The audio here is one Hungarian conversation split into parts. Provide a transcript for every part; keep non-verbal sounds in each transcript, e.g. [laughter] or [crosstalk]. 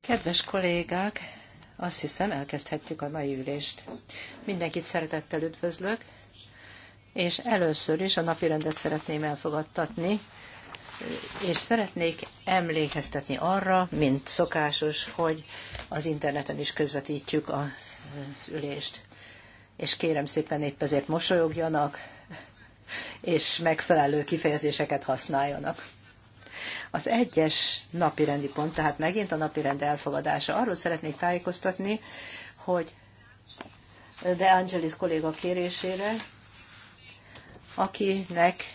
Kedves kollégák, azt hiszem elkezdhetjük a mai ülést. Mindenkit szeretettel üdvözlök, és először is a napirendet szeretném elfogadtatni, és szeretnék emlékeztetni arra, mint szokásos, hogy az interneten is közvetítjük az ülést. És kérem szépen épp ezért mosolyogjanak, és megfelelő kifejezéseket használjanak. Az egyes napirendi pont, tehát megint a napirend elfogadása. Arról szeretnék tájékoztatni, hogy De Angelis kolléga kérésére, akinek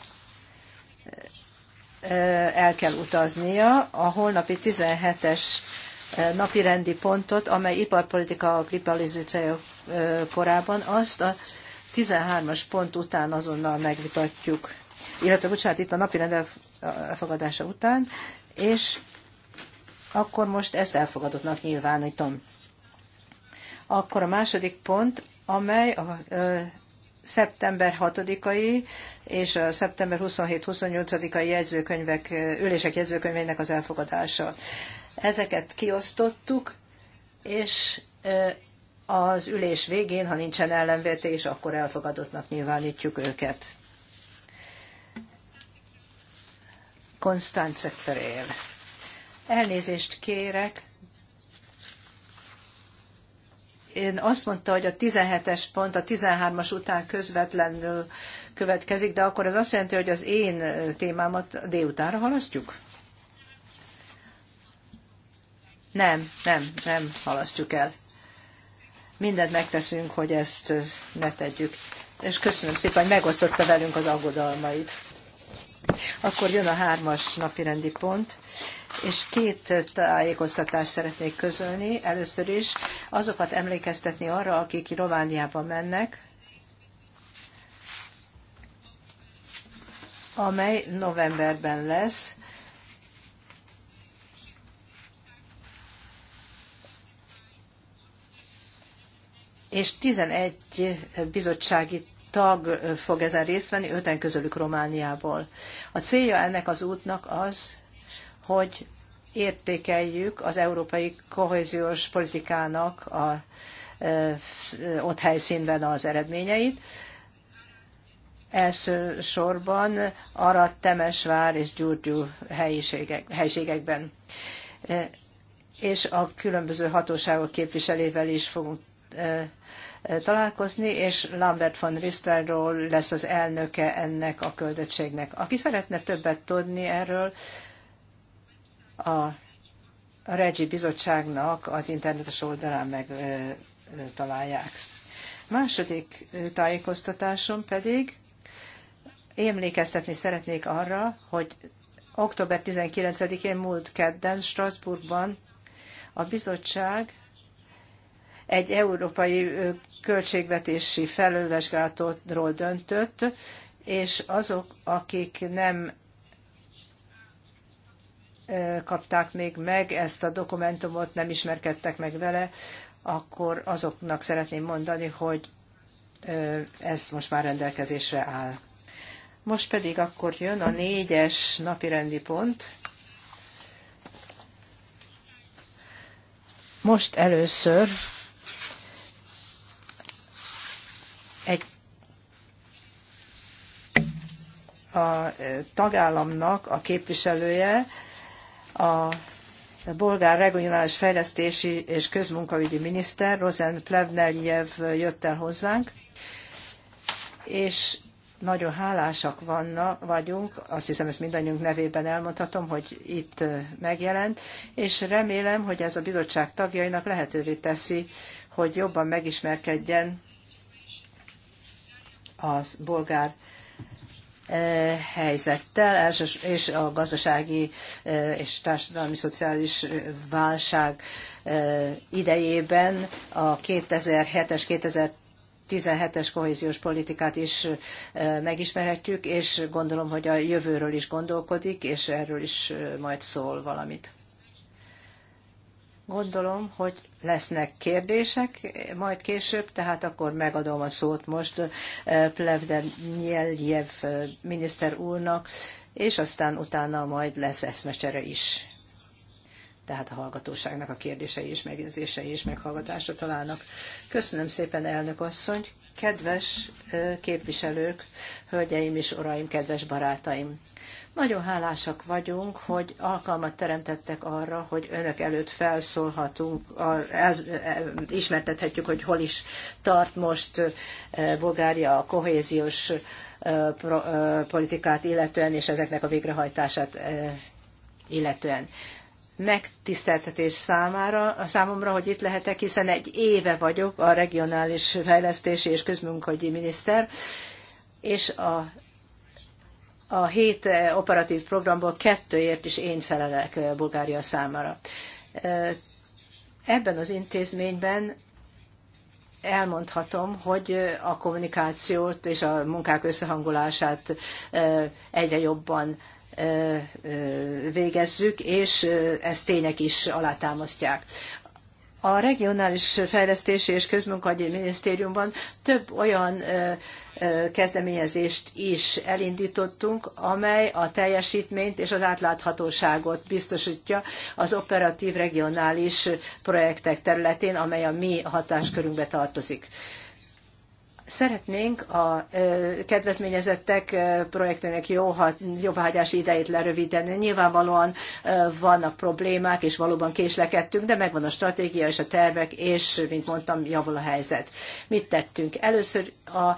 el kell utaznia a holnapi 17-es napi rendi pontot, amely iparpolitika a globalizáció korában, azt a 13-as pont után azonnal megvitatjuk. Illetve, bocsánat, itt a napi rendel elfogadása után, és akkor most ezt elfogadottnak nyilvánítom. Akkor a második pont, amely a szeptember 6-ai és a szeptember 27-28-ai jegyzőkönyvek, ülések jegyzőkönyveinek az elfogadása. Ezeket kiosztottuk, és az ülés végén, ha nincsen ellenvetés, akkor elfogadottnak nyilvánítjuk őket. Konstance Ferel. Elnézést kérek. Én azt mondta, hogy a 17-es pont a 13-as után közvetlenül következik, de akkor ez azt jelenti, hogy az én témámat délutánra halasztjuk? Nem, nem, nem halasztjuk el. Mindent megteszünk, hogy ezt ne tegyük. És köszönöm szépen, hogy megosztotta velünk az aggodalmait. Akkor jön a hármas napirendi pont, és két tájékoztatást szeretnék közölni. Először is azokat emlékeztetni arra, akik Romániába mennek, amely novemberben lesz. És 11 bizottsági tag fog ezen részt venni, öten közülük Romániából. A célja ennek az útnak az, hogy értékeljük az európai kohéziós politikának a, ott helyszínben az eredményeit. Elsősorban Arad, Temesvár és Gyurgyú helyiségek, helyiségekben. És a különböző hatóságok képviselével is fogunk találkozni, és Lambert von Risterról lesz az elnöke ennek a küldöttségnek. Aki szeretne többet tudni erről, a Regi Bizottságnak az internetes oldalán megtalálják. Második tájékoztatásom pedig emlékeztetni szeretnék arra, hogy október 19-én múlt kedden Strasbourgban a bizottság egy európai költségvetési felülvizsgálatról döntött, és azok, akik nem kapták még meg ezt a dokumentumot, nem ismerkedtek meg vele, akkor azoknak szeretném mondani, hogy ez most már rendelkezésre áll. Most pedig akkor jön a négyes napirendi pont. Most először a tagállamnak a képviselője a bolgár regionális fejlesztési és közmunkaügyi miniszter Rozen Plevneljev jött el hozzánk, és nagyon hálásak vannak, vagyunk, azt hiszem ezt mindannyiunk nevében elmondhatom, hogy itt megjelent, és remélem, hogy ez a bizottság tagjainak lehetővé teszi, hogy jobban megismerkedjen az bolgár E, helyzettel, és a gazdasági e, és társadalmi-szociális válság e, idejében a 2007-es, 2017 es kohéziós politikát is megismerhetjük, és gondolom, hogy a jövőről is gondolkodik, és erről is majd szól valamit. Gondolom, hogy lesznek kérdések majd később, tehát akkor megadom a szót most eh, Plevden Nyeljev eh, miniszter úrnak, és aztán utána majd lesz eszmecsere is. Tehát a hallgatóságnak a kérdései és megjegyzései is, meghallgatásra találnak. Köszönöm szépen, elnök asszony! Kedves eh, képviselők, hölgyeim és uraim, kedves barátaim! Nagyon hálásak vagyunk, hogy alkalmat teremtettek arra, hogy önök előtt felszólhatunk, e, ismertethetjük, hogy hol is tart most e, Bulgária a kohéziós e, politikát illetően, és ezeknek a végrehajtását illetően megtiszteltetés számára, a számomra, hogy itt lehetek, hiszen egy éve vagyok a regionális fejlesztési és közmunkahogyi miniszter, és a a hét eh, operatív programból kettőért is én felelek eh, Bulgária számára. Eh, ebben az intézményben elmondhatom, hogy a kommunikációt és a munkák összehangolását egyre jobban végezzük, és ezt tények is alátámasztják. A regionális fejlesztési és közmunkahelyi minisztériumban több olyan kezdeményezést is elindítottunk, amely a teljesítményt és az átláthatóságot biztosítja az operatív regionális projektek területén, amely a mi hatáskörünkbe tartozik. Szeretnénk a kedvezményezettek projektének jó, jóváhagyási idejét lerövidíteni. Nyilvánvalóan vannak problémák, és valóban késlekedtünk, de megvan a stratégia és a tervek, és, mint mondtam, javul a helyzet. Mit tettünk? Először a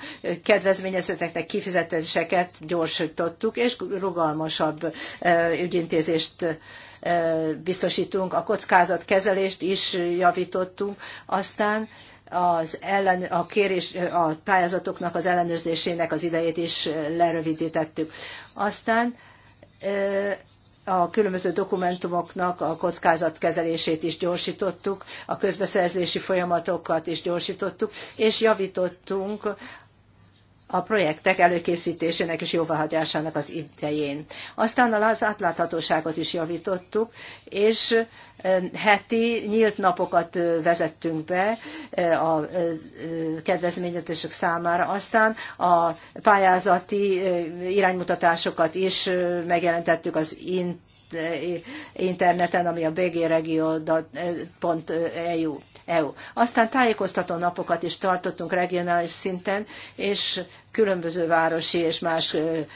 kedvezményezeteknek kifizetéseket gyorsítottuk, és rugalmasabb ügyintézést biztosítunk, a kockázatkezelést is javítottunk, aztán az ellen, a, kérés, a pályázatoknak az ellenőrzésének az idejét is lerövidítettük. Aztán a különböző dokumentumoknak a kockázatkezelését is gyorsítottuk, a közbeszerzési folyamatokat is gyorsítottuk, és javítottunk a projektek előkészítésének és jóváhagyásának az idején. Aztán az átláthatóságot is javítottuk, és heti nyílt napokat vezettünk be a kedvezményetések számára. Aztán a pályázati iránymutatásokat is megjelentettük az interneten, ami a bgregio.eu. EU. Aztán tájékoztató napokat is tartottunk regionális szinten, és különböző városi és más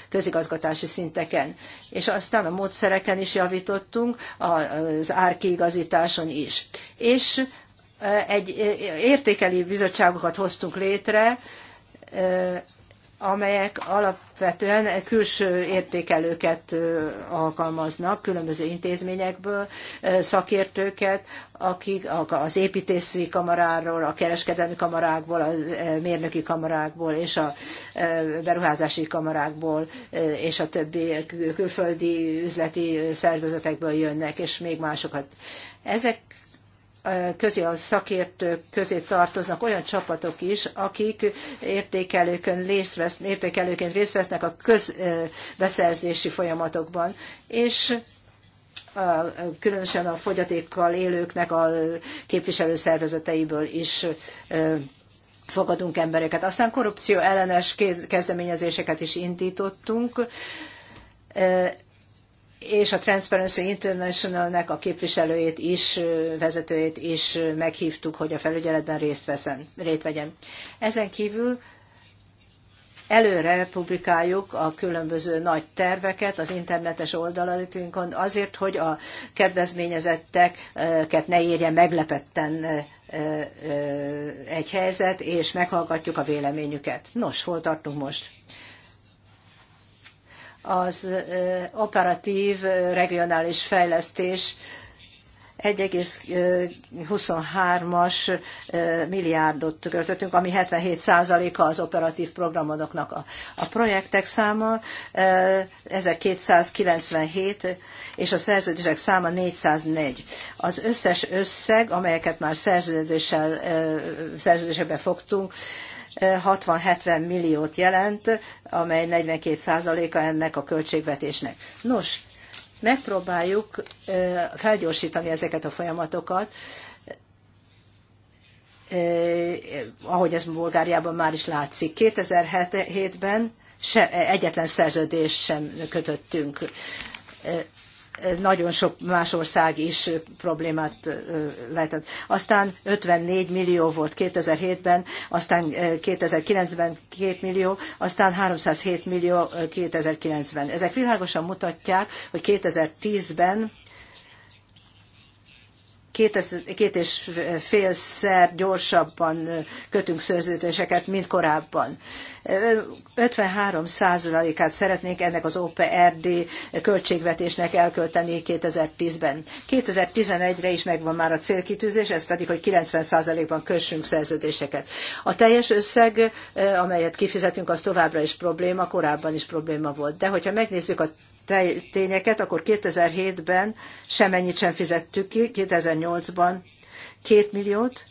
közigazgatási szinteken. És aztán a módszereken is javítottunk, az árkiigazításon is. És egy értékelő bizottságokat hoztunk létre, amelyek alapvetően külső értékelőket alkalmaznak különböző intézményekből, szakértőket, akik az építészi kamaráról, a kereskedelmi kamarákból, a mérnöki kamarákból és a beruházási kamarákból és a többi külföldi üzleti szervezetekből jönnek, és még másokat. Ezek közé a szakértők közé tartoznak olyan csapatok is, akik értékelőkön részt vesz, értékelőként részt vesznek a közbeszerzési folyamatokban, és különösen a fogyatékkal élőknek a képviselő szervezeteiből is fogadunk embereket. Aztán korrupció ellenes kezdeményezéseket is indítottunk és a Transparency International-nek a képviselőjét is, vezetőjét is meghívtuk, hogy a felügyeletben részt, veszem, részt vegyen. Ezen kívül előre publikáljuk a különböző nagy terveket az internetes oldalatunkon azért, hogy a kedvezményezetteket ne érje meglepetten egy helyzet, és meghallgatjuk a véleményüket. Nos, hol tartunk most? az operatív regionális fejlesztés 1,23-as milliárdot költöttünk, ami 77%-a az operatív programoknak a, projektek száma, ezek és a szerződések száma 404. Az összes összeg, amelyeket már szerződéssel, szerződésekbe fogtunk, 60-70 milliót jelent, amely 42%-a ennek a költségvetésnek. Nos, megpróbáljuk felgyorsítani ezeket a folyamatokat, ahogy ez Bulgáriában már is látszik. 2007-ben egyetlen szerződést sem kötöttünk nagyon sok más ország is problémát lehetett. Aztán 54 millió volt 2007-ben, aztán 2009-ben 2 millió, aztán 307 millió 2009-ben. Ezek világosan mutatják, hogy 2010-ben két és félszer gyorsabban kötünk szerződéseket, mint korábban. 53 százalékát szeretnék ennek az OPRD költségvetésnek elkölteni 2010-ben. 2011-re is megvan már a célkitűzés, ez pedig, hogy 90 százalékban kössünk szerződéseket. A teljes összeg, amelyet kifizetünk, az továbbra is probléma, korábban is probléma volt. De hogyha megnézzük a tényeket, akkor 2007-ben semennyit sem fizettük ki, 2008-ban 2 milliót,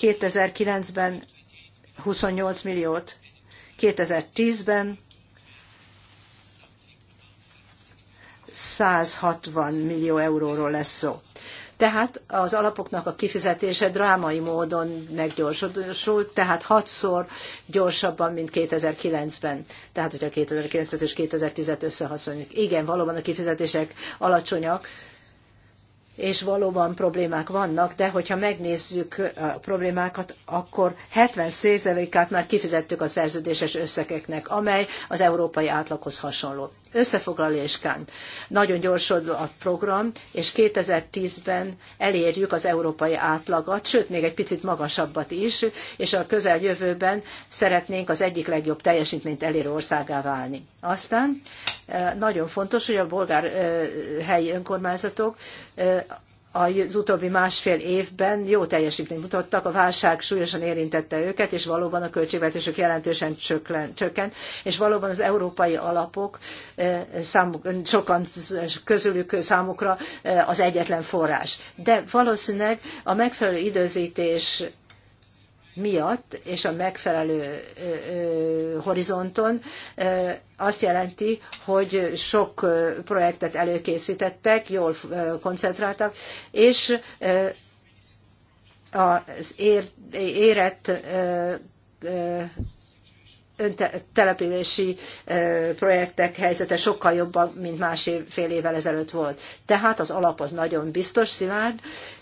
2009-ben 28 milliót, 2010-ben 160 millió euróról lesz szó. Tehát az alapoknak a kifizetése drámai módon meggyorsult, tehát hatszor gyorsabban, mint 2009-ben. Tehát, hogyha 2009-et és 2010-et összehasonlítjuk. Igen, valóban a kifizetések alacsonyak, és valóban problémák vannak, de hogyha megnézzük a problémákat, akkor 70%-át már kifizettük a szerződéses összegeknek, amely az európai átlaghoz hasonló összefoglaláskán. Nagyon gyorsod a program, és 2010-ben elérjük az európai átlagot, sőt, még egy picit magasabbat is, és a közeljövőben szeretnénk az egyik legjobb teljesítményt elérő országá válni. Aztán eh, nagyon fontos, hogy a bolgár eh, helyi önkormányzatok eh, az utóbbi másfél évben jó teljesítményt mutattak, a válság súlyosan érintette őket, és valóban a költségvetésük jelentősen csökkent, és valóban az európai alapok számuk, sokan közülük számukra az egyetlen forrás. De valószínűleg a megfelelő időzítés miatt és a megfelelő horizonton azt jelenti, hogy sok projektet előkészítettek, jól koncentráltak, és az érett öntelepülési projektek helyzete sokkal jobban, mint másfél fél évvel ezelőtt volt. Tehát az alap az nagyon biztos, szilárd,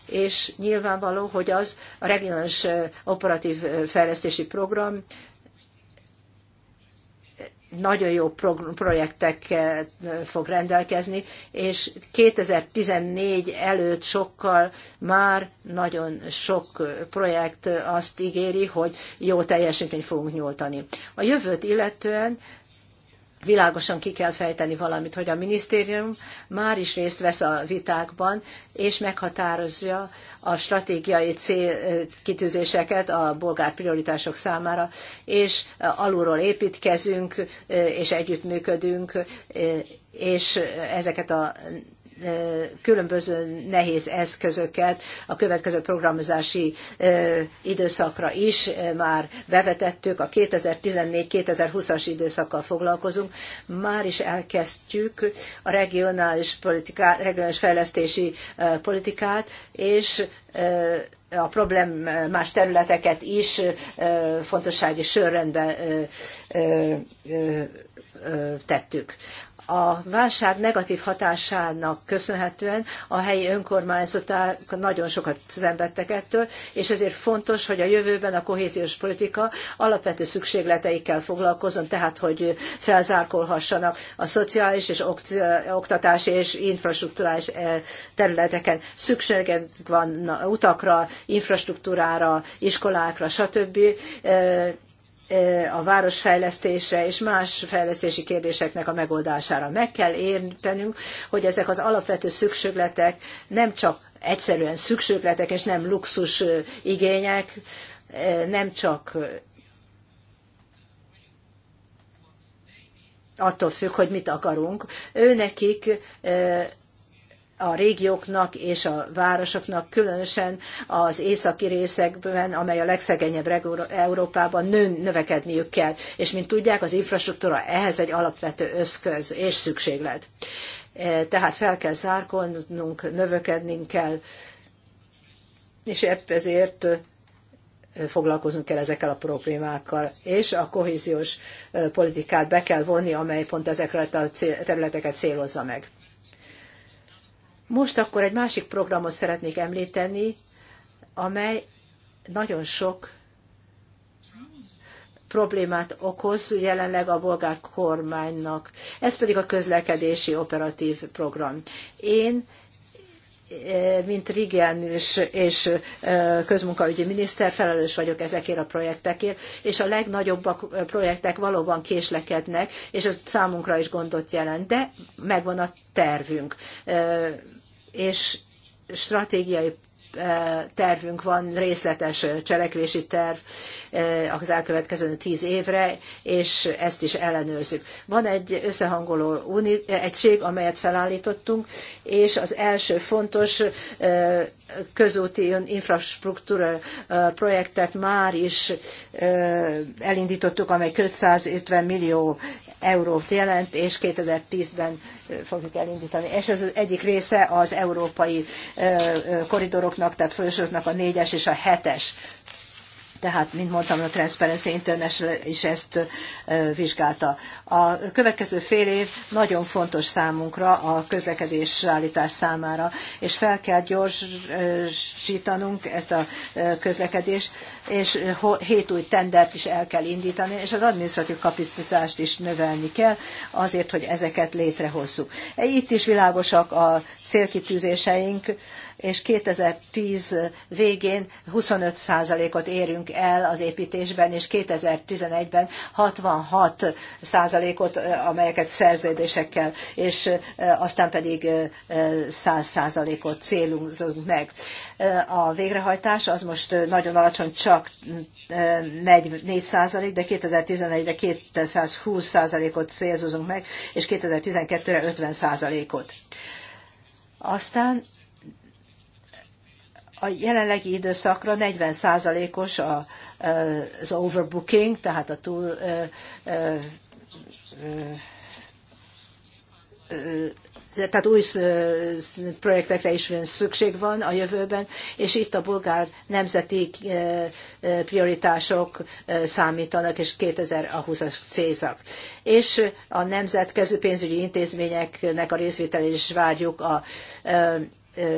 és nyilvánvaló, hogy az a regionális operatív fejlesztési program nagyon jó projektek fog rendelkezni, és 2014 előtt sokkal már nagyon sok projekt azt ígéri, hogy jó teljesítményt fogunk nyújtani. A jövőt illetően világosan ki kell fejteni valamit, hogy a minisztérium már is részt vesz a vitákban, és meghatározja a stratégiai célkitűzéseket a bolgár prioritások számára, és alulról építkezünk, és együttműködünk, és ezeket a különböző nehéz eszközöket a következő programozási időszakra is már bevetettük, a 2014-2020-as időszakkal foglalkozunk, már is elkezdtjük a regionális, politikát, regionális fejlesztési politikát, és a problémás területeket is fontossági sörrendben tettük. A válság negatív hatásának köszönhetően a helyi önkormányzatok nagyon sokat szenvedtek ettől, és ezért fontos, hogy a jövőben a kohéziós politika alapvető szükségleteikkel foglalkozzon. tehát hogy felzárkolhassanak a szociális és oktatási és infrastruktúrális eh, területeken. Szükségünk van utakra, infrastruktúrára, iskolákra, stb. Eh, a városfejlesztésre és más fejlesztési kérdéseknek a megoldására. Meg kell értenünk, hogy ezek az alapvető szükségletek nem csak egyszerűen szükségletek és nem luxus igények, nem csak attól függ, hogy mit akarunk. Ő nekik a régióknak és a városoknak, különösen az északi részekben, amely a legszegényebb Európában nő, növekedniük kell. És mint tudják, az infrastruktúra ehhez egy alapvető összköz és szükséglet. E, tehát fel kell zárkodnunk, növekednünk kell, és ebb ezért e, foglalkoznunk kell ezekkel a problémákkal, és a kohéziós e, politikát be kell vonni, amely pont ezekre a területeket célozza meg. Most akkor egy másik programot szeretnék említeni, amely nagyon sok problémát okoz jelenleg a bolgár kormánynak. Ez pedig a közlekedési operatív program. Én e, mint Rigen és, és e, közmunkaügyi miniszter felelős vagyok ezekért a projektekért, és a legnagyobbak projektek valóban késlekednek, és ez számunkra is gondot jelent, de megvan a tervünk. E, és stratégiai eh, tervünk van, részletes eh, cselekvési terv eh, az elkövetkező tíz évre, és ezt is ellenőrzzük. Van egy összehangoló uni- egység, amelyet felállítottunk, és az első fontos közúti infrastruktúra projektet már is elindítottuk, amely 250 millió eurót jelent, és 2010-ben fogjuk elindítani. És ez az egyik része az európai koridoroknak, tehát fősoroknak a négyes és a hetes de hát, mint mondtam, a Transparency International is ezt vizsgálta. A következő fél év nagyon fontos számunkra a közlekedés állítás számára, és fel kell gyorsítanunk ezt a közlekedést, és hét új tendert is el kell indítani, és az adminisztratív kapacitást is növelni kell azért, hogy ezeket létrehozzuk. Itt is világosak a célkitűzéseink, és 2010 végén 25%-ot érünk el az építésben, és 2011-ben 66%-ot, amelyeket szerződésekkel, és aztán pedig 100%-ot célunk meg. A végrehajtás az most nagyon alacsony, csak 4 százalék, de 2011-re 220 százalékot célzunk meg, és 2012-re 50 százalékot. Aztán a jelenlegi időszakra 40%-os az overbooking, tehát a túl tehát új projektekre is szükség van a jövőben, és itt a bulgár nemzeti prioritások számítanak, és 2020-as célzak. És a nemzetközi pénzügyi intézményeknek a részvételét is várjuk a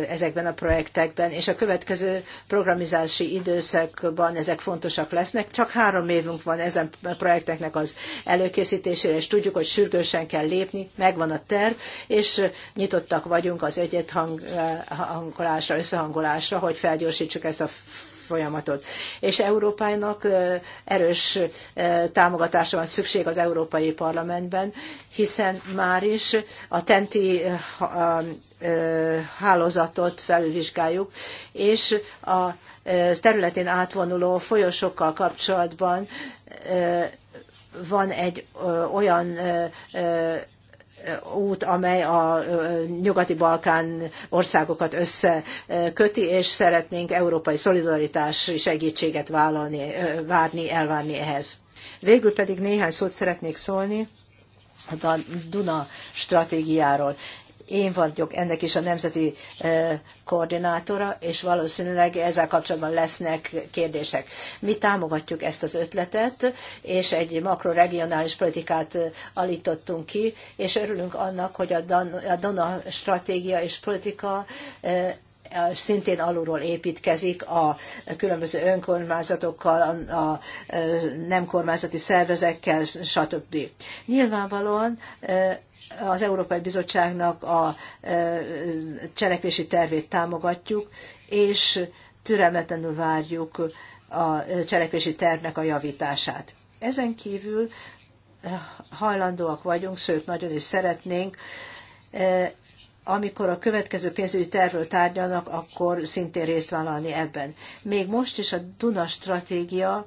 ezekben a projektekben, és a következő programizási időszakban ezek fontosak lesznek. Csak három évünk van ezen a projekteknek az előkészítésére, és tudjuk, hogy sürgősen kell lépni, megvan a terv, és nyitottak vagyunk az egyet hangolásra, összehangolásra, hogy felgyorsítsuk ezt a folyamatot. És Európának erős támogatásra van szükség az Európai Parlamentben, hiszen már is a tenti hálózatot felülvizsgáljuk, és a területén átvonuló folyosokkal kapcsolatban van egy olyan út, amely a nyugati Balkán országokat összeköti, és szeretnénk európai szolidaritási segítséget vállalni, várni, elvárni ehhez. Végül pedig néhány szót szeretnék szólni a Duna stratégiáról én vagyok ennek is a nemzeti koordinátora, és valószínűleg ezzel kapcsolatban lesznek kérdések. Mi támogatjuk ezt az ötletet, és egy makroregionális politikát alítottunk ki, és örülünk annak, hogy a Dona stratégia és politika szintén alulról építkezik a különböző önkormányzatokkal, a nem kormányzati szervezekkel, stb. Nyilvánvalóan az Európai Bizottságnak a cselekvési tervét támogatjuk, és türelmetlenül várjuk a cselekvési tervnek a javítását. Ezen kívül hajlandóak vagyunk, sőt nagyon is szeretnénk amikor a következő pénzügyi tervről tárgyalnak, akkor szintén részt vállalni ebben. Még most is a Duna stratégia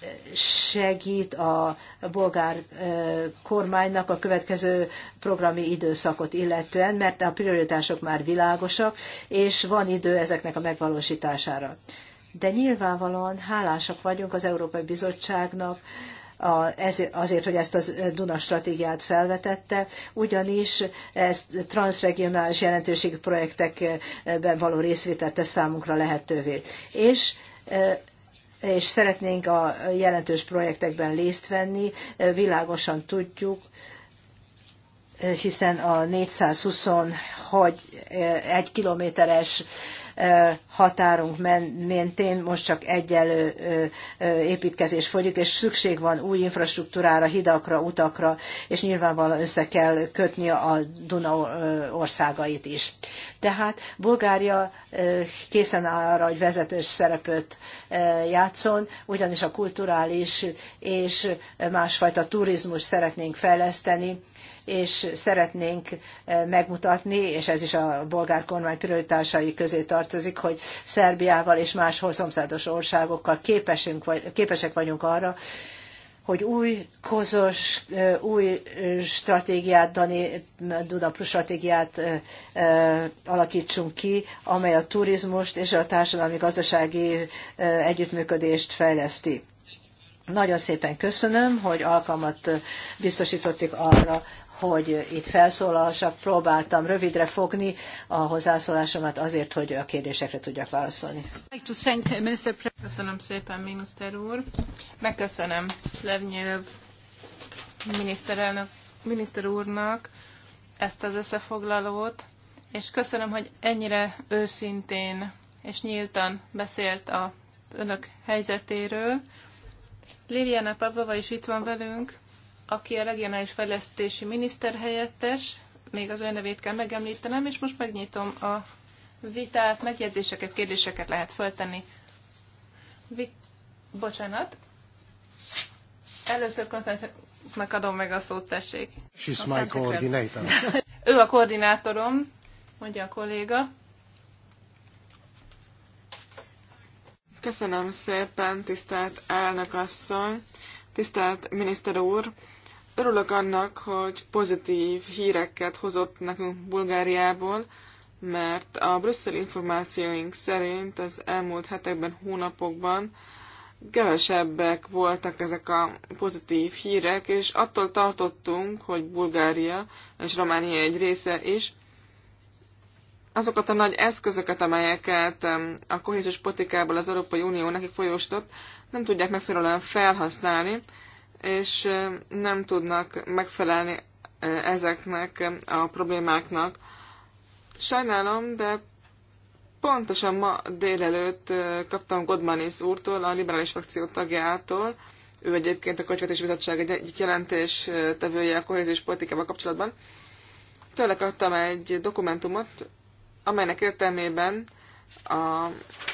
eh, segít a bolgár eh, kormánynak a következő programi időszakot illetően, mert a prioritások már világosak, és van idő ezeknek a megvalósítására. De nyilvánvalóan hálásak vagyunk az Európai Bizottságnak, azért, hogy ezt a Duna stratégiát felvetette, ugyanis ez transregionális jelentőségű projektekben való részvételt tesz számunkra lehetővé. És e, és szeretnénk a jelentős projektekben részt venni, e, világosan tudjuk, e, hiszen a 420, hogy egy kilométeres határunk mentén most csak egyelő építkezés folyik, és szükség van új infrastruktúrára, hidakra, utakra, és nyilvánvalóan össze kell kötni a Duna országait is. Tehát Bulgária készen áll arra, hogy vezetős szerepet játszon, ugyanis a kulturális és másfajta turizmus szeretnénk fejleszteni, és szeretnénk eh, megmutatni, és ez is a bolgár kormány prioritásai közé tartozik, hogy Szerbiával és más szomszédos országokkal képesünk, vagy, képesek vagyunk arra, hogy új kozos, eh, új eh, stratégiát, Dani Duda Plus stratégiát alakítsunk ki, amely a turizmust és a társadalmi-gazdasági együttműködést fejleszti. Nagyon szépen köszönöm, hogy alkalmat biztosítottak arra, hogy itt felszólalsak, próbáltam rövidre fogni a hozzászólásomat azért, hogy a kérdésekre tudjak válaszolni. Uh, köszönöm szépen, miniszter úr. Megköszönöm Levnyerev miniszterelnök, miniszter úrnak ezt az összefoglalót, és köszönöm, hogy ennyire őszintén és nyíltan beszélt a önök helyzetéről. Liliana Pavlova is itt van velünk, aki a regionális fejlesztési miniszter helyettes, még az ő nevét kell megemlítenem, és most megnyitom a vitát, megjegyzéseket, kérdéseket lehet föltenni. Vi- Bocsánat. Először Konstantinnak adom meg a szót, tessék. She's my coordinator. [laughs] ő a koordinátorom, mondja a kolléga. Köszönöm szépen, tisztelt elnök asszony, tisztelt miniszter úr. Örülök annak, hogy pozitív híreket hozott nekünk Bulgáriából, mert a brüsszeli információink szerint az elmúlt hetekben, hónapokban kevesebbek voltak ezek a pozitív hírek, és attól tartottunk, hogy Bulgária és Románia egy része is azokat a nagy eszközöket, amelyeket a kohéziós politikából az Európai Unió nekik folyósított, nem tudják megfelelően felhasználni, és nem tudnak megfelelni ezeknek a problémáknak. Sajnálom, de pontosan ma délelőtt kaptam Godmanis úrtól, a liberális frakció tagjától, ő egyébként a Kocsvetés Bizottság egy egyik jelentés tevője a kohéziós politikával kapcsolatban. Tőle kaptam egy dokumentumot, amelynek értelmében a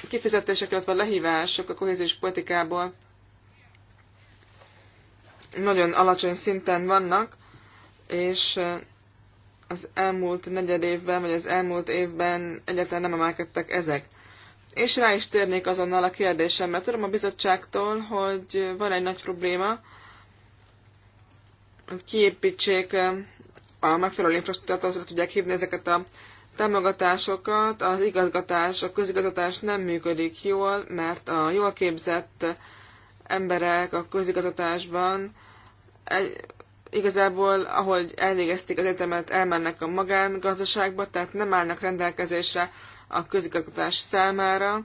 kifizetések, illetve a lehívások a kohéziós politikából nagyon alacsony szinten vannak, és az elmúlt negyed évben, vagy az elmúlt évben egyáltalán nem emelkedtek ezek. És rá is térnék azonnal a kérdésemre. Tudom a bizottságtól, hogy van egy nagy probléma, hogy kiépítsék a megfelelő infrastruktúrát, azért, tudják hívni ezeket a támogatásokat. Az igazgatás, a közigazgatás nem működik jól, mert a jól képzett emberek a közigazgatásban egy, igazából, ahogy elvégezték az egyetemet, elmennek a magángazdaságba, tehát nem állnak rendelkezésre a közigazgatás számára.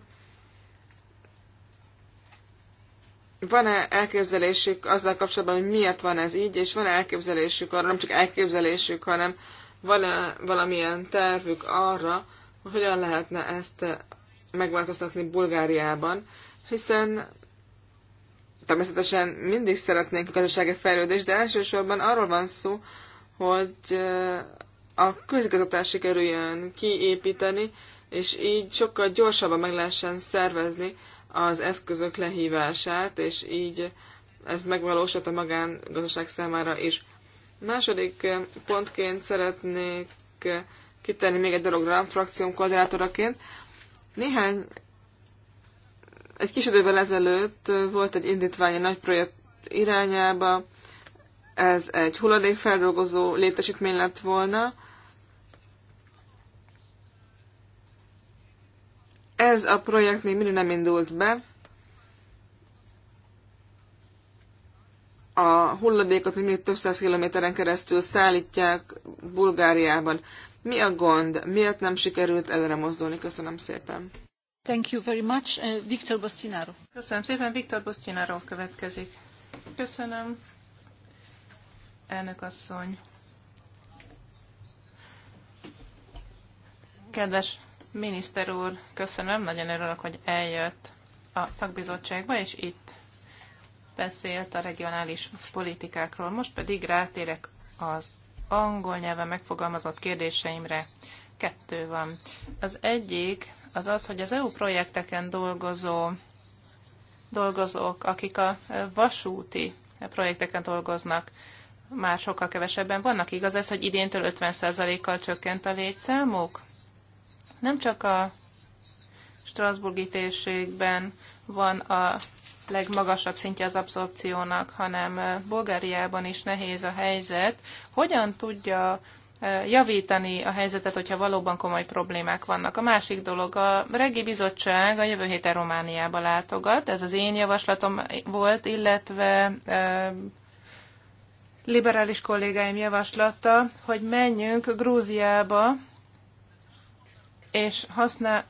Van-e elképzelésük azzal kapcsolatban, hogy miért van ez így, és van-e elképzelésük arra, nem csak elképzelésük, hanem van-e valamilyen tervük arra, hogy hogyan lehetne ezt megváltoztatni Bulgáriában, hiszen természetesen mindig szeretnénk a gazdasági fejlődést, de elsősorban arról van szó, hogy a közigazgatás sikerüljön kiépíteni, és így sokkal gyorsabban meg lehessen szervezni az eszközök lehívását, és így ez megvalósult a magángazdaság számára is. Második pontként szeretnék kitenni még egy dologra frakcióm koordinátoraként. Néhány egy kis idővel ezelőtt volt egy indítvány a nagy projekt irányába, ez egy hulladékfeldolgozó létesítmény lett volna. Ez a projekt még mindig nem indult be. A hulladékot még mindig több száz kilométeren keresztül szállítják Bulgáriában. Mi a gond? Miért nem sikerült előre mozdulni? Köszönöm szépen. Thank you very much. Uh, Viktor Bostinaro. Köszönöm szépen, Viktor Bostinaro következik. Köszönöm, elnök asszony. Kedves miniszter úr, köszönöm, nagyon örülök, hogy eljött a szakbizottságba, és itt beszélt a regionális politikákról. Most pedig rátérek az angol nyelven megfogalmazott kérdéseimre. Kettő van. Az egyik az az, hogy az EU projekteken dolgozó dolgozók, akik a vasúti projekteken dolgoznak, már sokkal kevesebben vannak. Igaz ez, hogy idéntől 50%-kal csökkent a létszámuk? Nem csak a Strasburgi térségben van a legmagasabb szintje az abszorpciónak, hanem eh, Bulgáriában is nehéz a helyzet. Hogyan tudja javítani a helyzetet, hogyha valóban komoly problémák vannak. A másik dolog, a regi bizottság a jövő héten Romániába látogat, ez az én javaslatom volt, illetve e, liberális kollégáim javaslata, hogy menjünk Grúziába, és használ,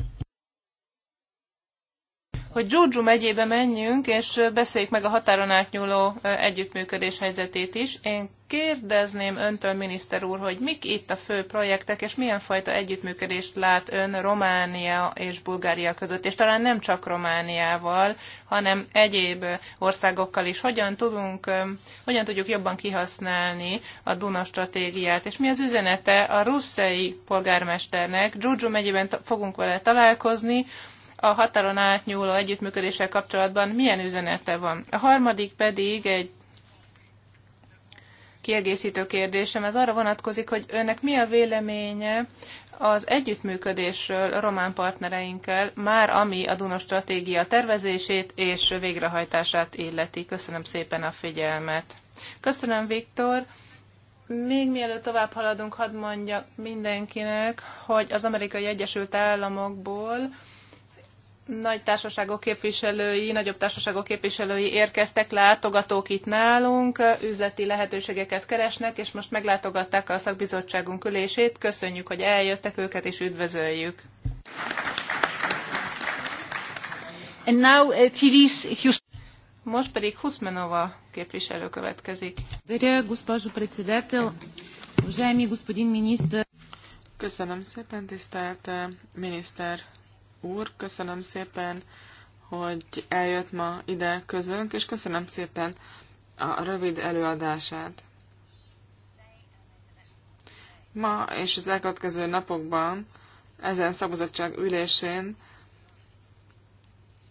hogy Giorgio megyébe menjünk, és beszéljük meg a határon átnyúló együttműködés helyzetét is. Én kérdezném öntől, miniszter úr, hogy mik itt a fő projektek, és milyen fajta együttműködést lát ön Románia és Bulgária között, és talán nem csak Romániával, hanem egyéb országokkal is. Hogyan, tudunk, hogyan tudjuk jobban kihasználni a Duna stratégiát, és mi az üzenete a russzai polgármesternek? Giorgio megyében fogunk vele találkozni, a határon átnyúló együttműködéssel kapcsolatban milyen üzenete van. A harmadik pedig egy kiegészítő kérdésem, ez arra vonatkozik, hogy önnek mi a véleménye az együttműködésről a román partnereinkkel, már ami a Duna stratégia tervezését és végrehajtását illeti. Köszönöm szépen a figyelmet. Köszönöm, Viktor. Még mielőtt tovább haladunk, hadd mondjak mindenkinek, hogy az amerikai Egyesült Államokból nagy társaságok képviselői, nagyobb társaságok képviselői érkeztek, látogatók itt nálunk, üzleti lehetőségeket keresnek, és most meglátogatták a szakbizottságunk ülését. Köszönjük, hogy eljöttek őket, és üdvözöljük. And now, uh, Filis, if Most pedig Huszmenova képviselő következik. Köszönöm szépen, tisztelt miniszter uh, úr, köszönöm szépen, hogy eljött ma ide közönk, és köszönöm szépen a rövid előadását. Ma és az elkövetkező napokban ezen szabozottság ülésén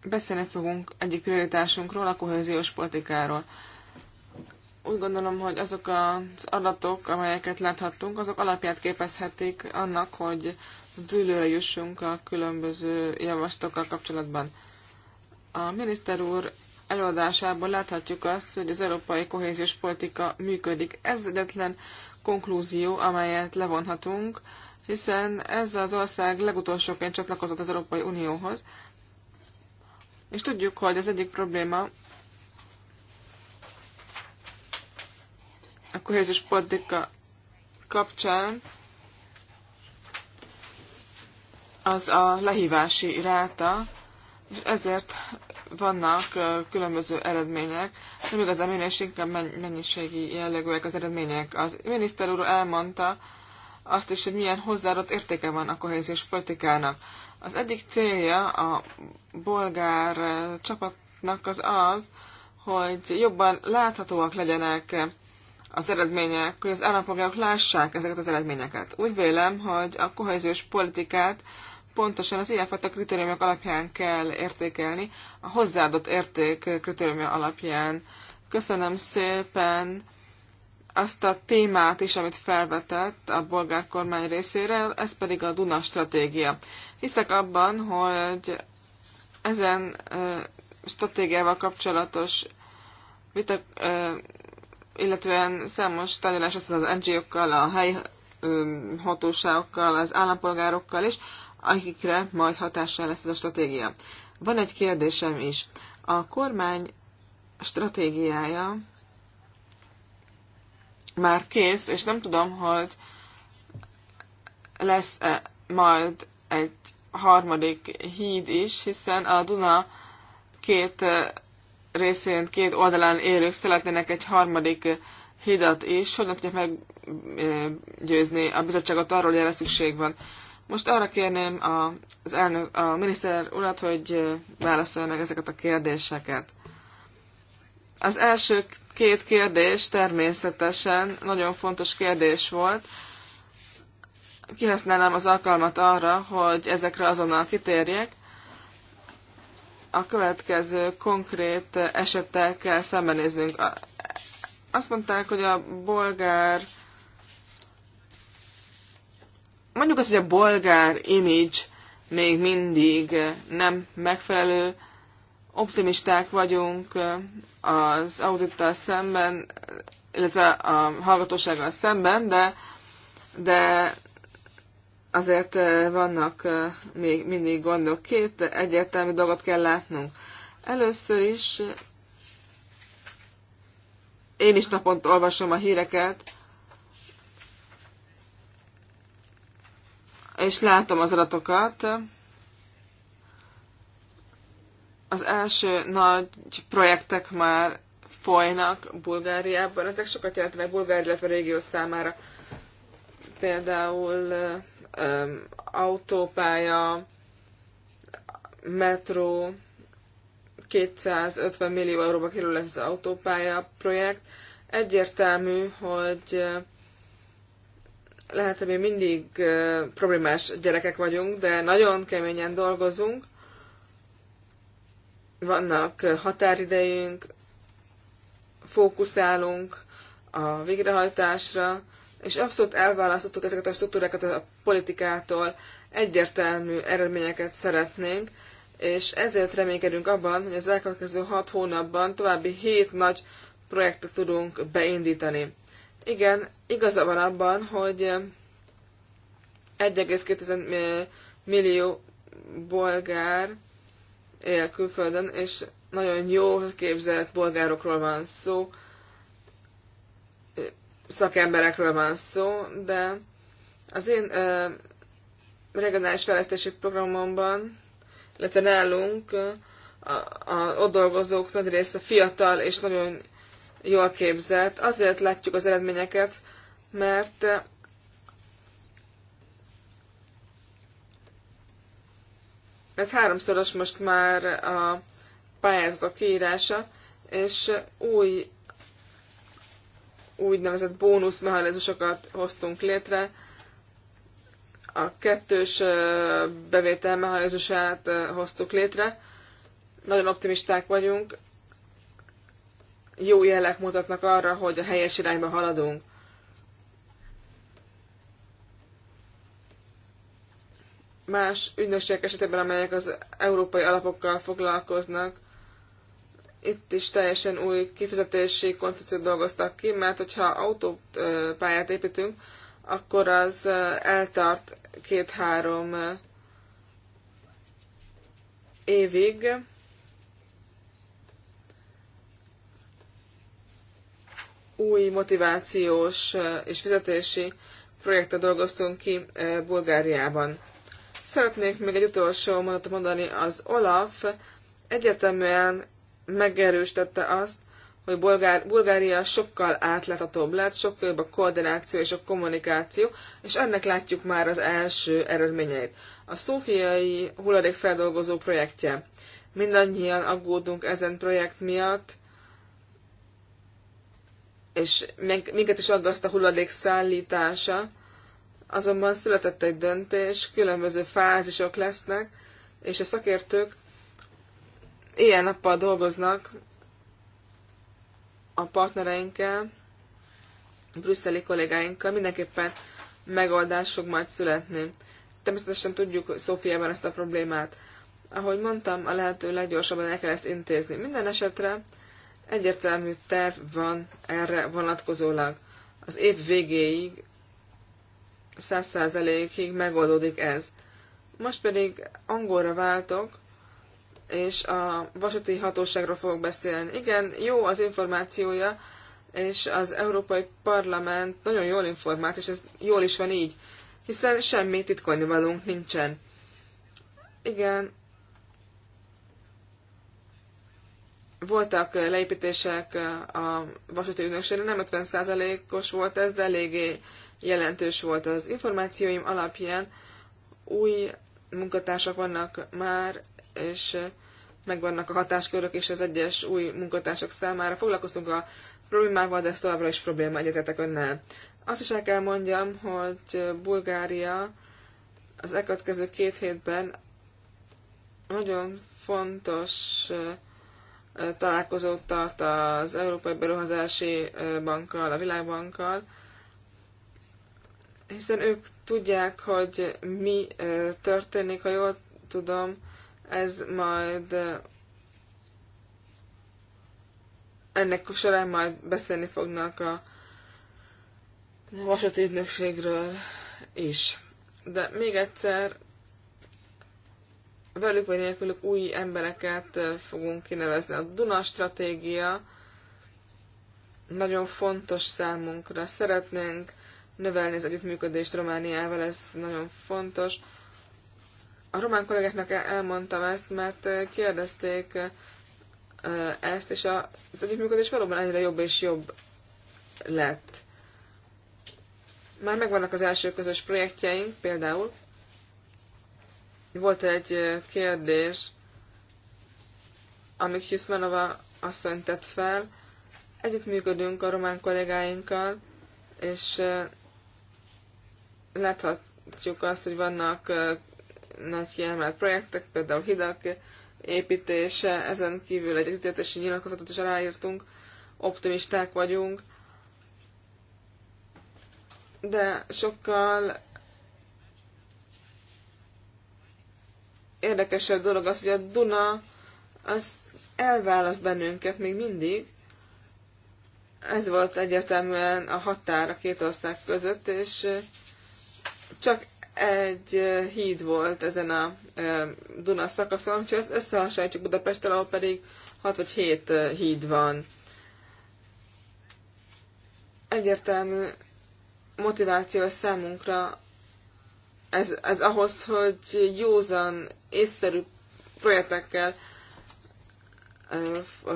beszélni fogunk egyik prioritásunkról, a kohéziós politikáról. Úgy gondolom, hogy azok az adatok, amelyeket láthattunk, azok alapját képezhetik annak, hogy dűlőre jussunk a különböző javaslatokkal kapcsolatban. A miniszter úr előadásában láthatjuk azt, hogy az európai kohéziós politika működik. Ez egyetlen konklúzió, amelyet levonhatunk, hiszen ez az ország legutolsóként csatlakozott az Európai Unióhoz, és tudjuk, hogy az egyik probléma a kohéziós politika kapcsán az a lehívási ráta, és ezért vannak különböző eredmények, nem igazán minőség, inkább mennyiségi jellegűek az eredmények. Az miniszter úr elmondta azt is, hogy milyen hozzáadott értéke van a kohéziós politikának. Az egyik célja a bolgár csapatnak az az, hogy jobban láthatóak legyenek az eredmények, hogy az állampolgárok lássák ezeket az eredményeket. Úgy vélem, hogy a kohéziós politikát pontosan az ilyenfajta kritériumok alapján kell értékelni, a hozzáadott érték kritériumja alapján. Köszönöm szépen azt a témát is, amit felvetett a bolgár kormány részéről, ez pedig a Duna stratégia. Hiszek abban, hogy ezen stratégiával kapcsolatos vita, illetően számos tárgyalás az NGO-kkal, a helyi hatóságokkal, az állampolgárokkal is, akikre majd hatással lesz ez a stratégia. Van egy kérdésem is. A kormány stratégiája már kész, és nem tudom, hogy lesz -e majd egy harmadik híd is, hiszen a Duna két eh, részén, két oldalán élők szeretnének egy harmadik eh, hidat is, hogy nem tudják meggyőzni eh, a bizottságot arról, hogy erre szükség van. Most arra kérném a, az elnök, a miniszter urat, hogy válaszolja meg ezeket a kérdéseket. Az első két kérdés természetesen nagyon fontos kérdés volt. Kihasználnám az alkalmat arra, hogy ezekre azonnal kitérjek. A következő konkrét esettel kell szembenéznünk. Azt mondták, hogy a bolgár mondjuk azt, hogy a bolgár image még mindig nem megfelelő, optimisták vagyunk az audittal szemben, illetve a hallgatósággal szemben, de, de azért vannak eh, még mindig gondok. Két egyértelmű dolgot kell látnunk. Először is én is naponta olvasom a híreket és látom az adatokat. Az első nagy projektek már folynak Bulgáriában. Ezek sokat jelentenek Bulgári, illetve a régió számára. Például um, autópálya, metró, 250 millió euróba kerül ez az autópálya projekt. Egyértelmű, hogy lehet, hogy mi mindig problémás gyerekek vagyunk, de nagyon keményen dolgozunk. Vannak határidejünk, fókuszálunk a végrehajtásra, és abszolút elválasztottuk ezeket a struktúrákat a politikától, egyértelmű eredményeket szeretnénk, és ezért reménykedünk abban, hogy az elkövetkező hat hónapban további hét nagy projektet tudunk beindítani. Igen, igaza van abban, hogy 1,2 millió bolgár él külföldön, és nagyon jó képzelt bolgárokról van szó, szakemberekről van szó, de az én regionális fejlesztési programomban, illetve nálunk a, a, ott dolgozók nagy része fiatal és nagyon jól képzett. Azért látjuk az eredményeket, mert eh, mert háromszoros most már a pályázatok kiírása, és új úgynevezett bónuszmechanizmusokat hoztunk létre. A kettős eh, bevételmechanizmusát eh, hoztuk létre. Nagyon optimisták vagyunk, jó jelek mutatnak arra, hogy a helyes irányba haladunk. Más ügynökségek esetében, amelyek az európai alapokkal foglalkoznak, itt is teljesen új kifizetési koncepciót dolgoztak ki, mert hogyha autópályát építünk, akkor az eltart két-három évig, új motivációs eh, és fizetési projektet dolgoztunk ki eh, Bulgáriában. Szeretnék még egy utolsó mondatot mondani. Az Olaf egyetemben megerősítette azt, hogy Bulgár, Bulgária sokkal átláthatóbb lett, sokkal jobb a koordináció és a kommunikáció, és ennek látjuk már az első eredményeit. A szófiai hulladékfeldolgozó projektje. Mindannyian aggódunk ezen projekt miatt, és minket is aggaszt a hulladék szállítása, azonban született egy döntés, különböző fázisok lesznek, és a szakértők ilyen nappal dolgoznak a partnereinkkel, a brüsszeli kollégáinkkal, mindenképpen megoldás fog majd születni. Természetesen tudjuk Szófiában ezt a problémát. Ahogy mondtam, a lehető leggyorsabban el kell ezt intézni. Minden esetre Egyértelmű terv van erre vonatkozólag. Az év végéig, száz százalékig megoldódik ez. Most pedig angolra váltok, és a vasúti hatóságról fogok beszélni. Igen, jó az információja, és az Európai Parlament nagyon jól informált, és ez jól is van így, hiszen semmi titkolni valunk nincsen. Igen, voltak leépítések a vasúti ügynökségre, nem 50%-os volt ez, de eléggé jelentős volt az információim alapján. Új munkatársak vannak már, és megvannak a hatáskörök és az egyes új munkatársak számára. Foglalkoztunk a problémával, de ez továbbra is probléma, egyetetek önnel. Azt is el kell mondjam, hogy Bulgária az elkövetkező két hétben nagyon fontos uh, találkozót tart az Európai Beruházási Bankkal, a Világbankkal, hiszen ők tudják, hogy mi történik, ha jól tudom, ez majd ennek során majd beszélni fognak a vasúti ügynökségről is. De még egyszer velük vagy nélkülük új embereket fogunk kinevezni. A Duna stratégia nagyon fontos számunkra. Szeretnénk növelni az együttműködést Romániával, ez nagyon fontos. A román kollégáknak elmondtam ezt, mert kérdezték ezt, és az együttműködés valóban egyre jobb és jobb lett. Már megvannak az első közös projektjeink, például volt egy kérdés, amit Hiszmanova asszony tett fel. Együttműködünk a román kollégáinkkal, és láthatjuk azt, hogy vannak nagy kiemelt projektek, például hidak építése, ezen kívül egy együttértési nyilatkozatot is aláírtunk, optimisták vagyunk, de sokkal érdekesebb dolog az, hogy a Duna az elválaszt bennünket még mindig. Ez volt egyértelműen a határ a két ország között, és csak egy híd volt ezen a Duna szakaszon, hogyha ezt összehasonlítjuk Budapesttel, ahol pedig 6 vagy 7 híd van. Egyértelmű motiváció számunkra ez, ez ahhoz, hogy józan észszerű projektekkel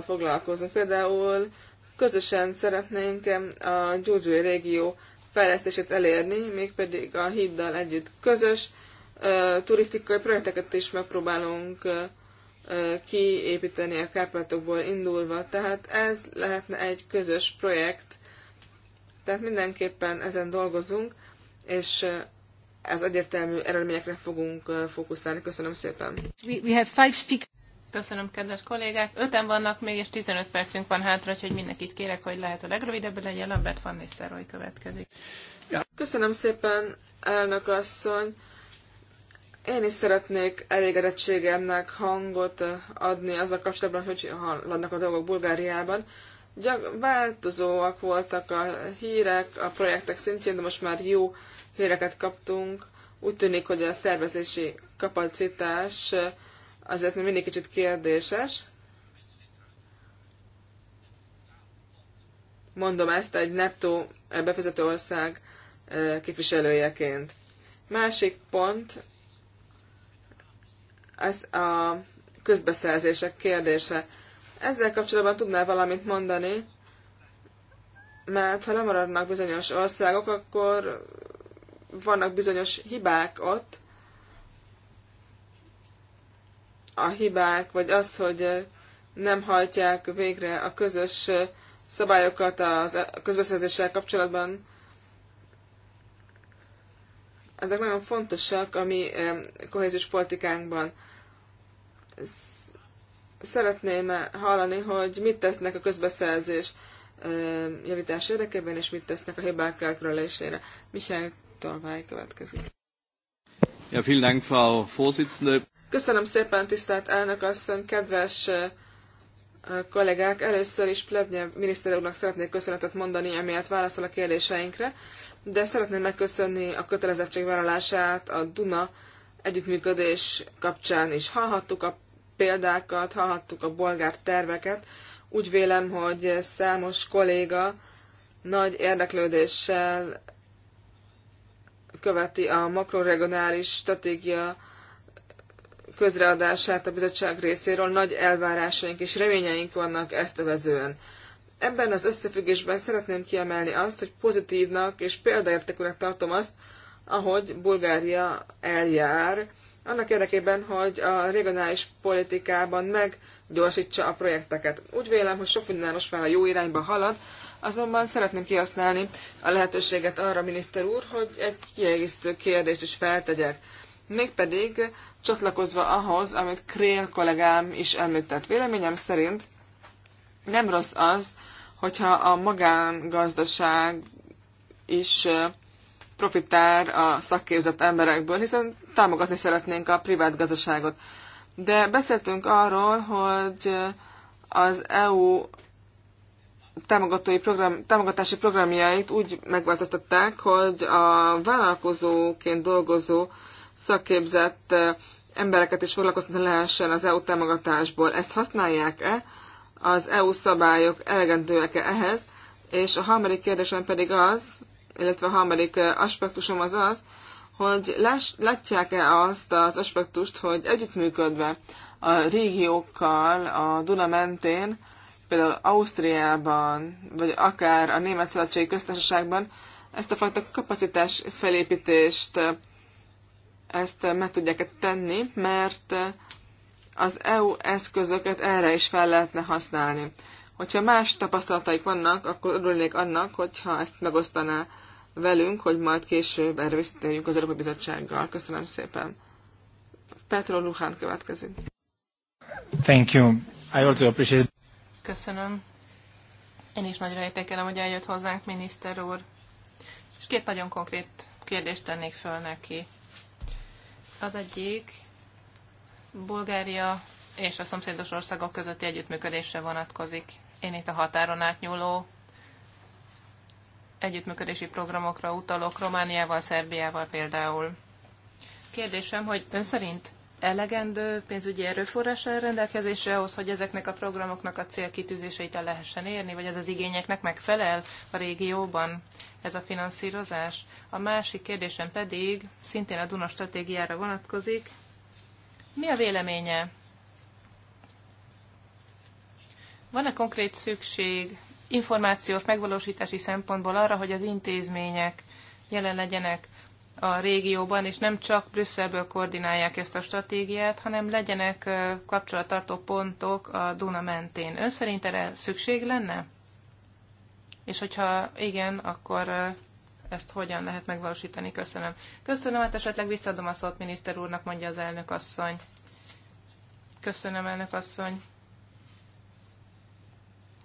foglalkozunk. Például közösen szeretnénk a Gyurgyói régió fejlesztését elérni, mégpedig a híddal együtt közös turisztikai projekteket is megpróbálunk kiépíteni a Kárpátokból indulva. Tehát ez lehetne egy közös projekt. Tehát mindenképpen ezen dolgozunk, és az egyértelmű eredményekre fogunk fókuszálni. Köszönöm szépen. We, have five speakers Köszönöm, kedves kollégák. Öten vannak még, és 15 percünk van hátra, hogy mindenkit kérek, hogy lehet a legrövidebb legyen. Lambert van Szeroly következik. Ja. Köszönöm szépen, elnök asszony. Én is szeretnék elégedettségemnek hangot adni az a kapcsolatban, hogy haladnak a dolgok Bulgáriában. Gyak, változóak voltak a hírek a projektek szintjén, de most már jó híreket kaptunk. Úgy tűnik, hogy a szervezési kapacitás azért még mindig kicsit kérdéses. Mondom ezt egy nettó befizető ország képviselőjeként. Másik pont, ez a közbeszerzések kérdése. Ezzel kapcsolatban tudnál valamit mondani? Mert ha lemaradnak bizonyos országok, akkor vannak bizonyos hibák ott, a hibák, vagy az, hogy nem hajtják végre a közös szabályokat a közbeszerzéssel kapcsolatban, ezek nagyon fontosak a mi kohézis politikánkban. Szeretném hallani, hogy mit tesznek a közbeszerzés javítás érdekében, és mit tesznek a hibák elkerülésére. Michel következik. Ja, vielen Dank, Frau Vorsitzende. Köszönöm szépen, tisztelt elnök asszony, kedves kollégák! Először is Plevnyev miniszter úrnak szeretnék köszönetet mondani, emiatt válaszol a kérdéseinkre, de szeretném megköszönni a kötelezettségvállalását a Duna együttműködés kapcsán is. Hallhattuk a példákat, hallhattuk a bolgár terveket. Úgy vélem, hogy számos kolléga nagy érdeklődéssel követi a makroregionális stratégia közreadását a bizottság részéről. Nagy elvárásaink és reményeink vannak ezt övezően. Ebben az összefüggésben szeretném kiemelni azt, hogy pozitívnak és példaértékűnek tartom azt, ahogy Bulgária eljár, annak érdekében, hogy a regionális politikában meggyorsítsa a projekteket. Úgy vélem, hogy sok minden most már a jó irányba halad, Azonban szeretném kihasználni a lehetőséget arra, miniszter úr, hogy egy kiegészítő kérdést is feltegyek. Mégpedig csatlakozva ahhoz, amit Krél kollégám is említett. Véleményem szerint nem rossz az, hogyha a magángazdaság is profitál a szakképzett emberekből, hiszen támogatni szeretnénk a privát gazdaságot. De beszéltünk arról, hogy az EU támogatói program, támogatási programjait úgy megváltoztatták, hogy a vállalkozóként dolgozó szakképzett eh, embereket is foglalkoztatni lehessen az EU támogatásból. Ezt használják-e? Az EU szabályok elegendőek-e ehhez? És a harmadik kérdésem pedig az, illetve a harmadik eh, aspektusom az az, hogy láss, látják-e azt az aspektust, hogy együttműködve a régiókkal a Duna mentén például Ausztriában, vagy akár a Német Szövetségi Köztársaságban ezt a fajta kapacitás felépítést ezt meg tudják -e tenni, mert az EU eszközöket erre is fel lehetne használni. Hogyha más tapasztalataik vannak, akkor örülnék annak, hogyha ezt megosztaná velünk, hogy majd később erre visszatérjünk az Európai Bizottsággal. Köszönöm szépen. Petro Luhán következik. Thank you. I also appreciate Köszönöm. Én is nagyra értékelem, hogy eljött hozzánk, miniszter úr. És két nagyon konkrét kérdést tennék föl neki. Az egyik Bulgária és a szomszédos országok közötti együttműködésre vonatkozik. Én itt a határon átnyúló együttműködési programokra utalok, Romániával, Szerbiával például. Kérdésem, hogy ön szerint elegendő pénzügyi erőforrás rendelkezésre ahhoz, hogy ezeknek a programoknak a célkitűzéseit el lehessen érni, vagy ez az igényeknek megfelel a régióban ez a finanszírozás. A másik kérdésem pedig szintén a Duna stratégiára vonatkozik. Mi a véleménye? Van-e konkrét szükség információs megvalósítási szempontból arra, hogy az intézmények jelen legyenek a régióban, és nem csak Brüsszelből koordinálják ezt a stratégiát, hanem legyenek kapcsolattartó pontok a Duna mentén. Ön szerint erre szükség lenne? És hogyha igen, akkor ezt hogyan lehet megvalósítani? Köszönöm. Köszönöm, hát esetleg visszadom a szót miniszter úrnak, mondja az elnök asszony. Köszönöm, elnök asszony.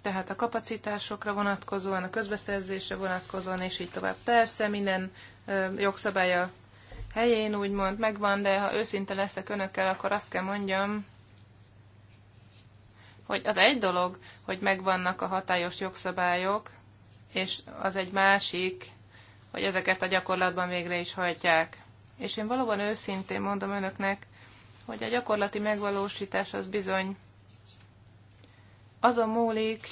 Tehát a kapacitásokra vonatkozóan, a közbeszerzésre vonatkozóan, és így tovább. Persze, minden jogszabálya helyén úgymond megvan, de ha őszinte leszek önökkel, akkor azt kell mondjam, hogy az egy dolog, hogy megvannak a hatályos jogszabályok, és az egy másik, hogy ezeket a gyakorlatban végre is hajtják. És én valóban őszintén mondom önöknek, hogy a gyakorlati megvalósítás az bizony azon múlik,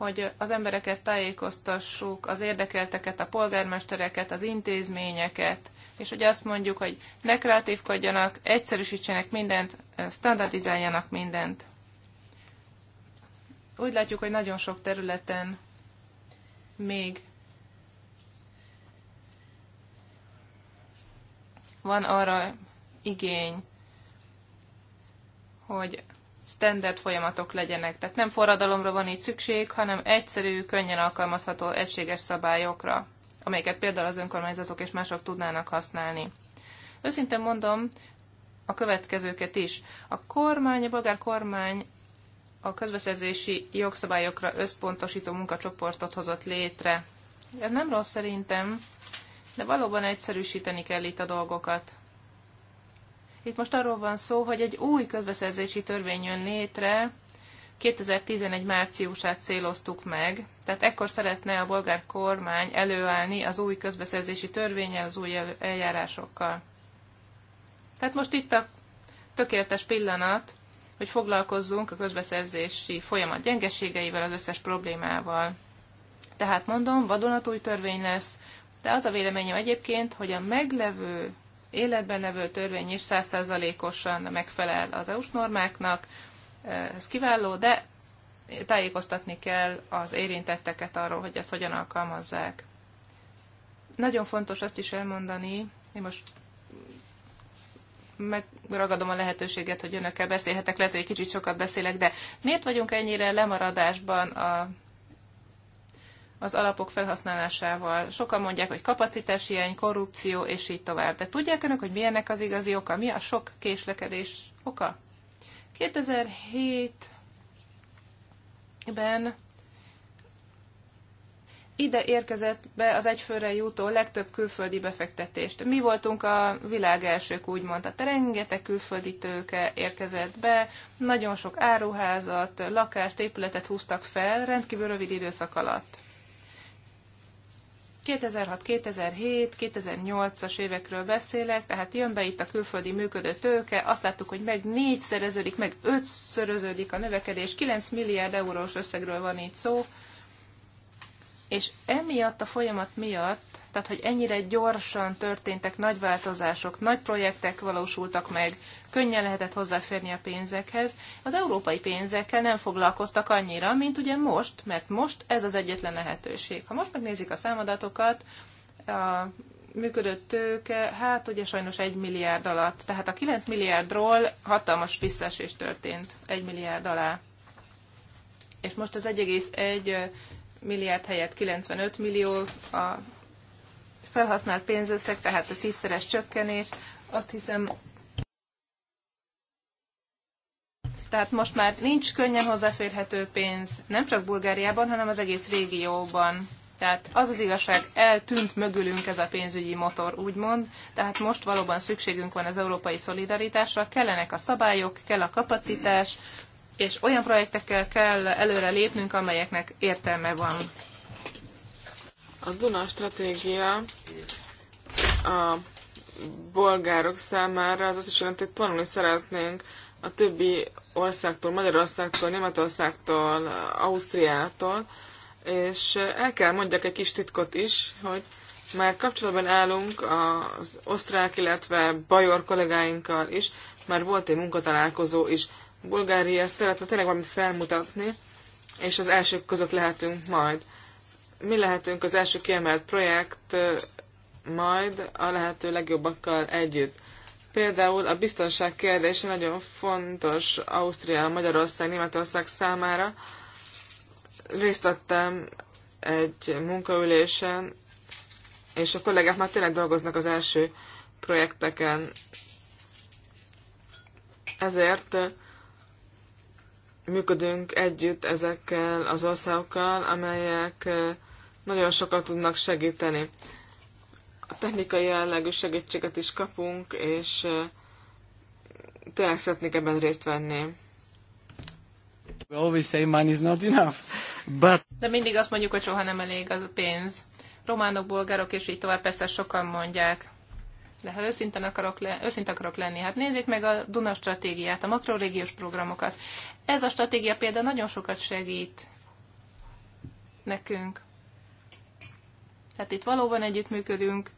hogy az embereket tájékoztassuk, az érdekelteket, a polgármestereket, az intézményeket, és hogy azt mondjuk, hogy ne kreatívkodjanak, egyszerűsítsenek mindent, standardizáljanak mindent. Úgy látjuk, hogy nagyon sok területen még van arra igény, hogy standard folyamatok legyenek. Tehát nem forradalomra van itt szükség, hanem egyszerű, könnyen alkalmazható, egységes szabályokra, amelyeket például az önkormányzatok és mások tudnának használni. Őszintén mondom, a következőket is. A kormány, a bolgár kormány a közbeszerzési jogszabályokra összpontosító munkacsoportot hozott létre. Ez nem rossz szerintem, de valóban egyszerűsíteni kell itt a dolgokat. Itt most arról van szó, hogy egy új közbeszerzési törvény jön létre, 2011 márciusát céloztuk meg, tehát ekkor szeretne a bolgár kormány előállni az új közbeszerzési törvényel, az új eljárásokkal. Tehát most itt a tökéletes pillanat, hogy foglalkozzunk a közbeszerzési folyamat gyengeségeivel, az összes problémával. Tehát mondom, vadonatúj törvény lesz, de az a véleményem egyébként, hogy a meglevő életben levő törvény is százszázalékosan megfelel az EU-s normáknak, ez kiváló, de tájékoztatni kell az érintetteket arról, hogy ezt hogyan alkalmazzák. Nagyon fontos azt is elmondani, én most megragadom a lehetőséget, hogy önökkel beszélhetek, lehet, hogy egy kicsit sokat beszélek, de miért vagyunk ennyire lemaradásban a az alapok felhasználásával. Sokan mondják, hogy kapacitás hiány, korrupció, és így tovább. De tudják önök, hogy milyennek az igazi oka? Mi a sok késlekedés oka? 2007-ben ide érkezett be az egyfőre jutó legtöbb külföldi befektetést. Mi voltunk a világ elsők, úgymond. Tehát rengeteg külföldi tőke érkezett be, nagyon sok áruházat, lakást, épületet húztak fel rendkívül rövid időszak alatt. 2006, 2007, 2008-as évekről beszélek, tehát jön be itt a külföldi működő tőke, azt láttuk, hogy meg négyszereződik, meg ötszöröződik a növekedés, 9 milliárd eurós összegről van itt szó, és emiatt a folyamat miatt tehát, hogy ennyire gyorsan történtek nagy változások, nagy projektek valósultak meg, könnyen lehetett hozzáférni a pénzekhez. Az európai pénzekkel nem foglalkoztak annyira, mint ugye most, mert most ez az egyetlen lehetőség. Ha most megnézik a számadatokat, a működött tőke, hát ugye sajnos egy milliárd alatt. Tehát a 9 milliárdról hatalmas visszaesés történt egy milliárd alá. És most az 1,1 milliárd helyett 95 millió a felhasznált pénzösszeg, tehát a tízszeres csökkenés, azt hiszem, tehát most már nincs könnyen hozzáférhető pénz, nem csak Bulgáriában, hanem az egész régióban. Tehát az az igazság, eltűnt mögülünk ez a pénzügyi motor, úgymond, tehát most valóban szükségünk van az európai szolidaritásra, kellenek a szabályok, kell a kapacitás, és olyan projektekkel kell előre lépnünk, amelyeknek értelme van. Az Duna stratégia a bolgárok számára az azt is jelenti, hogy tanulni szeretnénk a többi országtól, Magyarországtól, Németországtól, Ausztriától, és el kell mondjak egy kis titkot is, hogy már kapcsolatban állunk az osztrák, illetve bajor kollégáinkkal is, már volt egy munkatalálkozó is. Bulgária szeretne tényleg valamit felmutatni, és az elsők között lehetünk majd mi lehetünk az első kiemelt projekt majd a lehető legjobbakkal együtt. Például a biztonság kérdése nagyon fontos Ausztria, Magyarország, Németország számára. Részt vettem egy munkaülésen, és a kollégák már tényleg dolgoznak az első projekteken. Ezért működünk együtt ezekkel az országokkal, amelyek nagyon sokat tudnak segíteni. A technikai jellegű segítséget is kapunk, és tényleg szeretnék ebben részt venni. We always say money is not enough, but... De mindig azt mondjuk, hogy soha nem elég az a pénz. Románok, bolgárok és így tovább persze sokan mondják. De ha őszinten akarok, le, őszinten akarok lenni, hát nézzék meg a Duna stratégiát, a makrorégiós programokat. Ez a stratégia például nagyon sokat segít nekünk. Tehát itt valóban együttműködünk,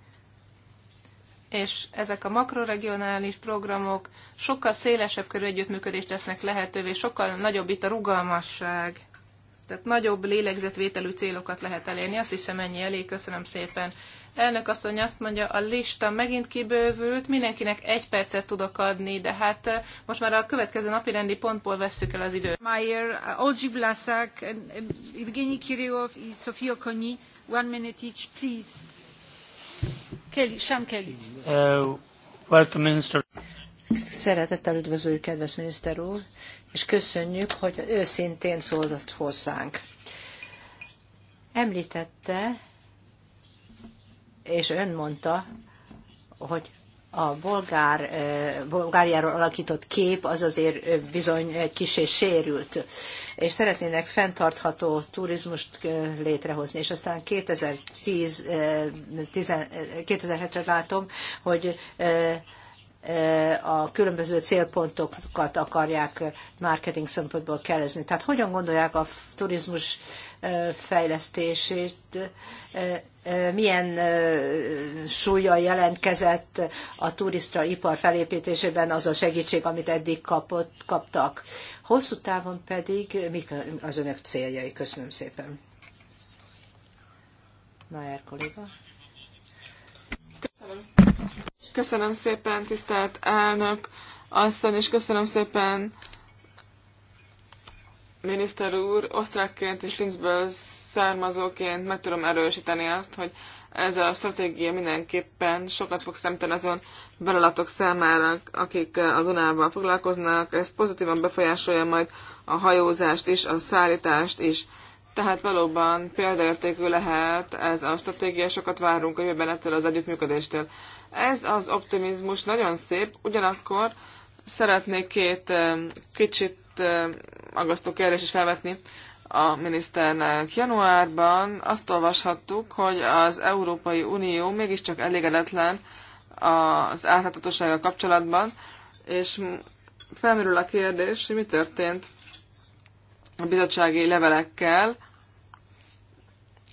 és ezek a makroregionális programok sokkal szélesebb körű együttműködést tesznek lehetővé, sokkal nagyobb itt a rugalmasság, tehát nagyobb lélegzetvételű célokat lehet elérni. Azt hiszem ennyi elég, köszönöm szépen. Elnök asszony azt mondja, a lista megint kibővült, mindenkinek egy percet tudok adni, de hát eh, most már a következő napi rendi pontból vesszük el az időt. Mayer, Olgi Blasak, Evgeny Kirillov, Sofia Konyi, Uh, Szeretettel üdvözöljük, kedves miniszter úr, és köszönjük, hogy őszintén szólt hozzánk. Említette, és ön mondta, hogy a bolgár, bolgáriáról alakított kép az azért bizony és sérült, és szeretnének fenntartható turizmust létrehozni. És aztán 2010, 2007-re látom, hogy a különböző célpontokat akarják marketing szempontból kerezni. Tehát hogyan gondolják a turizmus fejlesztését, milyen súlya jelentkezett a turista ipar felépítésében az a segítség, amit eddig kapott, kaptak. Hosszú távon pedig mik az önök céljai? Köszönöm szépen. Mayer kolléga. Köszönöm szépen. Köszönöm szépen, tisztelt elnök asszony, és köszönöm szépen miniszter úr, osztrákként és Linzből származóként meg tudom erősíteni azt, hogy ez a stratégia mindenképpen sokat fog szemteni azon vállalatok számára, akik az unával foglalkoznak. Ez pozitívan befolyásolja majd a hajózást is, a szállítást is. Tehát valóban példaértékű lehet ez a stratégia, sokat várunk a jövőben ettől az együttműködéstől. Ez az optimizmus nagyon szép, ugyanakkor szeretnék két kicsit agasztó kérdést is felvetni a miniszternek. Januárban azt olvashattuk, hogy az Európai Unió mégiscsak elégedetlen az átláthatósággal kapcsolatban, és felmerül a kérdés, hogy mi történt a bizottsági levelekkel.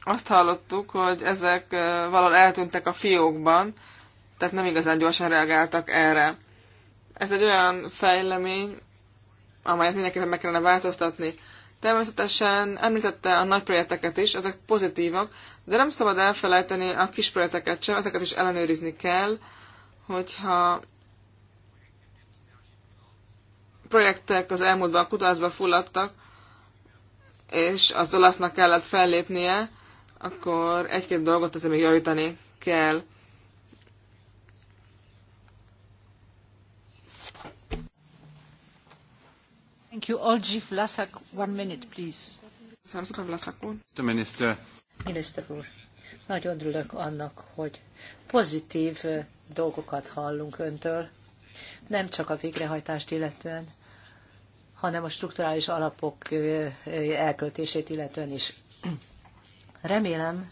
Azt hallottuk, hogy ezek valahol eltűntek a fiókban, tehát nem igazán gyorsan reagáltak erre. Ez egy olyan fejlemény, amelyet mindenképpen meg kellene változtatni. Természetesen említette a nagy projekteket is, ezek pozitívak, de nem szabad elfelejteni a kis projekteket sem, ezeket is ellenőrizni kell, hogyha projektek az elmúltban kutatásba fulladtak, és az olasznak kellett fellépnie, akkor egy-két dolgot azért még javítani kell. Thank you. Olgi Vlasak, one minute, please. Köszönöm Minister Vlasak úr. Miniszter. úr, nagyon örülök annak, hogy pozitív dolgokat hallunk öntől, nem csak a végrehajtást illetően, hanem a strukturális alapok elköltését illetően is. Remélem,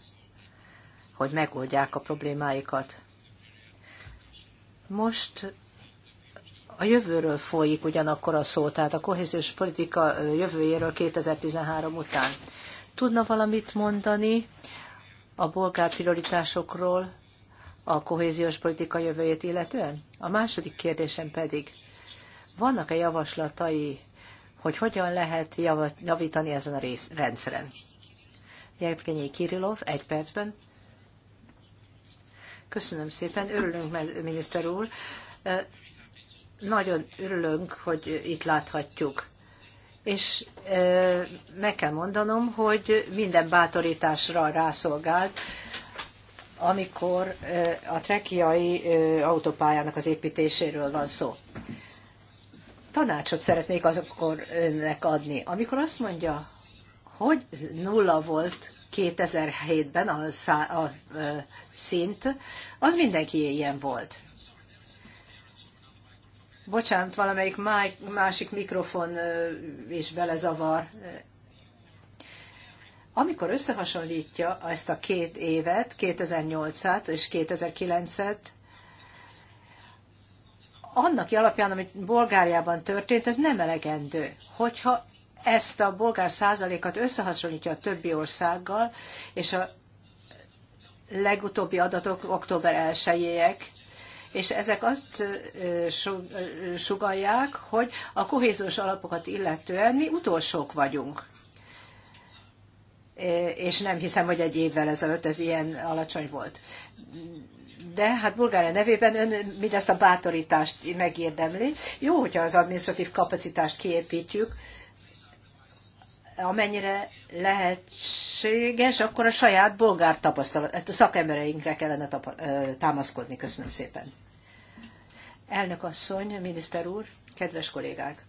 hogy megoldják a problémáikat. Most a jövőről folyik ugyanakkor a szó, tehát a kohéziós politika jövőjéről 2013 után. Tudna valamit mondani a bolgár prioritásokról a kohéziós politika jövőjét illetően? A második kérdésem pedig, vannak-e javaslatai hogy hogyan lehet javítani ezen a rész, rendszeren. Jevgenyi Kirillov, egy percben. Köszönöm szépen, örülünk, miniszter úr. Nagyon örülünk, hogy itt láthatjuk. És meg kell mondanom, hogy minden bátorításra rászolgált, amikor a trekiai autópályának az építéséről van szó tanácsot szeretnék azokkor önnek adni. Amikor azt mondja, hogy nulla volt 2007-ben a, szá- a, a szint, az mindenki ilyen volt. Bocsánat, valamelyik másik mikrofon is belezavar. Amikor összehasonlítja ezt a két évet, 2008-at és 2009-et, annak alapján, amit Bolgáriában történt, ez nem elegendő. Hogyha ezt a bolgár százalékat összehasonlítja a többi országgal, és a legutóbbi adatok október 1 és ezek azt sugalják, hogy a kohéziós alapokat illetően mi utolsók vagyunk. És nem hiszem, hogy egy évvel ezelőtt ez ilyen alacsony volt de hát Bulgária nevében ön mindezt a bátorítást megérdemli. Jó, hogyha az administratív kapacitást kiépítjük, amennyire lehetséges, akkor a saját bolgár tapasztalat, hát a szakembereinkre kellene támaszkodni. Köszönöm szépen. Elnök asszony, miniszter úr, kedves kollégák!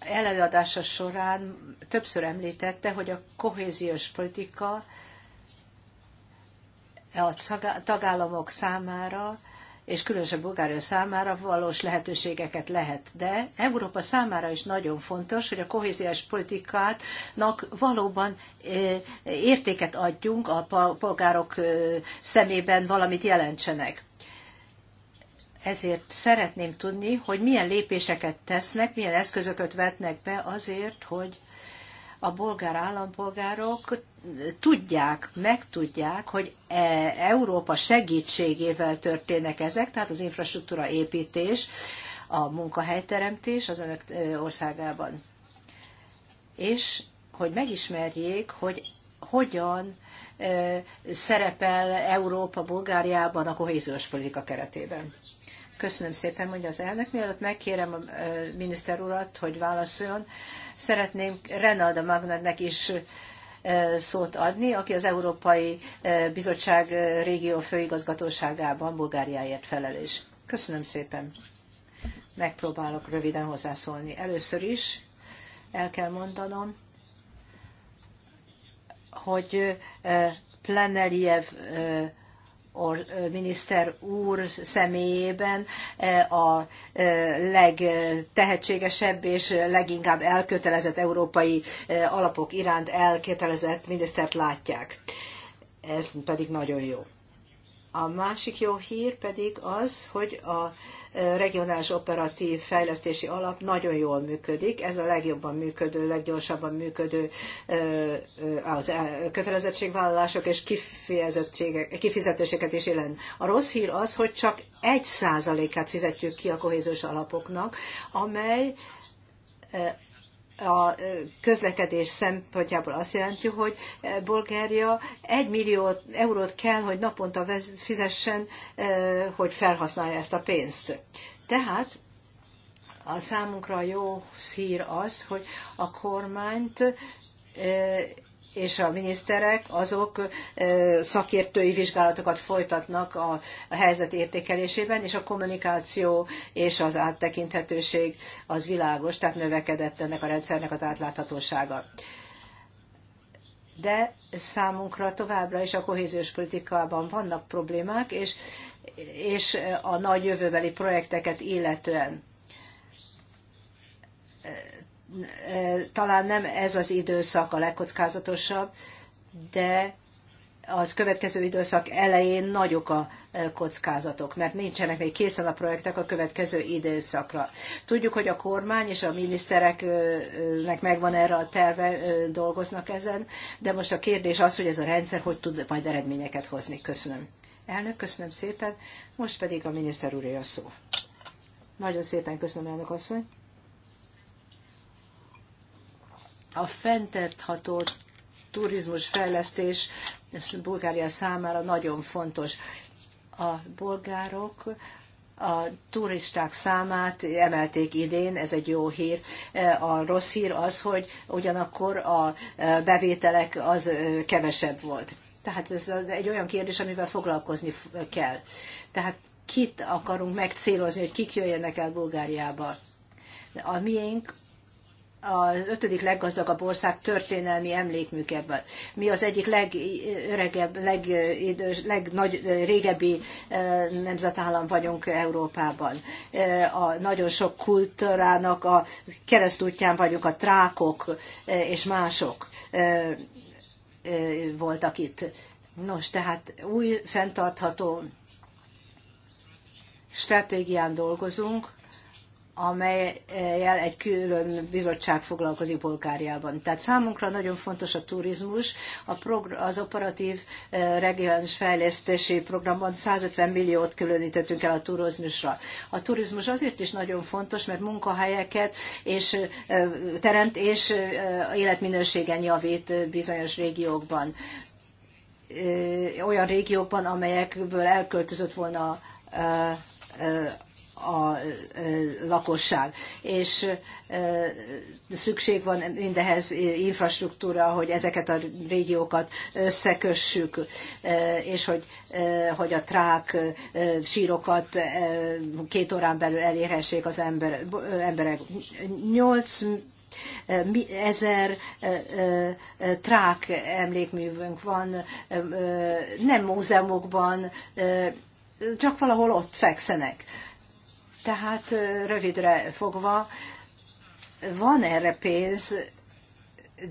Előadása során többször említette, hogy a kohéziós politika E a tagállamok számára, és különösen Bulgária számára valós lehetőségeket lehet. De Európa számára is nagyon fontos, hogy a kohéziós politikátnak valóban e, értéket adjunk, a polgárok e, szemében valamit jelentsenek. Ezért szeretném tudni, hogy milyen lépéseket tesznek, milyen eszközöket vetnek be azért, hogy a bolgár állampolgárok tudják, megtudják, hogy e, Európa segítségével történnek ezek, tehát az infrastruktúra építés, a munkahelyteremtés az önök e, országában. És hogy megismerjék, hogy hogyan e, szerepel Európa Bulgáriában a kohéziós politika keretében. Köszönöm szépen, mondja az elnök. Mielőtt megkérem a miniszter urat, hogy válaszoljon, szeretném Renalda Magnetnek is szót adni, aki az Európai Bizottság régió főigazgatóságában Bulgáriáért felelős. Köszönöm szépen. Megpróbálok röviden hozzászólni. Először is el kell mondanom, hogy Pleneliev miniszter úr személyében a legtehetségesebb és leginkább elkötelezett európai alapok iránt elkötelezett minisztert látják. Ez pedig nagyon jó. A másik jó hír pedig az, hogy a e, regionális operatív fejlesztési alap nagyon jól működik. Ez a legjobban működő, leggyorsabban működő e, e, az kötelezettségvállalások és kifizetéseket is jelent. A rossz hír az, hogy csak egy százalékát fizetjük ki a kohéziós alapoknak, amely a közlekedés szempontjából azt jelenti, hogy Bulgária egy millió eurót kell, hogy naponta fizessen, hogy felhasználja ezt a pénzt. Tehát a számunkra jó hír az, hogy a kormányt és a miniszterek azok szakértői vizsgálatokat folytatnak a helyzet értékelésében, és a kommunikáció és az áttekinthetőség az világos, tehát növekedett ennek a rendszernek az átláthatósága de számunkra továbbra is a kohéziós politikában vannak problémák, és, és a nagy jövőbeli projekteket illetően talán nem ez az időszak a legkockázatosabb, de az következő időszak elején nagyok a kockázatok, mert nincsenek még készen a projektek a következő időszakra. Tudjuk, hogy a kormány és a minisztereknek megvan erre a terve, dolgoznak ezen, de most a kérdés az, hogy ez a rendszer hogy tud majd eredményeket hozni. Köszönöm. Elnök, köszönöm szépen. Most pedig a miniszter úré a szó. Nagyon szépen köszönöm, elnök asszony. a fenntartható turizmus fejlesztés Bulgária számára nagyon fontos. A bolgárok a turisták számát emelték idén, ez egy jó hír. A rossz hír az, hogy ugyanakkor a bevételek az kevesebb volt. Tehát ez egy olyan kérdés, amivel foglalkozni kell. Tehát kit akarunk megcélozni, hogy kik jöjjenek el Bulgáriába. A miénk az ötödik leggazdagabb ország történelmi emlékműkéből. Mi az egyik legöregebb, legidős, legnagy, régebbi nemzetállam vagyunk Európában. A nagyon sok kultúrának a keresztútján vagyunk a trákok és mások voltak itt. Nos, tehát új, fenntartható stratégián dolgozunk, amelyel egy külön bizottság foglalkozik Bulgáriában. Tehát számunkra nagyon fontos a turizmus. A az operatív eh, regionális fejlesztési programban 150 milliót különítettünk el a turizmusra. A turizmus azért is nagyon fontos, mert munkahelyeket és eh, teremt és eh, életminőségen javít bizonyos régiókban. Olyan régiókban, amelyekből elköltözött volna a lakosság. És szükség van mindehez infrastruktúra, hogy ezeket a régiókat összekössük, és hogy, hogy a trák sírokat két órán belül elérhessék az ember, emberek. 8 ezer trák emlékművünk van, nem múzeumokban, csak valahol ott fekszenek. Tehát rövidre fogva, van erre pénz,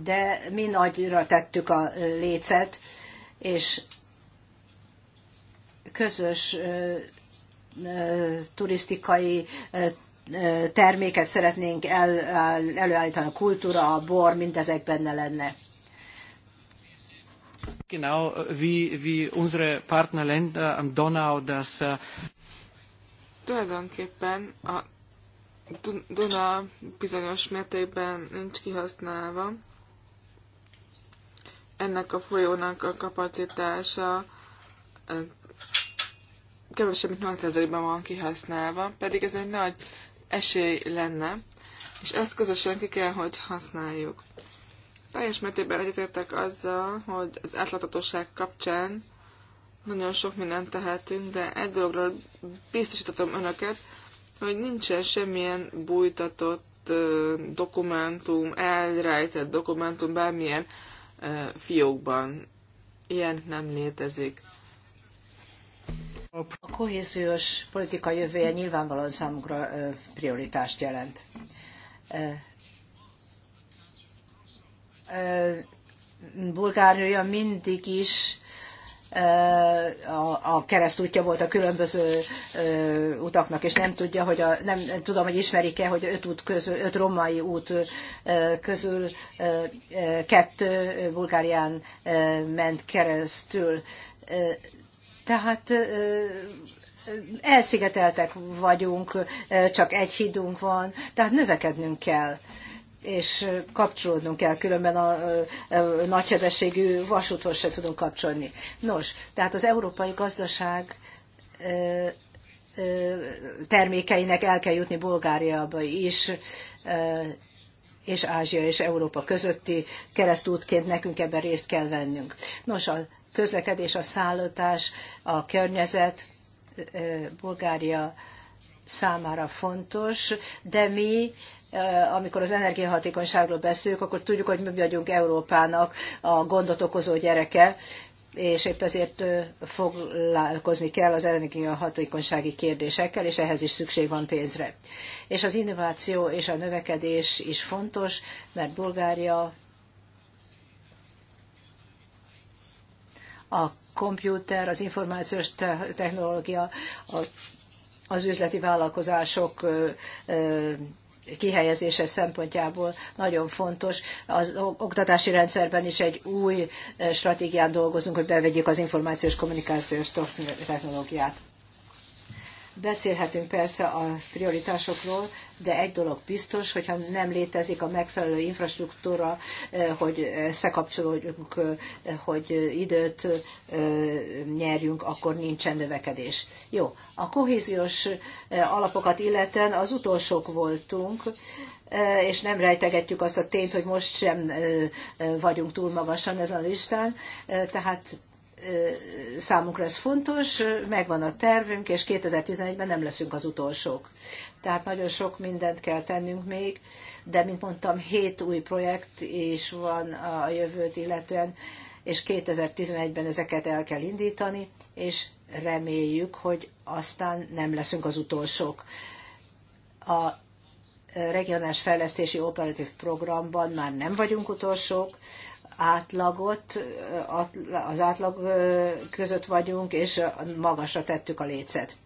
de mi nagyra tettük a lécet, és közös turisztikai terméket szeretnénk el, előállítani, a kultúra, a bor, mindezek benne lenne. Genau, wie, wie unsere Partnerländer am Donau das äh, Tulajdonképpen a Duna bizonyos mértékben nincs kihasználva. Ennek a folyónak a kapacitása kevesebb, mint 8000-ben van kihasználva, pedig ez egy nagy esély lenne, és ezt közösen ki kell, hogy használjuk. Teljes mértékben egyetértek azzal, hogy az átláthatóság kapcsán nagyon sok mindent tehetünk, de egy dologról biztosítatom önöket, hogy nincsen semmilyen bújtatott dokumentum, elrejtett dokumentum bármilyen fiókban. Ilyen nem létezik. A kohéziós politika jövője nyilvánvalóan számukra prioritást jelent. Bulgária mindig is a keresztútja volt a különböző utaknak, és nem tudja, hogy a, nem tudom, hogy ismerik-e, hogy öt, út közül, öt romai út közül kettő Bulgárián ment keresztül. Tehát elszigeteltek vagyunk, csak egy hídunk van, tehát növekednünk kell és kapcsolódnunk kell, különben a, a, a nagysebességű vasúthoz se tudunk kapcsolni. Nos, tehát az európai gazdaság termékeinek el kell jutni Bulgáriába is, és Ázsia és Európa közötti keresztútként nekünk ebben részt kell vennünk. Nos, a közlekedés, a szállítás, a környezet Bulgária számára fontos, de mi Eh, amikor az energiahatékonyságról beszélünk, akkor tudjuk, hogy mi vagyunk Európának a gondot okozó gyereke, és épp ezért eh, foglalkozni kell az energiahatékonysági kérdésekkel, és ehhez is szükség van pénzre. És az innováció és a növekedés is fontos, mert Bulgária a komputer, az információs technológia, az üzleti vállalkozások eh, kihelyezése szempontjából nagyon fontos. Az oktatási rendszerben is egy új eh, stratégián dolgozunk, hogy bevegyük az információs kommunikációs technológiát. Beszélhetünk persze a prioritásokról, de egy dolog biztos, hogyha nem létezik a megfelelő infrastruktúra, eh, hogy szekapcsolódjunk, eh, hogy időt eh, nyerjünk, akkor nincsen növekedés. Jó, a kohéziós alapokat illeten az utolsók voltunk, és nem rejtegetjük azt a tényt, hogy most sem vagyunk túl magasan ezen a listán, tehát számunkra ez fontos, megvan a tervünk, és 2011-ben nem leszünk az utolsók. Tehát nagyon sok mindent kell tennünk még, de mint mondtam, hét új projekt is van a jövőt illetően, és 2011-ben ezeket el kell indítani, és reméljük, hogy aztán nem leszünk az utolsók. A regionális fejlesztési operatív programban már nem vagyunk utolsók, átlagot, az átlag között vagyunk, és magasra tettük a lécet.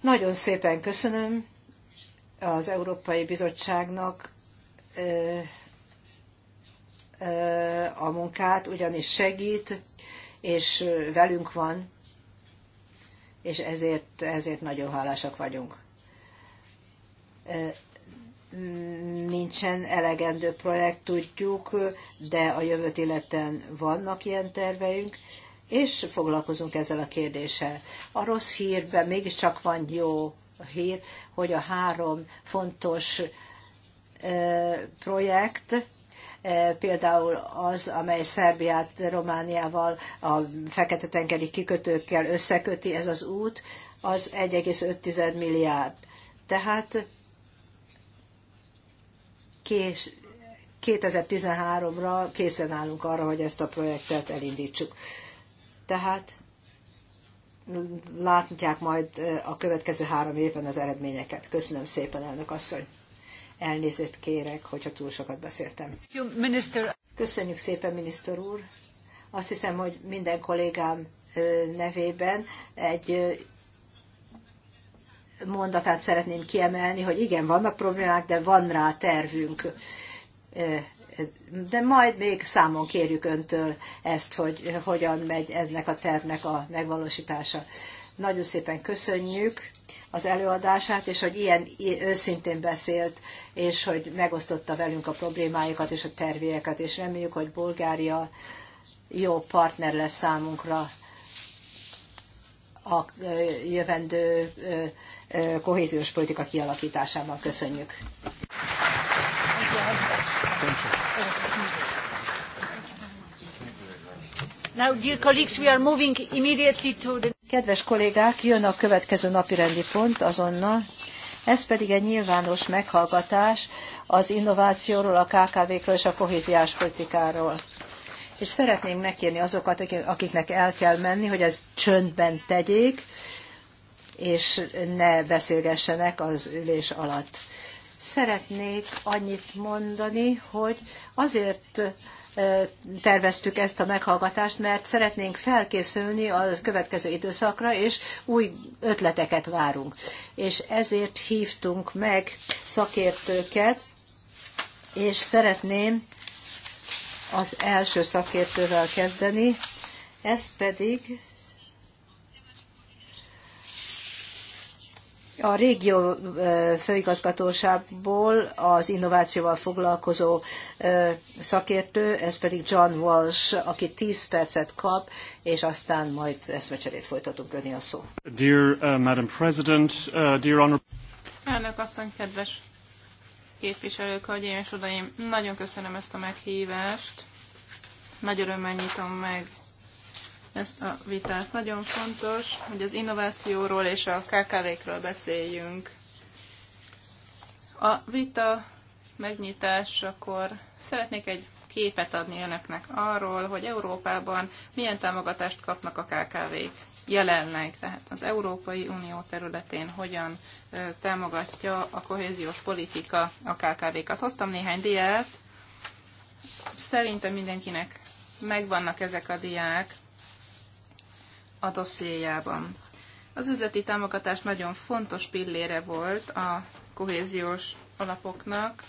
Nagyon szépen köszönöm az Európai Bizottságnak a munkát, ugyanis segít, és velünk van, és ezért, ezért nagyon hálásak vagyunk nincsen elegendő projekt, tudjuk, de a jövőt illetően vannak ilyen terveink, és foglalkozunk ezzel a kérdéssel. A rossz hírben mégiscsak van jó hír, hogy a három fontos projekt, például az, amely Szerbiát Romániával, a Fekete-tengeri kikötőkkel összeköti ez az út, az 1,5 milliárd. Tehát kés, 2013-ra készen állunk arra, hogy ezt a projektet elindítsuk. Tehát látják majd a következő három évben az eredményeket. Köszönöm szépen, elnök asszony. Elnézést kérek, hogyha túl sokat beszéltem. Köszönjük szépen, miniszter úr. Azt hiszem, hogy minden kollégám nevében egy mondatát szeretném kiemelni, hogy igen, vannak problémák, de van rá tervünk. De majd még számon kérjük öntől ezt, hogy hogyan megy eznek a tervnek a megvalósítása. Nagyon szépen köszönjük az előadását, és hogy ilyen őszintén beszélt, és hogy megosztotta velünk a problémáikat és a tervéket, és reméljük, hogy Bulgária jó partner lesz számunkra a jövendő kohéziós politika kialakításában. Köszönjük. Now, dear colleagues, we are moving immediately to the... Kedves kollégák, jön a következő napirendi pont azonnal. Ez pedig egy nyilvános meghallgatás az innovációról, a KKV-kről és a kohéziás politikáról. És szeretném megkérni azokat, akiknek el kell menni, hogy ez csöndben tegyék, és ne beszélgessenek az ülés alatt. Szeretnék annyit mondani, hogy azért terveztük ezt a meghallgatást, mert szeretnénk felkészülni a következő időszakra, és új ötleteket várunk. És ezért hívtunk meg szakértőket, és szeretném az első szakértővel kezdeni, ez pedig A régió főigazgatóságból az innovációval foglalkozó szakértő, ez pedig John Walsh, aki 10 percet kap, és aztán majd eszmecserét folytatunk öni a szó. Dear uh, Madam President, uh, dear Honor... Elnök asszony, kedves képviselők, hölgyeim és odaim, nagyon köszönöm ezt a meghívást. Nagy örömmel nyitom meg ezt a vitát. Nagyon fontos, hogy az innovációról és a KKV-kről beszéljünk. A vita megnyitásakor szeretnék egy képet adni önöknek arról, hogy Európában milyen támogatást kapnak a KKV-k jelenleg, tehát az Európai Unió területén hogyan támogatja a kohéziós politika a KKV-kat. Hoztam néhány diát, szerintem mindenkinek megvannak ezek a diák, a dossziéjában. Az üzleti támogatás nagyon fontos pillére volt a kohéziós alapoknak.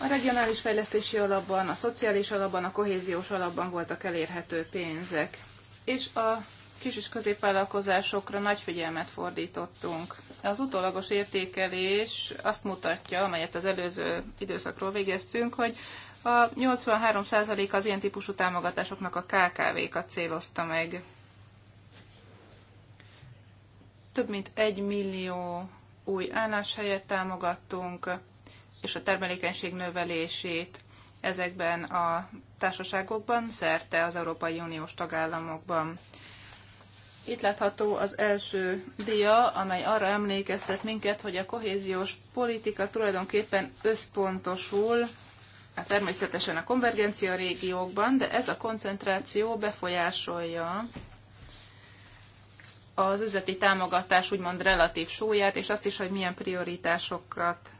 A regionális fejlesztési alapban, a szociális alapban, a kohéziós alapban voltak elérhető pénzek. És a kis és középvállalkozásokra nagy figyelmet fordítottunk. Az utólagos értékelés azt mutatja, amelyet az előző időszakról végeztünk, hogy a 83% az ilyen típusú támogatásoknak a KKV-kat célozta meg. Több mint egy millió új álláshelyet támogattunk, és a termelékenység növelését ezekben a társaságokban, szerte az Európai Uniós tagállamokban. Itt látható az első dia, amely arra emlékeztet minket, hogy a kohéziós politika tulajdonképpen összpontosul Hát természetesen a konvergencia régiókban, de ez a koncentráció befolyásolja az üzleti támogatás úgymond relatív súlyát, és azt is, hogy milyen prioritásokat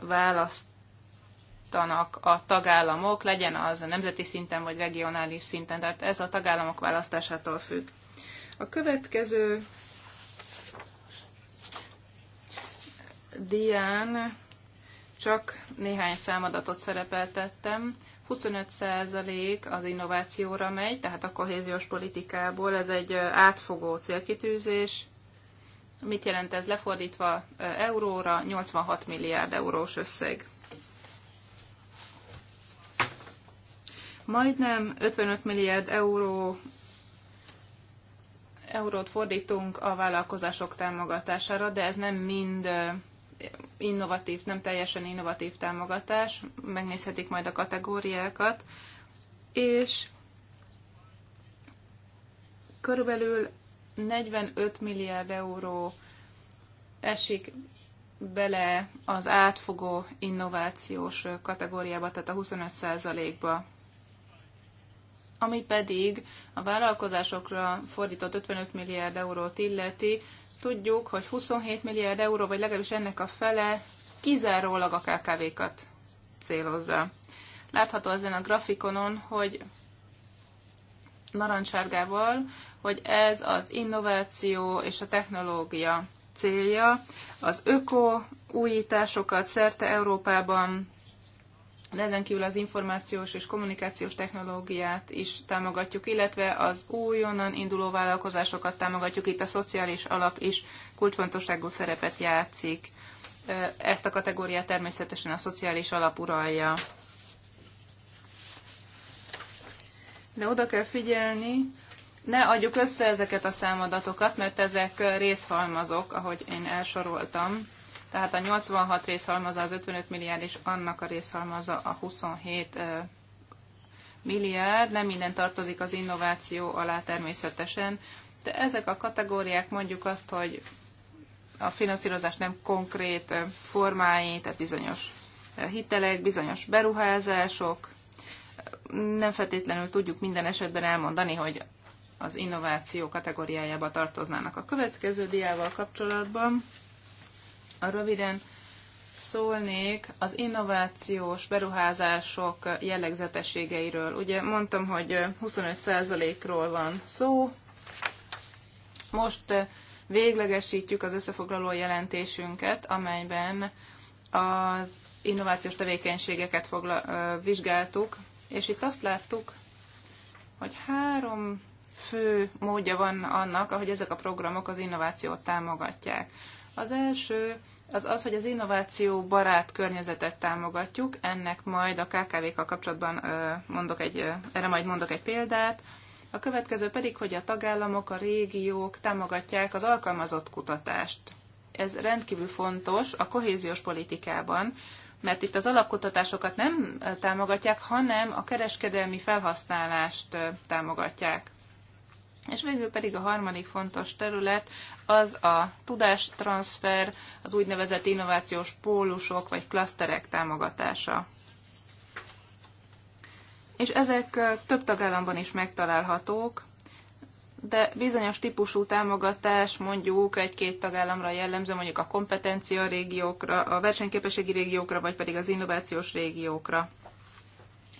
választanak a tagállamok, legyen az nemzeti szinten vagy regionális szinten, tehát ez a tagállamok választásától függ. A következő dián csak néhány számadatot szerepeltettem. 25% az innovációra megy, tehát a kohéziós politikából ez egy átfogó célkitűzés. Mit jelent ez lefordítva euróra? 86 milliárd eurós összeg. Majdnem 55 milliárd euró eurót fordítunk a vállalkozások támogatására, de ez nem mind innovatív, nem teljesen innovatív támogatás, megnézhetik majd a kategóriákat, és körülbelül 45 milliárd euró esik bele az átfogó innovációs kategóriába, tehát a 25%-ba, ami pedig a vállalkozásokra fordított 55 milliárd eurót illeti, tudjuk, hogy 27 milliárd euró, vagy legalábbis ennek a fele kizárólag a KKV-kat célozza. Látható ezen a grafikonon, hogy narancsárgával, hogy ez az innováció és a technológia célja, az öko újításokat szerte Európában de ezen kívül az információs és kommunikációs technológiát is támogatjuk, illetve az újonnan induló vállalkozásokat támogatjuk, itt a szociális alap is kulcsfontosságú szerepet játszik. Ezt a kategóriát természetesen a szociális alap uralja. De oda kell figyelni, ne adjuk össze ezeket a számadatokat, mert ezek részhalmazok, ahogy én elsoroltam tehát a 86 részhalmaza az 55 milliárd, és annak a részhalmaza a 27 milliárd. Nem minden tartozik az innováció alá természetesen, de ezek a kategóriák mondjuk azt, hogy a finanszírozás nem konkrét formái, tehát bizonyos hitelek, bizonyos beruházások. Nem feltétlenül tudjuk minden esetben elmondani, hogy az innováció kategóriájába tartoznának. A következő diával kapcsolatban Röviden szólnék az innovációs beruházások jellegzetességeiről. Ugye mondtam, hogy 25%-ról van szó. Most véglegesítjük az összefoglaló jelentésünket, amelyben az innovációs tevékenységeket fogla, vizsgáltuk, és itt azt láttuk, hogy három fő módja van annak, ahogy ezek a programok az innovációt támogatják. Az első az az, hogy az innováció barát környezetet támogatjuk, ennek majd a KKV-kkal kapcsolatban mondok egy, erre majd mondok egy példát, a következő pedig, hogy a tagállamok, a régiók támogatják az alkalmazott kutatást. Ez rendkívül fontos a kohéziós politikában, mert itt az alapkutatásokat nem támogatják, hanem a kereskedelmi felhasználást támogatják. És végül pedig a harmadik fontos terület az a tudástranszfer, az úgynevezett innovációs pólusok vagy klaszterek támogatása. És ezek több tagállamban is megtalálhatók, de bizonyos típusú támogatás mondjuk egy-két tagállamra jellemző, mondjuk a kompetencia régiókra, a versenyképességi régiókra, vagy pedig az innovációs régiókra.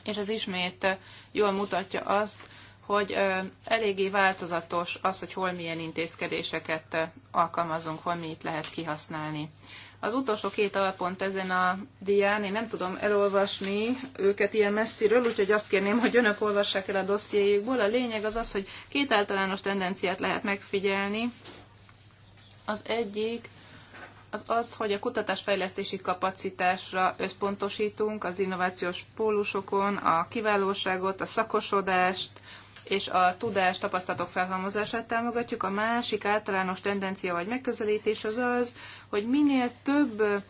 És ez ismét jól mutatja azt, hogy eléggé változatos az, hogy hol milyen intézkedéseket alkalmazunk, hol mi itt lehet kihasználni. Az utolsó két alapont ezen a dián, én nem tudom elolvasni őket ilyen messziről, úgyhogy azt kérném, hogy önök olvassák el a dossziéjükból. A lényeg az az, hogy két általános tendenciát lehet megfigyelni. Az egyik az az, hogy a kutatásfejlesztési kapacitásra összpontosítunk, az innovációs pólusokon, a kiválóságot, a szakosodást, és a tudás tapasztalatok felhalmozását támogatjuk. A másik általános tendencia vagy megközelítés az az, hogy minél több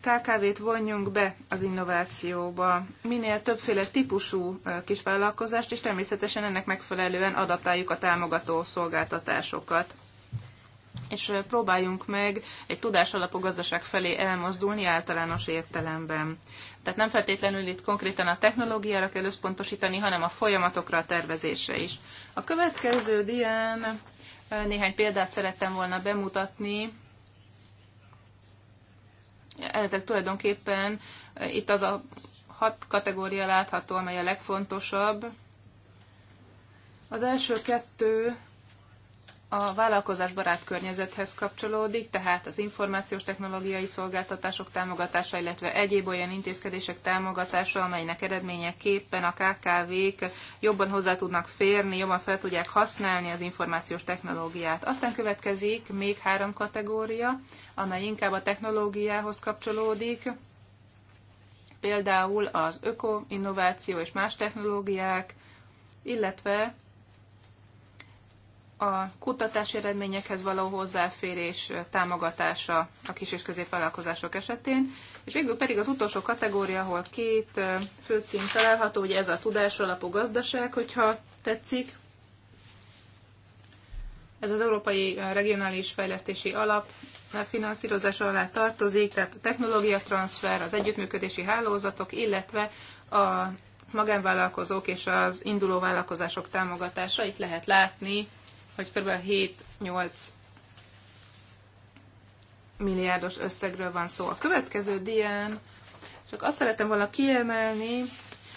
KKV-t vonjunk be az innovációba, minél többféle típusú kisvállalkozást, és természetesen ennek megfelelően adaptáljuk a támogató szolgáltatásokat és próbáljunk meg egy tudásalapú gazdaság felé elmozdulni általános értelemben. Tehát nem feltétlenül itt konkrétan a technológiára kell összpontosítani, hanem a folyamatokra, a tervezésre is. A következő dián néhány példát szerettem volna bemutatni. Ezek tulajdonképpen itt az a hat kategória látható, amely a legfontosabb. Az első kettő a vállalkozásbarát környezethez kapcsolódik, tehát az információs technológiai szolgáltatások támogatása, illetve egyéb olyan intézkedések támogatása, amelynek eredményeképpen a KKV-k jobban hozzá tudnak férni, jobban fel tudják használni az információs technológiát. Aztán következik még három kategória, amely inkább a technológiához kapcsolódik, például az öko, innováció és más technológiák, illetve a kutatási eredményekhez való hozzáférés támogatása a kis és középvállalkozások esetén, és végül pedig az utolsó kategória, ahol két főcím található, ugye ez a tudásalapú gazdaság, hogyha tetszik. Ez az Európai Regionális Fejlesztési Alap finanszírozása alá tartozik, tehát a technológia transfer, az együttműködési hálózatok, illetve a magánvállalkozók és az induló vállalkozások támogatása. Itt lehet látni hogy kb. 7-8 milliárdos összegről van szó. A következő dián csak azt szerettem volna kiemelni,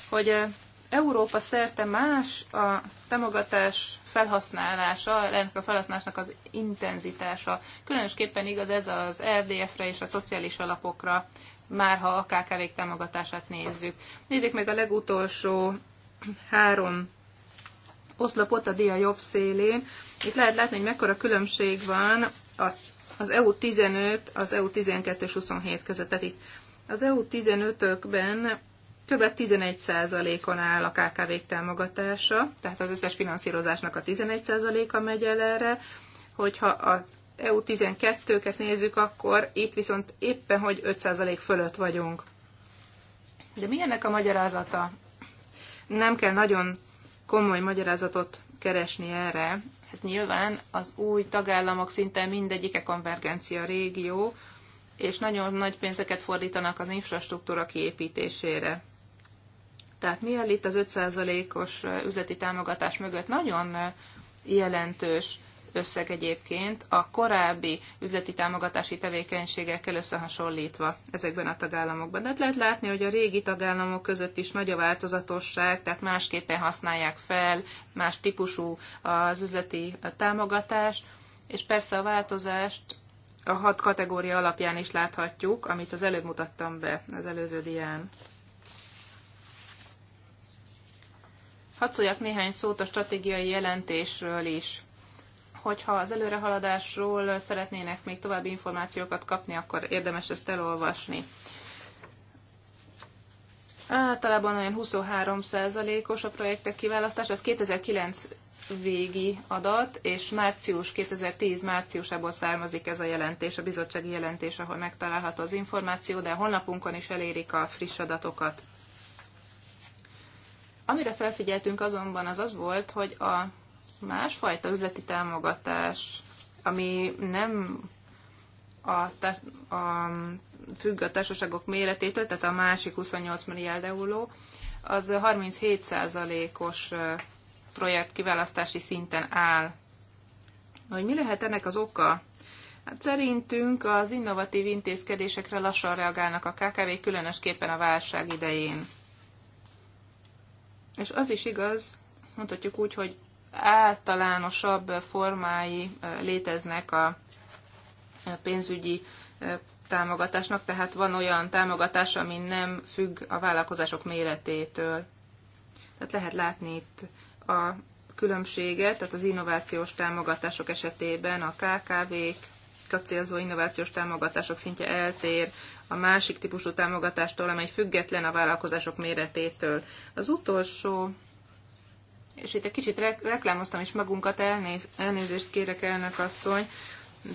hogy eh, Európa szerte más a támogatás felhasználása, ennek a felhasználásnak az intenzitása. Különösképpen igaz ez az RDF-re és a szociális alapokra, már ha a KKV-k támogatását nézzük. Nézzék meg a legutolsó három oszlopot a dia jobb szélén. Itt lehet látni, hogy mekkora különbség van az EU15, az EU12 és 27 között. Tehát itt az EU15-ökben kb. 11%-on áll a kkv támogatása, tehát az összes finanszírozásnak a 11%-a megy el erre, hogyha az EU12-ket nézzük, akkor itt viszont éppen, hogy 5% fölött vagyunk. De mi a magyarázata? Nem kell nagyon komoly magyarázatot keresni erre. Hát nyilván az új tagállamok szinte mindegyike konvergencia régió, és nagyon nagy pénzeket fordítanak az infrastruktúra kiépítésére. Tehát mielőtt az 5%-os üzleti támogatás mögött nagyon jelentős összeg egyébként a korábbi üzleti támogatási tevékenységekkel összehasonlítva ezekben a tagállamokban. De lehet látni, hogy a régi tagállamok között is nagy a változatosság, tehát másképpen használják fel más típusú az üzleti támogatást, és persze a változást a hat kategória alapján is láthatjuk, amit az előbb mutattam be az előző dián. Hadd szóljak néhány szót a stratégiai jelentésről is hogyha az előrehaladásról szeretnének még további információkat kapni, akkor érdemes ezt elolvasni. Általában olyan 23%-os a projektek kiválasztás, az 2009 végi adat, és március 2010 márciusából származik ez a jelentés, a bizottsági jelentés, ahol megtalálható az információ, de a honlapunkon is elérik a friss adatokat. Amire felfigyeltünk azonban az az volt, hogy a másfajta üzleti támogatás, ami nem a, a, a, függ a társaságok méretétől, tehát a másik 28 milliárd euró, az 37%-os projekt kiválasztási szinten áll. Hogy mi lehet ennek az oka? Hát szerintünk az innovatív intézkedésekre lassan reagálnak a KKV, különösképpen a válság idején. És az is igaz, mondhatjuk úgy, hogy általánosabb formái léteznek a pénzügyi támogatásnak, tehát van olyan támogatás, ami nem függ a vállalkozások méretétől. Tehát lehet látni itt a különbséget, tehát az innovációs támogatások esetében a KKV-k célzó innovációs támogatások szintje eltér a másik típusú támogatástól, amely független a vállalkozások méretétől. Az utolsó és itt egy kicsit rek- reklámoztam is magunkat, elnéz- elnézést kérek elnök asszony,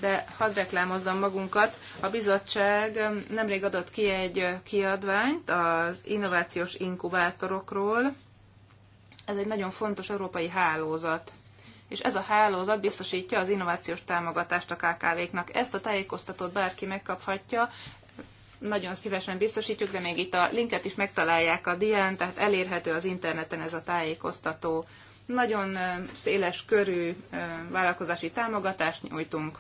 de hadd reklámozzam magunkat. A bizottság nemrég adott ki egy kiadványt az innovációs inkubátorokról. Ez egy nagyon fontos európai hálózat és ez a hálózat biztosítja az innovációs támogatást a KKV-knak. Ezt a tájékoztatót bárki megkaphatja, nagyon szívesen biztosítjuk, de még itt a linket is megtalálják a dián, tehát elérhető az interneten ez a tájékoztató. Nagyon széles körű vállalkozási támogatást nyújtunk.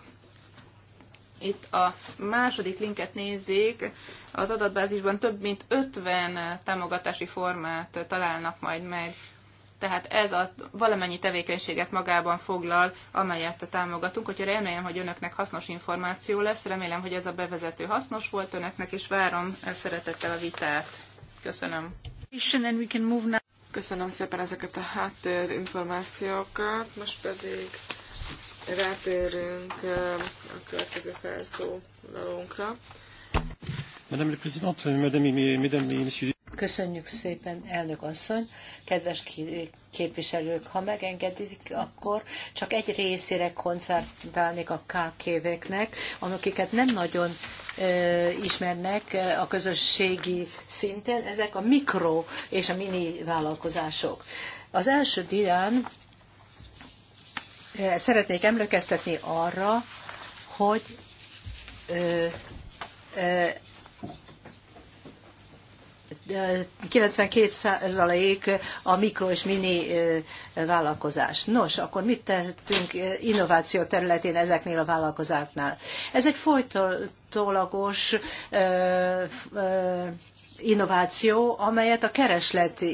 Itt a második linket nézzék, az adatbázisban több mint 50 támogatási formát találnak majd meg tehát ez a valamennyi tevékenységet magában foglal, amelyet támogatunk. Hogyha remélem, hogy önöknek hasznos információ lesz, remélem, hogy ez a bevezető hasznos volt önöknek, és várom szeretettel a vitát. Köszönöm. Köszönöm szépen ezeket a háttér információkat, most pedig rátérünk a következő felszólalónkra. Köszönjük szépen, elnök asszony. Kedves képviselők, ha megengedik, akkor csak egy részére koncertálnék a KKV-knek, amiket nem nagyon ismernek a közösségi szinten, ezek a mikro és a mini vállalkozások. Az első dián szeretnék emlékeztetni arra, hogy 92% a mikro és mini vállalkozás. Nos, akkor mit tettünk innováció területén ezeknél a vállalkozásoknál? Ez egy folytatólagos innováció, amelyet a kereslet e,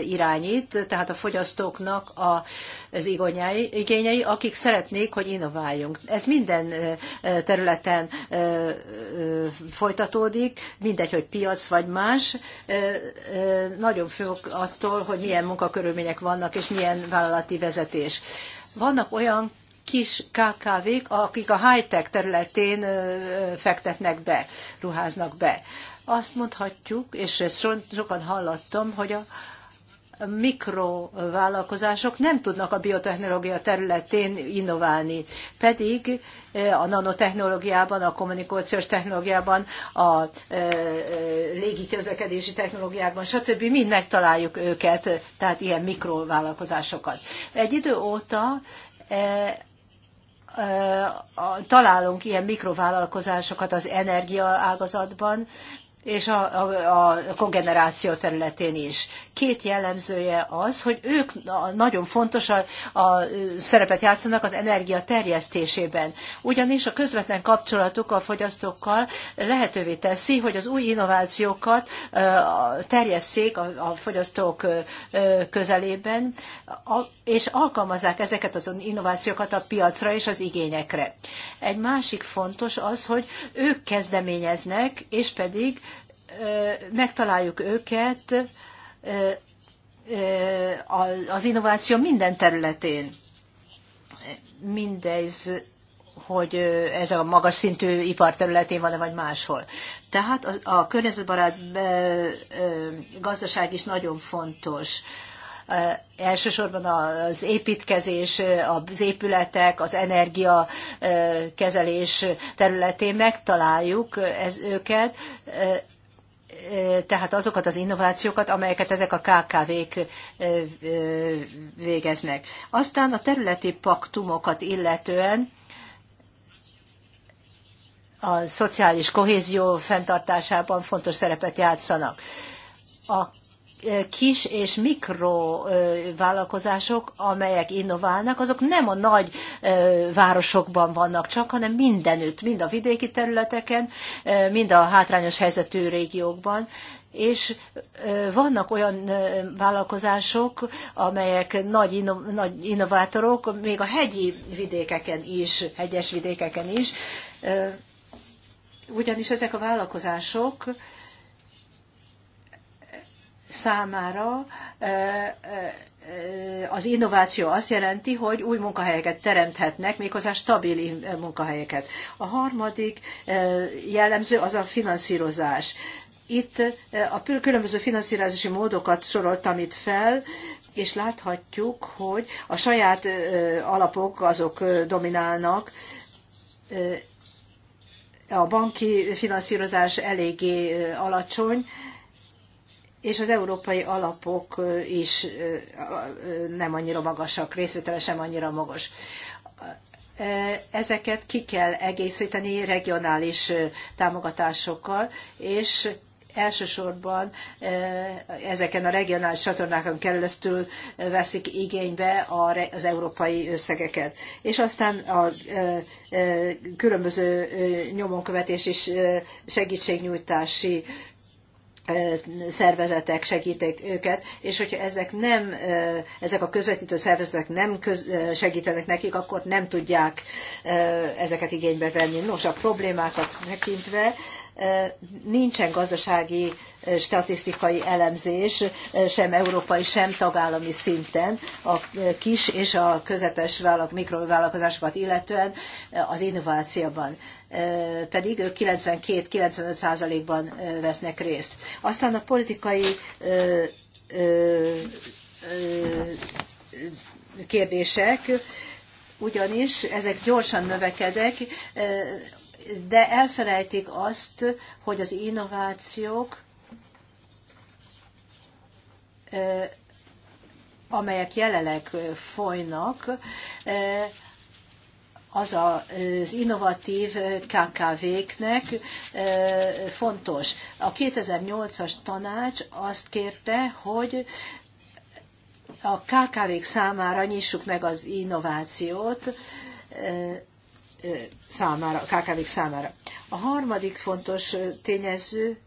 irányít, tehát a fogyasztóknak az igényei, akik szeretnék, hogy innováljunk. Ez minden e, e, területen folytatódik, mindegy, hogy piac vagy más. Nagyon függ attól, hogy milyen munkakörülmények vannak, és milyen vállalati vezetés. Vannak olyan kis KKV-k, akik a high-tech területén fektetnek be, ruháznak be. Azt mondhatjuk, és ezt sokan hallottam, hogy a mikrovállalkozások nem tudnak a biotechnológia területén innoválni, pedig e, a nanotechnológiában, a kommunikációs technológiában, a e, e, légi közlekedési technológiákban, stb. mind megtaláljuk őket, tehát ilyen mikrovállalkozásokat. Egy idő óta találunk ilyen mikrovállalkozásokat az energiaágazatban és a, a, a kogeneráció területén is. Két jellemzője az, hogy ők nagyon fontos a, a szerepet játszanak az energia terjesztésében. Ugyanis a közvetlen kapcsolatuk a fogyasztókkal lehetővé teszi, hogy az új innovációkat terjesszék a, a fogyasztók közelében. A, és alkalmazzák ezeket az innovációkat a piacra és az igényekre. Egy másik fontos az, hogy ők kezdeményeznek, és pedig megtaláljuk őket az innováció minden területén. Mindez, hogy ez a magas szintű iparterületén van-e, vagy máshol. Tehát a, a környezetbarát gazdaság is nagyon fontos elsősorban az építkezés, az épületek, az energiakezelés területén megtaláljuk ez, őket, tehát azokat az innovációkat, amelyeket ezek a KKV-k végeznek. Aztán a területi paktumokat illetően a szociális kohézió fenntartásában fontos szerepet játszanak. A kis és mikro vállalkozások, amelyek innoválnak, azok nem a nagy városokban vannak csak, hanem mindenütt, mind a vidéki területeken, mind a hátrányos helyzetű régiókban. És vannak olyan vállalkozások, amelyek nagy, inno, nagy innovátorok, még a hegyi vidékeken is, hegyes vidékeken is, ugyanis ezek a vállalkozások számára az innováció azt jelenti, hogy új munkahelyeket teremthetnek, méghozzá stabil munkahelyeket. A harmadik jellemző az a finanszírozás. Itt a különböző finanszírozási módokat soroltam itt fel, és láthatjuk, hogy a saját alapok azok dominálnak, a banki finanszírozás eléggé alacsony, és az európai alapok is nem annyira magasak, részvétele sem annyira magas. Ezeket ki kell egészíteni regionális támogatásokkal, és elsősorban ezeken a regionális csatornákon keresztül veszik igénybe az európai összegeket. És aztán a különböző nyomonkövetés és segítségnyújtási szervezetek segítik őket, és hogyha ezek nem, ezek a közvetítő szervezetek nem köz, segítenek nekik, akkor nem tudják ezeket igénybe venni. Nos, a problémákat tekintve nincsen gazdasági statisztikai elemzés sem európai, sem tagállami szinten a kis és a közepes vállalk, mikrovállalkozásokat illetően az innovációban pedig ők 92-95 százalékban vesznek részt. Aztán a politikai kérdések, ugyanis ezek gyorsan növekedek, de elfelejtik azt, hogy az innovációk, amelyek jelenleg folynak, az az innovatív KKV-knek fontos. A 2008-as tanács azt kérte, hogy a KKV-k számára nyissuk meg az innovációt, számára, KKV-k számára. A harmadik fontos tényező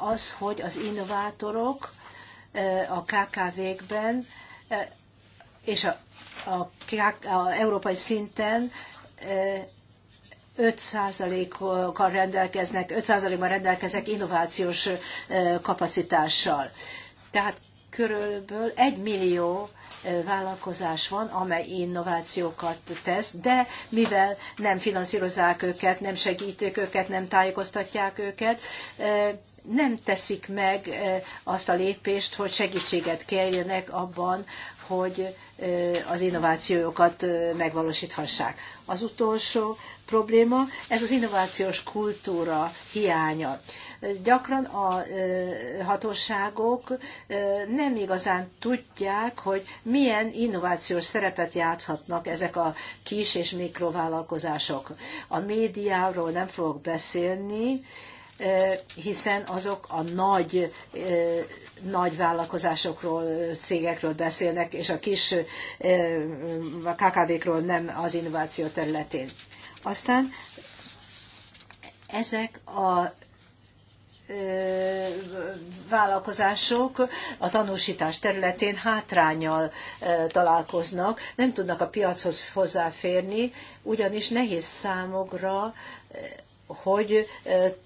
az, hogy az innovátorok a KKV-kben és a a, a európai szinten 5%-kal rendelkeznek, 5%-ban rendelkeznek innovációs kapacitással. Tehát körülbelül 1 millió vállalkozás van, amely innovációkat tesz, de mivel nem finanszírozzák őket, nem segítik őket, nem tájékoztatják őket, nem teszik meg azt a lépést, hogy segítséget kérjenek abban, hogy az innovációkat megvalósíthassák. Az utolsó probléma, ez az innovációs kultúra hiánya. Gyakran a hatóságok nem igazán tudják, hogy milyen innovációs szerepet játszhatnak ezek a kis és mikrovállalkozások. A médiáról nem fogok beszélni, hiszen azok a nagy nagy vállalkozásokról, cégekről beszélnek, és a kis KKV-król nem az innováció területén. Aztán ezek a vállalkozások a tanúsítás területén hátrányal találkoznak, nem tudnak a piachoz hozzáférni, ugyanis nehéz számokra hogy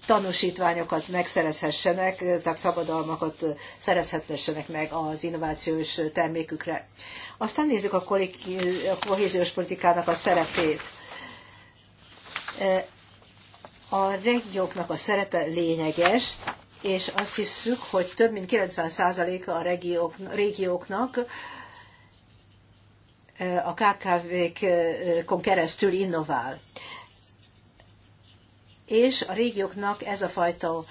tanúsítványokat megszerezhessenek, tehát szabadalmakat szerezhethessenek meg az innovációs termékükre. Aztán nézzük a kohéziós politikának a szerepét. A regióknak a szerepe lényeges, és azt hisszük, hogy több mint 90%-a a regiók, régióknak a KKV-kon keresztül innovál és a régióknak ez a fajta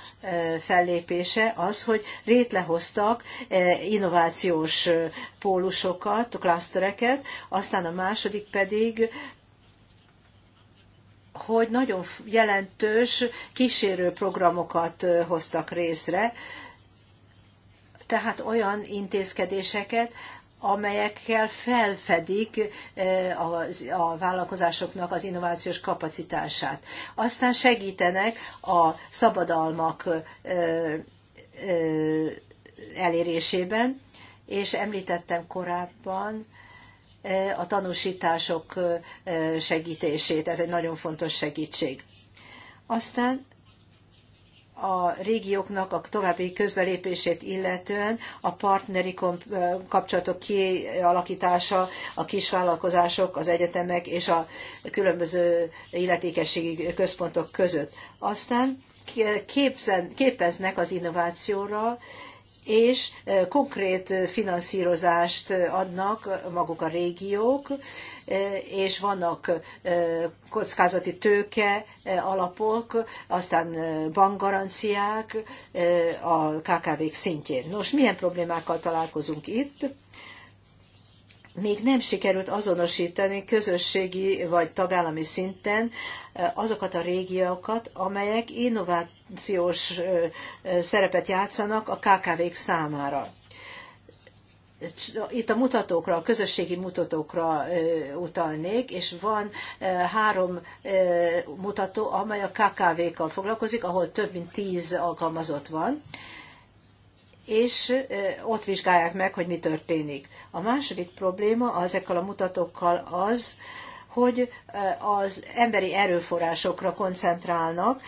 fellépése az, hogy rétlehoztak innovációs pólusokat, klasztereket, aztán a második pedig hogy nagyon jelentős kísérő programokat hoztak részre, tehát olyan intézkedéseket, amelyekkel felfedik eh, a vállalkozásoknak az innovációs kapacitását. Aztán segítenek a szabadalmak eh, eh, elérésében, és említettem korábban a tanúsítások segítését, ez egy nagyon fontos segítség. Aztán a régióknak a további közbelépését illetően a partneri kapcsolatok kialakítása, a kisvállalkozások, az egyetemek és a különböző illetékességi központok között. Aztán képzen, képeznek az innovációra, és konkrét finanszírozást adnak maguk a régiók, és vannak kockázati tőke alapok, aztán bankgaranciák a KKV-k szintjén. Nos, milyen problémákkal találkozunk itt? még nem sikerült azonosítani közösségi vagy tagállami szinten azokat a régiókat, amelyek innovatív disztribúciós szerepet játszanak a KKV-k számára. Itt a mutatókra, a közösségi mutatókra utalnék, és van három mutató, amely a KKV-kkal foglalkozik, ahol több mint tíz alkalmazott van és ott vizsgálják meg, hogy mi történik. A második probléma ezekkel a mutatókkal az, hogy az emberi erőforrásokra koncentrálnak,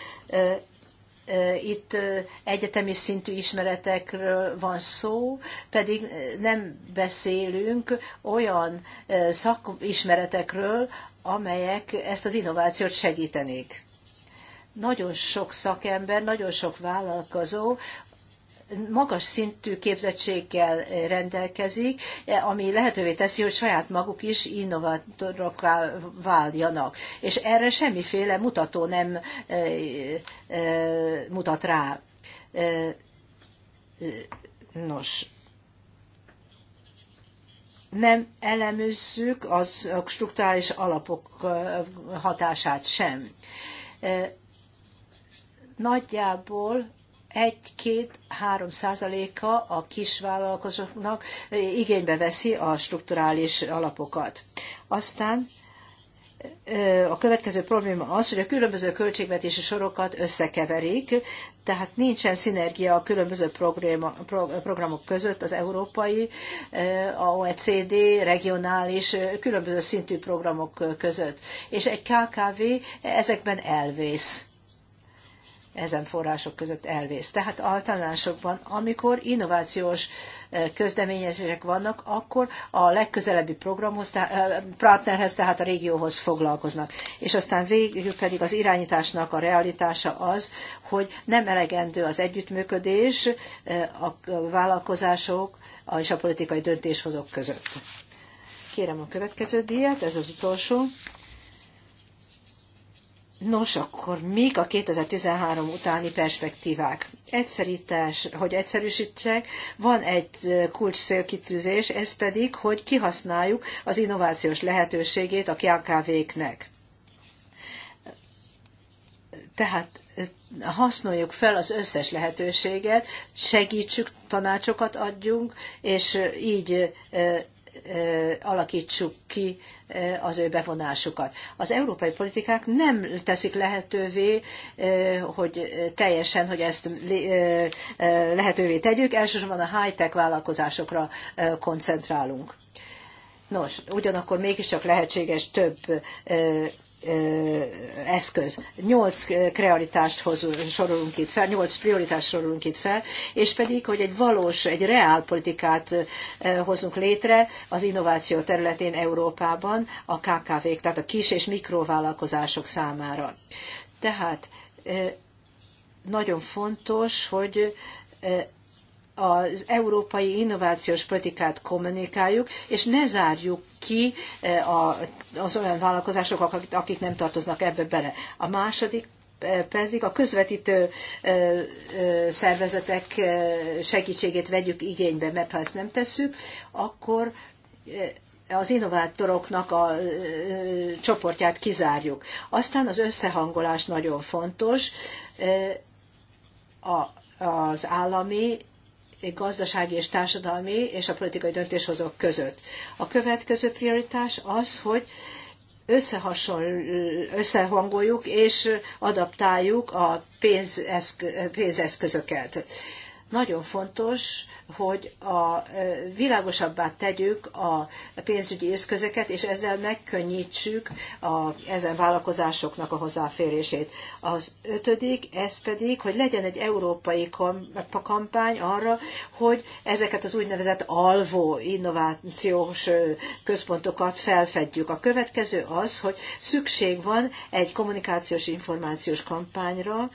itt egyetemi szintű ismeretekről van szó, pedig nem beszélünk olyan szakismeretekről, amelyek ezt az innovációt segítenék. Nagyon sok szakember, nagyon sok vállalkozó magas szintű képzettséggel rendelkezik, ami lehetővé teszi, hogy saját maguk is innovatorokká váljanak. És erre semmiféle mutató nem e, e, mutat rá. E, nos, nem elemezzük az strukturális alapok hatását sem. Nagyjából 1-2-3 százaléka a kisvállalkozóknak igénybe veszi a strukturális alapokat. Aztán a következő probléma az, hogy a különböző költségvetési sorokat összekeverik, tehát nincsen szinergia a különböző programok között, az európai, a OECD, regionális, különböző szintű programok között. És egy KKV ezekben elvész ezen források között elvész. Tehát általánosokban, amikor innovációs eh, közdeményezések vannak, akkor a legközelebbi programhoz, eh, partnerhez, tehát a régióhoz foglalkoznak. És aztán végül pedig az irányításnak a realitása az, hogy nem elegendő az együttműködés eh, a vállalkozások és a politikai döntéshozók között. Kérem a következő díjat, ez az utolsó. Nos, akkor mik a 2013 utáni perspektívák? Egyszerítés, hogy egyszerűsítsek, van egy kulcs szélkitűzés, ez pedig, hogy kihasználjuk az innovációs lehetőségét a KKV-knek. Tehát használjuk fel az összes lehetőséget, segítsük, tanácsokat adjunk, és így alakítsuk ki az ő bevonásukat. Az európai politikák nem teszik lehetővé, hogy teljesen, hogy ezt lehetővé tegyük, elsősorban a high-tech vállalkozásokra koncentrálunk. Nos, ugyanakkor mégiscsak lehetséges több eszköz. Nyolc krealitást hozunk, sorolunk itt fel, nyolc prioritást sorolunk itt fel, és pedig, hogy egy valós, egy reál politikát hozunk létre az innováció területén Európában a KKV-k, tehát a kis és mikrovállalkozások számára. Tehát nagyon fontos, hogy az európai innovációs politikát kommunikáljuk, és ne zárjuk ki eh, az olyan vállalkozásokat, akik nem tartoznak ebbe bele. A második eh, pedig a közvetítő eh, szervezetek segítségét vegyük igénybe, mert ha ezt nem tesszük, akkor az innovátoroknak a csoportját kizárjuk. Aztán az összehangolás nagyon fontos. A, az állami gazdasági és társadalmi és a politikai döntéshozók között. A következő prioritás az, hogy összehangoljuk és adaptáljuk a pénzeszközöket. Nagyon fontos, hogy a világosabbá tegyük a pénzügyi eszközeket, és ezzel megkönnyítsük a, ezen vállalkozásoknak a hozzáférését. Az ötödik, ez pedig, hogy legyen egy európai kampány arra, hogy ezeket az úgynevezett alvó innovációs központokat felfedjük. A következő az, hogy szükség van egy kommunikációs információs kampányra,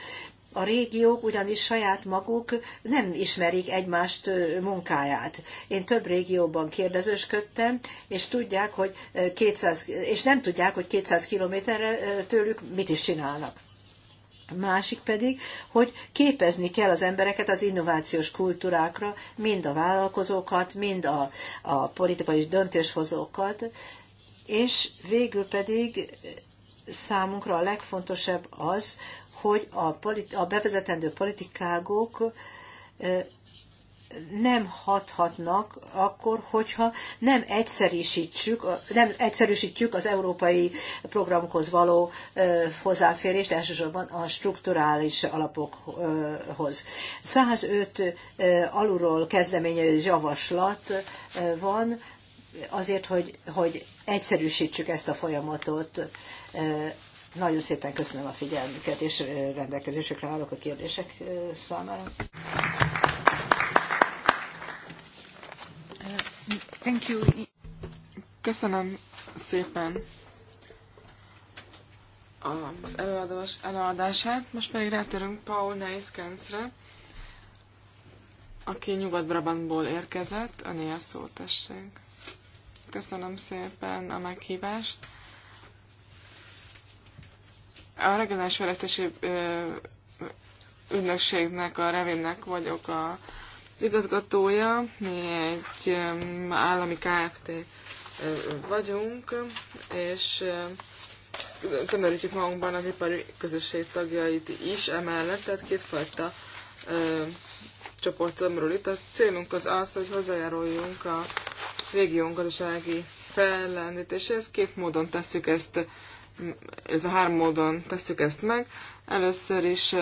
a régiók ugyanis saját maguk nem ismerik egymást munkáját. Én több régióban kérdezősködtem, és tudják, hogy 200, és nem tudják, hogy 200 kilométerre tőlük mit is csinálnak. Másik pedig, hogy képezni kell az embereket az innovációs kultúrákra, mind a vállalkozókat, mind a, a politikai döntéshozókat, és végül pedig számunkra a legfontosabb az, hogy a, a bevezetendő politikágok nem hathatnak akkor, hogyha nem egyszerűsítjük, nem egyszerűsítjük az európai programokhoz való hozzáférést, elsősorban a strukturális alapokhoz. 105 alulról kezdeményező javaslat van azért, hogy, hogy egyszerűsítsük ezt a folyamatot nagyon szépen köszönöm a figyelmüket, és rendelkezésükre állok a kérdések számára. Thank you. Köszönöm szépen az előadás, előadását. Most pedig rátérünk Paul Neiskensre, aki Nyugat-Brabantból érkezett. a a szó, tessék. Köszönöm szépen a meghívást. A regionális fejlesztési ügynökségnek, a Revinnek vagyok a, az igazgatója, mi egy állami KFT vagyunk, és tömörítjük magunkban az ipari közösség tagjait is emellett, tehát kétfajta csoportomról itt. A célunk az az, hogy hozzájáruljunk a régiónk gazdasági fellendítéséhez. Két módon tesszük ezt illetve három módon tesszük ezt meg. Először is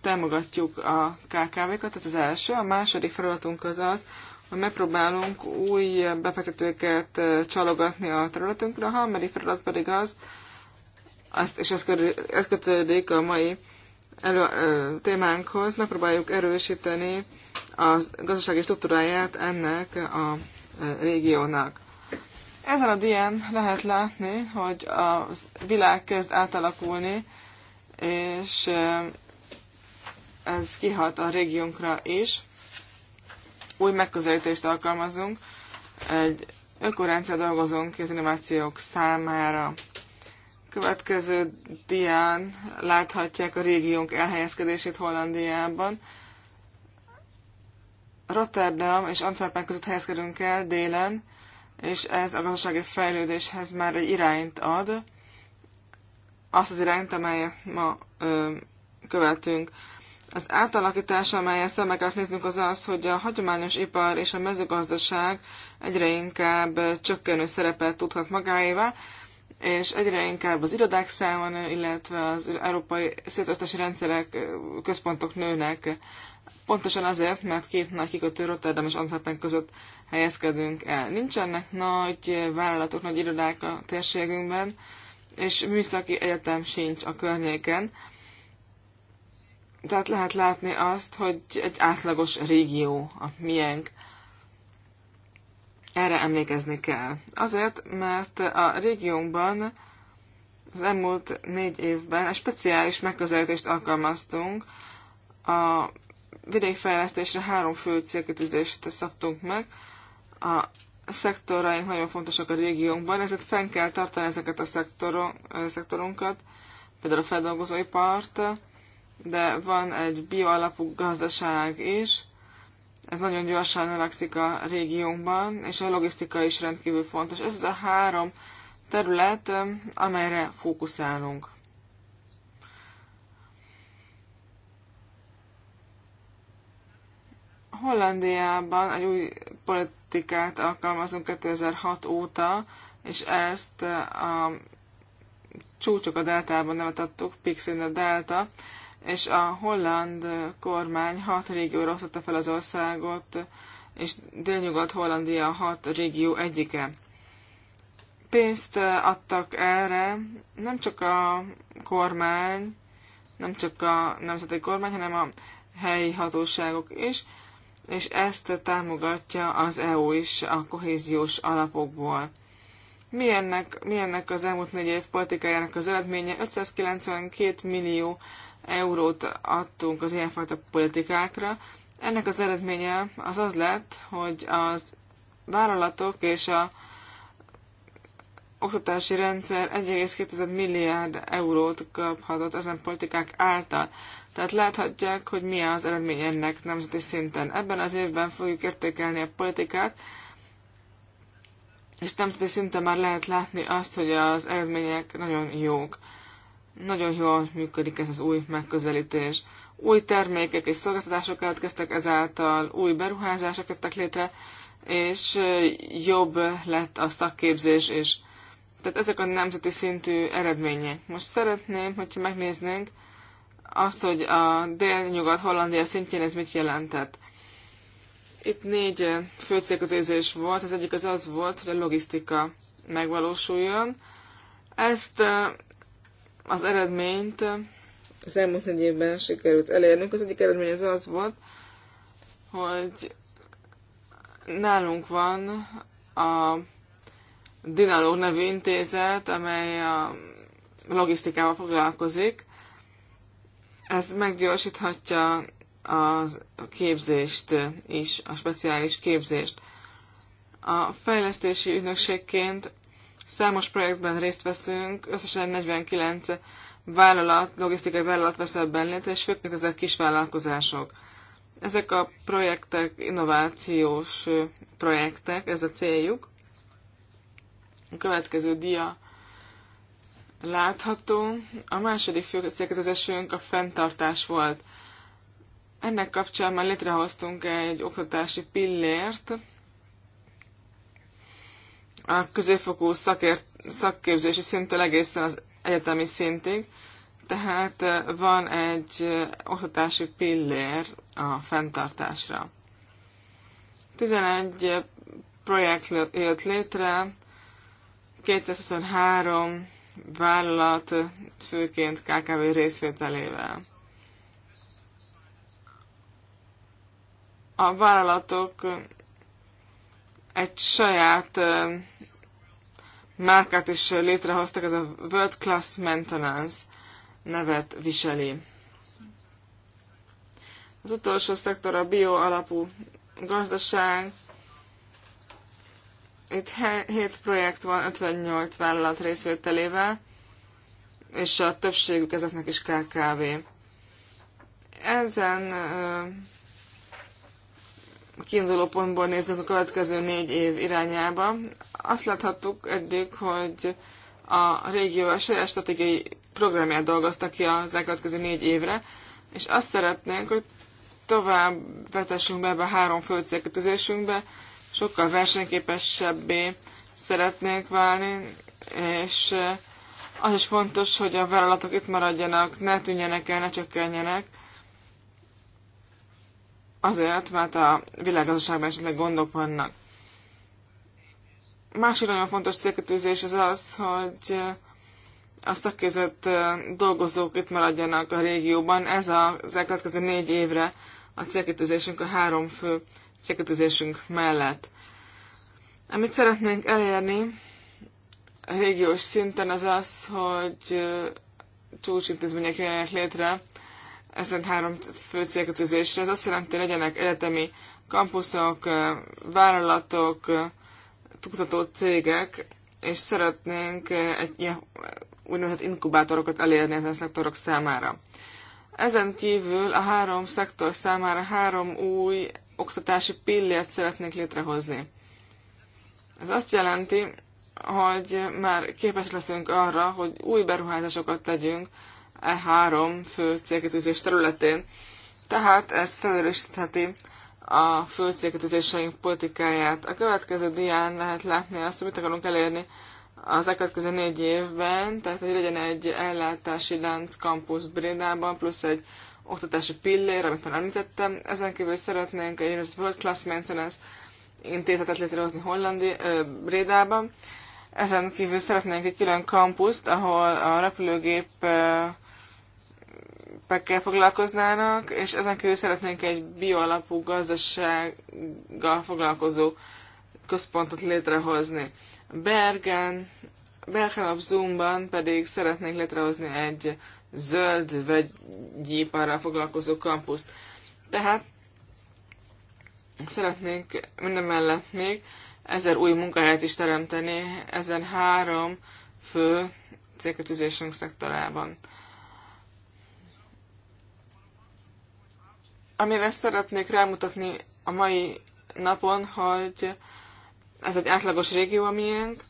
támogatjuk a KKV-kat, ez az első. A második feladatunk az az, hogy megpróbálunk új befektetőket csalogatni a területünkre. A harmadik feladat pedig az, azt, és ez, körül, ez kötődik a mai elő, ö, témánkhoz, megpróbáljuk erősíteni a gazdasági struktúráját ennek a régiónak. Ezen a dián lehet látni, hogy a világ kezd átalakulni, és ez kihat a régiónkra is. Új megközelítést alkalmazunk, egy ökorendszer dolgozunk az innovációk számára. Következő dián láthatják a régiónk elhelyezkedését Hollandiában. Rotterdam és Antwerpen között helyezkedünk el délen, és ez a gazdasági fejlődéshez már egy irányt ad, azt az irányt, amelyet ma ö, követünk. Az átalakítás, amelyen szemmel kell néznünk, az az, hogy a hagyományos ipar és a mezőgazdaság egyre inkább csökkenő szerepet tudhat magáévá, és egyre inkább az irodák száma nő, illetve az európai szétosztási rendszerek, központok nőnek. Pontosan azért, mert két nagy kikötő Rotterdam és Antwerpen között helyezkedünk el. Nincsenek nagy vállalatok, nagy irodák a térségünkben, és műszaki egyetem sincs a környéken. Tehát lehet látni azt, hogy egy átlagos régió a miénk. Erre emlékezni kell. Azért, mert a régiónkban az elmúlt négy évben egy speciális megközelítést alkalmaztunk a vidékfejlesztésre három fő célkitűzést szabtunk meg. A szektoraink nagyon fontosak a régiónkban, ezért fenn kell tartani ezeket a szektorok, szektorunkat, például a part, de van egy bioalapú gazdaság is, ez nagyon gyorsan növekszik a régiónkban, és a logisztika is rendkívül fontos. Ez az a három terület, amelyre fókuszálunk. Hollandiában egy új politikát alkalmazunk 2006 óta, és ezt eh, a csúcsok a deltában nevet adtuk, Pixin a delta, és a holland kormány hat régióra osztotta fel az országot, és Délnyugat-Hollandia hat régió egyike. Pénzt eh, adtak erre nem csak a kormány, nem csak a nemzeti kormány, hanem a helyi hatóságok is, és ezt támogatja az EU is a kohéziós alapokból. Milyennek, milyennek az elmúlt négy év politikájának az eredménye? 592 millió eurót adtunk az ilyenfajta politikákra. Ennek az eredménye az az lett, hogy az vállalatok és a oktatási rendszer 1,2 milliárd eurót kaphatott ezen politikák által. Tehát láthatják, hogy mi az eredmény ennek nemzeti szinten. Ebben az évben fogjuk értékelni a politikát, és nemzeti szinten már lehet látni azt, hogy az eredmények nagyon jók. Nagyon jól működik ez az új megközelítés. Új termékek és szolgáltatások keletkeztek ezáltal, új beruházások jöttek létre, és jobb lett a szakképzés is. Tehát ezek a nemzeti szintű eredmények. Most szeretném, hogyha megnéznénk, az, hogy a délnyugat-hollandia szintjén ez mit jelentett. Itt négy fő célkötőzés volt, az egyik az az volt, hogy a logisztika megvalósuljon. Ezt az eredményt az elmúlt négy évben sikerült elérnünk. Az egyik eredmény az az volt, hogy nálunk van a Dinalog nevű intézet, amely a logisztikával foglalkozik, ez meggyorsíthatja a képzést is, a speciális képzést. A fejlesztési ügynökségként számos projektben részt veszünk, összesen 49 vállalat, logisztikai vállalat vesz ebben létre, és főként ezek kisvállalkozások. Ezek a projektek innovációs projektek, ez a céljuk. A következő dia látható. A második fő célkötözésünk a fenntartás volt. Ennek kapcsán már létrehoztunk egy oktatási pillért, a középfokú szakért, szakképzési szinttől egészen az egyetemi szintig, tehát eh, van egy eh, oktatási pillér a fenntartásra. 11 eh, projekt jött létre, 223 vállalat, főként KKV részvételével. A vállalatok egy saját márkát is létrehoztak, ez a World Class Maintenance nevet viseli. Az utolsó szektor a bio alapú gazdaság, itt 7 projekt van 58 vállalat részvételével, és a többségük ezeknek is KKV. Ezen kiinduló pontból nézzük a következő négy év irányába. Azt láthattuk eddig, hogy a régió a saját stratégiai programját dolgozta ki az elkövetkező négy évre, és azt szeretnénk, hogy tovább vetessünk be ebbe a három fő célkötözésünkbe, sokkal versenyképesebbé szeretnék válni, és eh, az is fontos, hogy a vállalatok itt maradjanak, ne tűnjenek el, ne csökkenjenek. Azért, mert a világgazdaságban esetleg gondok vannak. Másik nagyon fontos célkötőzés az az, hogy eh, a szakképzett eh, dolgozók itt maradjanak a régióban. Ez az elkövetkező négy évre a célkötőzésünk a három fő célkötözésünk mellett. Amit szeretnénk elérni a régiós szinten az az, hogy csúcsintézmények jöjjenek létre ezen három fő célkötözésre. Ez azt jelenti, hogy legyenek egyetemi kampuszok, vállalatok, kutató cégek, és szeretnénk egy ilyen úgynevezett inkubátorokat elérni ezen szektorok számára. Ezen kívül a három szektor számára három új oktatási pillért szeretnék létrehozni. Ez azt jelenti, hogy már képes leszünk arra, hogy új beruházásokat tegyünk e három fő célkitűzés területén. Tehát ez felerősítheti a fő célkitűzéseink politikáját. A következő dián lehet látni azt, hogy mit akarunk elérni az következő négy évben, tehát hogy legyen egy ellátási lánc kampusz Brédában, plusz egy oktatási pillér, amit már említettem. Ezen kívül szeretnénk egy World Class Maintenance intézetet létrehozni Hollandi, ö, Brédában. Ezen kívül szeretnénk egy külön kampuszt, ahol a repülőgép ö, pekkel foglalkoznának, és ezen kívül szeretnénk egy bioalapú gazdasággal foglalkozó központot létrehozni. Bergen, Bergen a Zoomban pedig szeretnénk létrehozni egy zöld vegyiparral foglalkozó kampuszt. Tehát szeretnénk minden mellett még ezer új munkahelyet is teremteni ezen három fő célkötőzésünk szektorában. Amire szeretnék rámutatni a mai napon, hogy ez egy átlagos régió a miénk,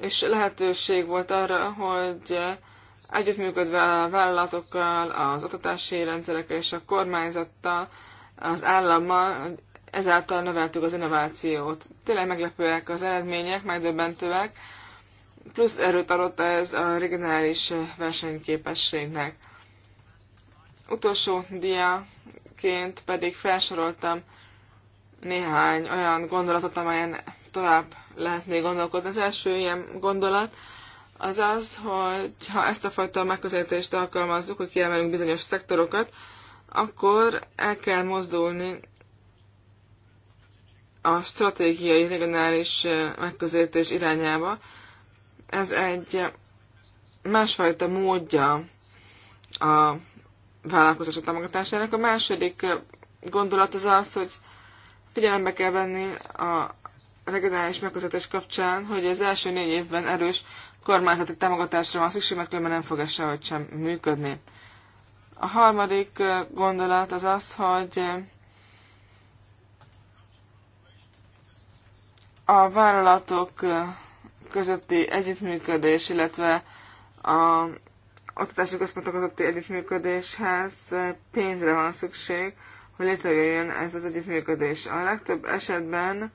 és lehetőség volt arra, hogy együttműködve a vállalatokkal, az oktatási rendszerekkel és a kormányzattal, az állammal, ezáltal növeltük az innovációt. Tényleg meglepőek az eredmények, megdöbbentőek, plusz erőt adott ez a regionális versenyképességnek. Utolsó diaként pedig felsoroltam néhány olyan gondolatot, amelyen tovább lehetné gondolkodni. Az első ilyen gondolat az az, hogy ha ezt a fajta megközelítést alkalmazzuk, hogy kiemelünk bizonyos szektorokat, akkor el kell mozdulni a stratégiai regionális megközelítés irányába. Ez egy másfajta módja a vállalkozások támogatásának. A második gondolat az az, hogy figyelembe kell venni a regionális megközelítés kapcsán, hogy az első négy évben erős kormányzati támogatásra van szükség, mert különben nem fog ez sehogy sem működni. A harmadik gondolat az az, hogy a vállalatok közötti együttműködés, illetve a oktatási központok közötti együttműködéshez pénzre van szükség, hogy létrejöjjön ez az együttműködés. A legtöbb esetben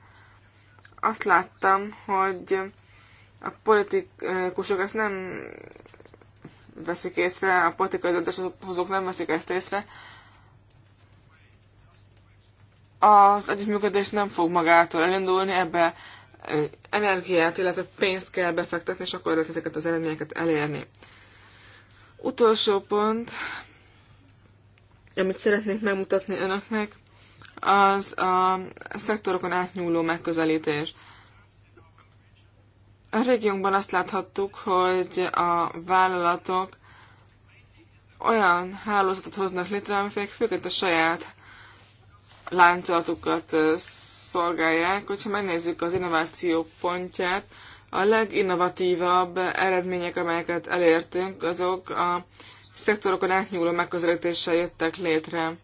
azt láttam, hogy a politikusok ezt nem veszik észre, a politikai döntéshozók nem veszik ezt észre. Az együttműködés nem fog magától elindulni, ebbe energiát, illetve pénzt kell befektetni, és akkor lehet ezeket az eredményeket elérni. Utolsó pont, amit szeretnék megmutatni önöknek, az a szektorokon átnyúló megközelítés. A régiónkban azt láthattuk, hogy a vállalatok olyan hálózatot hoznak létre, amelyek főként a saját láncolatukat szolgálják. Hogyha megnézzük az innováció pontját, a leginnovatívabb eredmények, amelyeket elértünk, azok a szektorokon átnyúló megközelítéssel jöttek létre.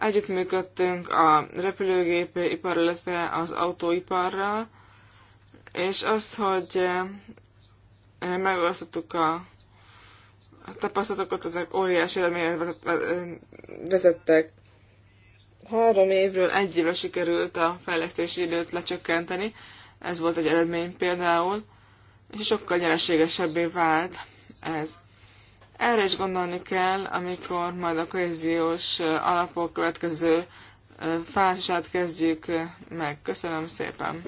Együttműködtünk a repülőgép iparral, illetve az autóiparral, és az, hogy eh, eh, megosztottuk a tapasztalatokat, ezek óriási eredmények eh, vezettek. Három évről egy évre sikerült a fejlesztési időt lecsökkenteni, ez volt egy eredmény például, és sokkal nyereségesebbé vált ez. Erre is gondolni kell, amikor majd a kohéziós alapok következő fázisát kezdjük meg. Köszönöm szépen!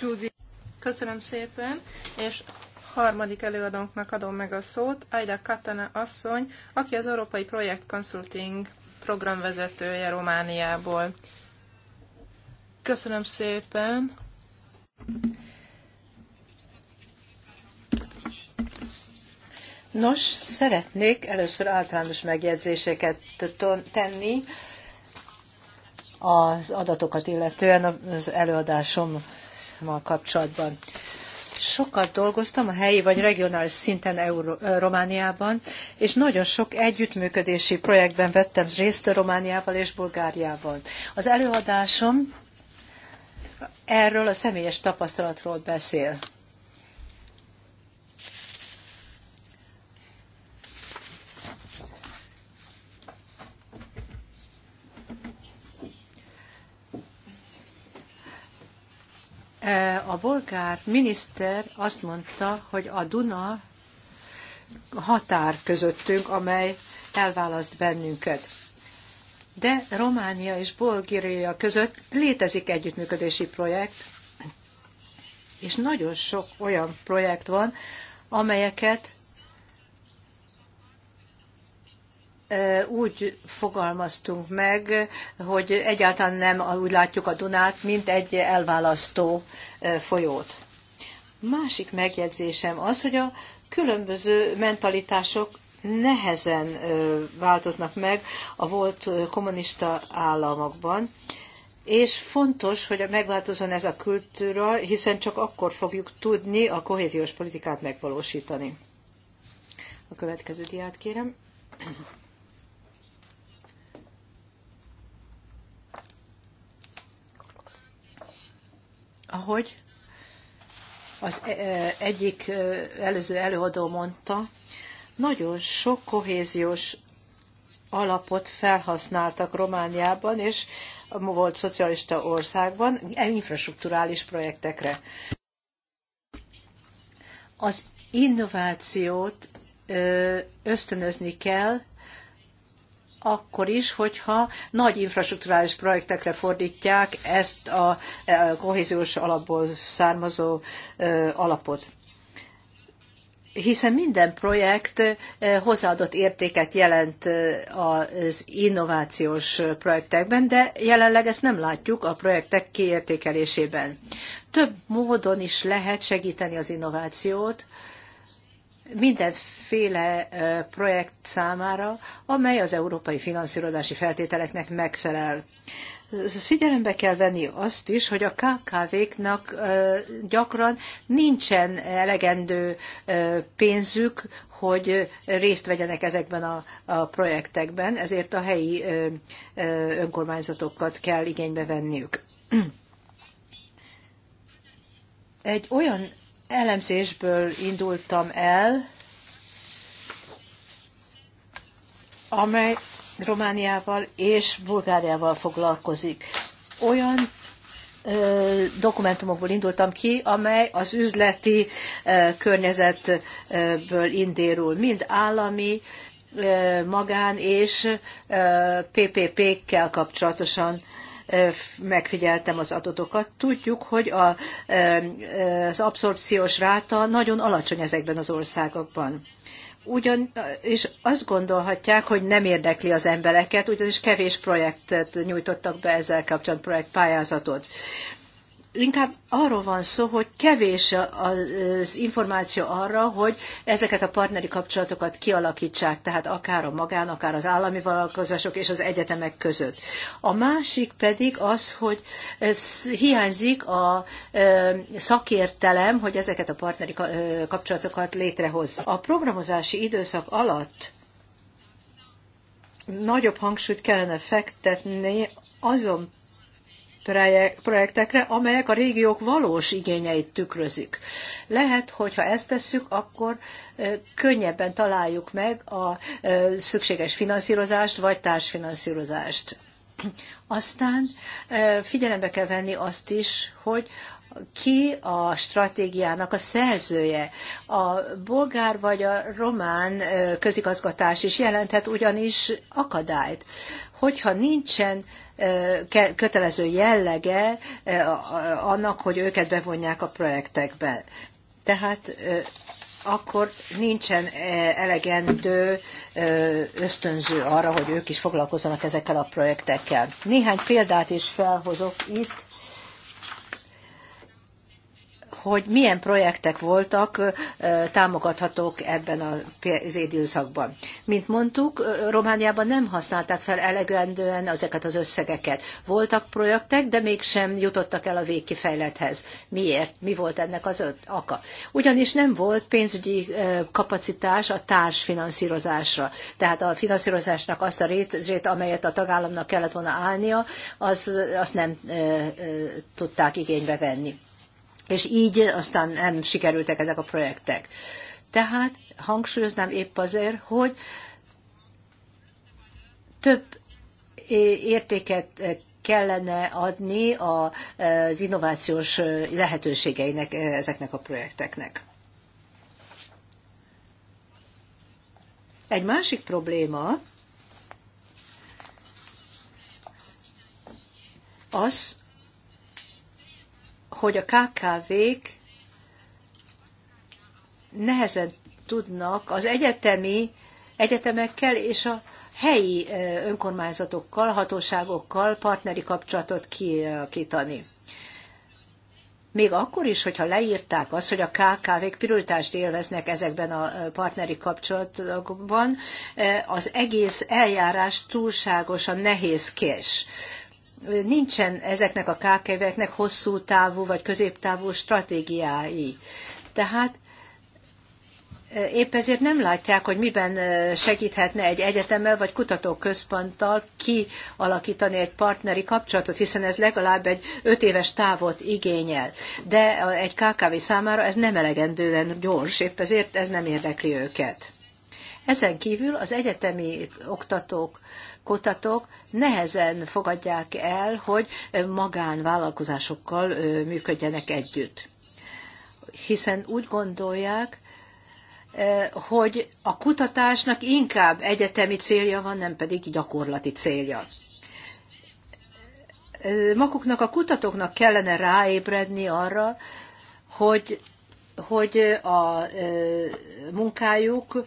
The... Köszönöm szépen, és harmadik előadónknak adom meg a szót, Aida Katana asszony, aki az Európai Projekt Consulting programvezetője Romániából. Köszönöm szépen. Nos, szeretnék először általános megjegyzéseket tenni az adatokat illetően az előadásommal kapcsolatban. Sokat dolgoztam a helyi vagy regionális szinten Euró- Romániában, és nagyon sok együttműködési projektben vettem részt Romániával és Bulgáriával. Az előadásom erről a személyes tapasztalatról beszél. Eh, a bolgár miniszter azt mondta, hogy a Duna határ közöttünk, amely elválaszt bennünket. De Románia és Bulgária között létezik együttműködési projekt, és nagyon sok olyan projekt van, amelyeket úgy fogalmaztunk meg, hogy egyáltalán nem úgy látjuk a Dunát, mint egy elválasztó folyót. Másik megjegyzésem az, hogy a különböző mentalitások nehezen változnak meg a volt kommunista államokban, és fontos, hogy megváltozon ez a kultúra, hiszen csak akkor fogjuk tudni a kohéziós politikát megvalósítani. A következő diát kérem. Ahogy az e, e, egyik e, előző előadó mondta, nagyon sok kohéziós alapot felhasználtak Romániában, és volt szocialista országban, infrastruktúrális projektekre. Az innovációt ösztönözni kell, akkor is, hogyha nagy infrastruktúrális projektekre fordítják ezt a e, kohéziós alapból származó e, alapot. Hiszen minden projekt e, hozzáadott értéket jelent az innovációs projektekben, de jelenleg ezt nem látjuk a projektek kiértékelésében. Több módon is lehet segíteni az innovációt, mindenféle projekt számára, amely az európai finanszírozási feltételeknek megfelel. Figyelembe kell venni azt is, hogy a KKV-knak gyakran nincsen elegendő pénzük, hogy részt vegyenek ezekben a, a projektekben, ezért a helyi önkormányzatokat kell igénybe venniük. Egy olyan elemzésből indultam el, amely Romániával és Bulgáriával foglalkozik. Olyan ö, dokumentumokból indultam ki, amely az üzleti ö, környezetből indérul, mind állami, ö, magán és PPP-kkel kapcsolatosan megfigyeltem az adatokat, tudjuk, hogy a, az abszorpciós ráta nagyon alacsony ezekben az országokban. Ugyan, és azt gondolhatják, hogy nem érdekli az embereket, ugyanis kevés projektet nyújtottak be ezzel kapcsolatban, projektpályázatot inkább arról van szó, hogy kevés az információ arra, hogy ezeket a partneri kapcsolatokat kialakítsák, tehát akár a magán, akár az állami vállalkozások és az egyetemek között. A másik pedig az, hogy ez hiányzik a szakértelem, hogy ezeket a partneri kapcsolatokat létrehozza. A programozási időszak alatt nagyobb hangsúlyt kellene fektetni azon projektekre, amelyek a régiók valós igényeit tükrözik. Lehet, hogyha ezt tesszük, akkor könnyebben találjuk meg a szükséges finanszírozást vagy társfinanszírozást. Aztán figyelembe kell venni azt is, hogy ki a stratégiának a szerzője. A bolgár vagy a román közigazgatás is jelenthet ugyanis akadályt. Hogyha nincsen kötelező jellege annak, hogy őket bevonják a projektekbe. Tehát akkor nincsen elegendő ösztönző arra, hogy ők is foglalkozzanak ezekkel a projektekkel. Néhány példát is felhozok itt hogy milyen projektek voltak támogathatók ebben az időszakban. Mint mondtuk, Romániában nem használták fel elegendően ezeket az összegeket. Voltak projektek, de mégsem jutottak el a végkifejlethez. Miért? Mi volt ennek az aka? Ugyanis nem volt pénzügyi kapacitás a társfinanszírozásra. Tehát a finanszírozásnak azt a részét, amelyet a tagállamnak kellett volna állnia, az, azt nem tudták igénybe venni és így aztán nem sikerültek ezek a projektek. Tehát hangsúlyoznám épp azért, hogy több értéket kellene adni az innovációs lehetőségeinek ezeknek a projekteknek. Egy másik probléma az, hogy a KKV-k nehezen tudnak az egyetemi egyetemekkel és a helyi önkormányzatokkal, hatóságokkal partneri kapcsolatot kialakítani. Még akkor is, hogyha leírták azt, hogy a KKV-k pirultást élveznek ezekben a partneri kapcsolatokban, az egész eljárás túlságosan nehézkés nincsen ezeknek a kákeveknek hosszú távú vagy középtávú stratégiái. Tehát e, Épp ezért nem látják, hogy miben e, segíthetne egy egyetemmel vagy kutatóközponttal kialakítani egy partneri kapcsolatot, hiszen ez legalább egy öt éves távot igényel. De egy KKV számára ez nem elegendően gyors, épp ezért ez nem érdekli őket. Ezen kívül az egyetemi oktatók kutatók nehezen fogadják el, hogy magánvállalkozásokkal működjenek együtt. Hiszen úgy gondolják, hogy a kutatásnak inkább egyetemi célja van, nem pedig gyakorlati célja maguknak a kutatóknak kellene ráébredni arra, hogy, hogy a munkájuk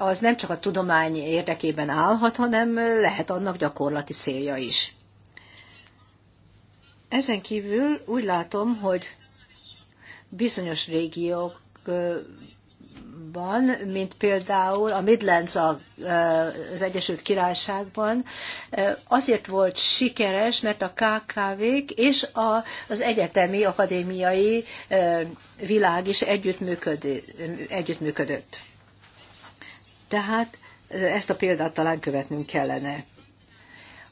az nem csak a tudomány érdekében állhat, hanem lehet annak gyakorlati célja is. Ezen kívül úgy látom, hogy bizonyos régiókban, mint például a Midlands az Egyesült Királyságban, azért volt sikeres, mert a KKV-k és az egyetemi akadémiai világ is együttműködött tehát ezt a példát talán követnünk kellene.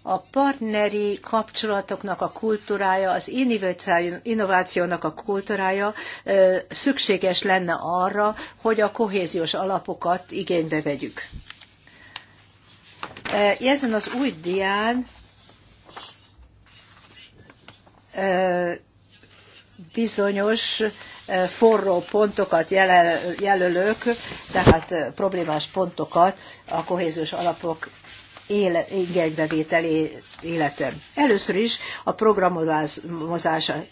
A partneri kapcsolatoknak a kultúrája, az innovációnak a kultúrája szükséges lenne arra, hogy a kohéziós alapokat igénybe vegyük. Ezen az új dián bizonyos forró pontokat jelölök, tehát problémás pontokat a kohéziós alapok éle, igénybevételi életem. Először is a programozás,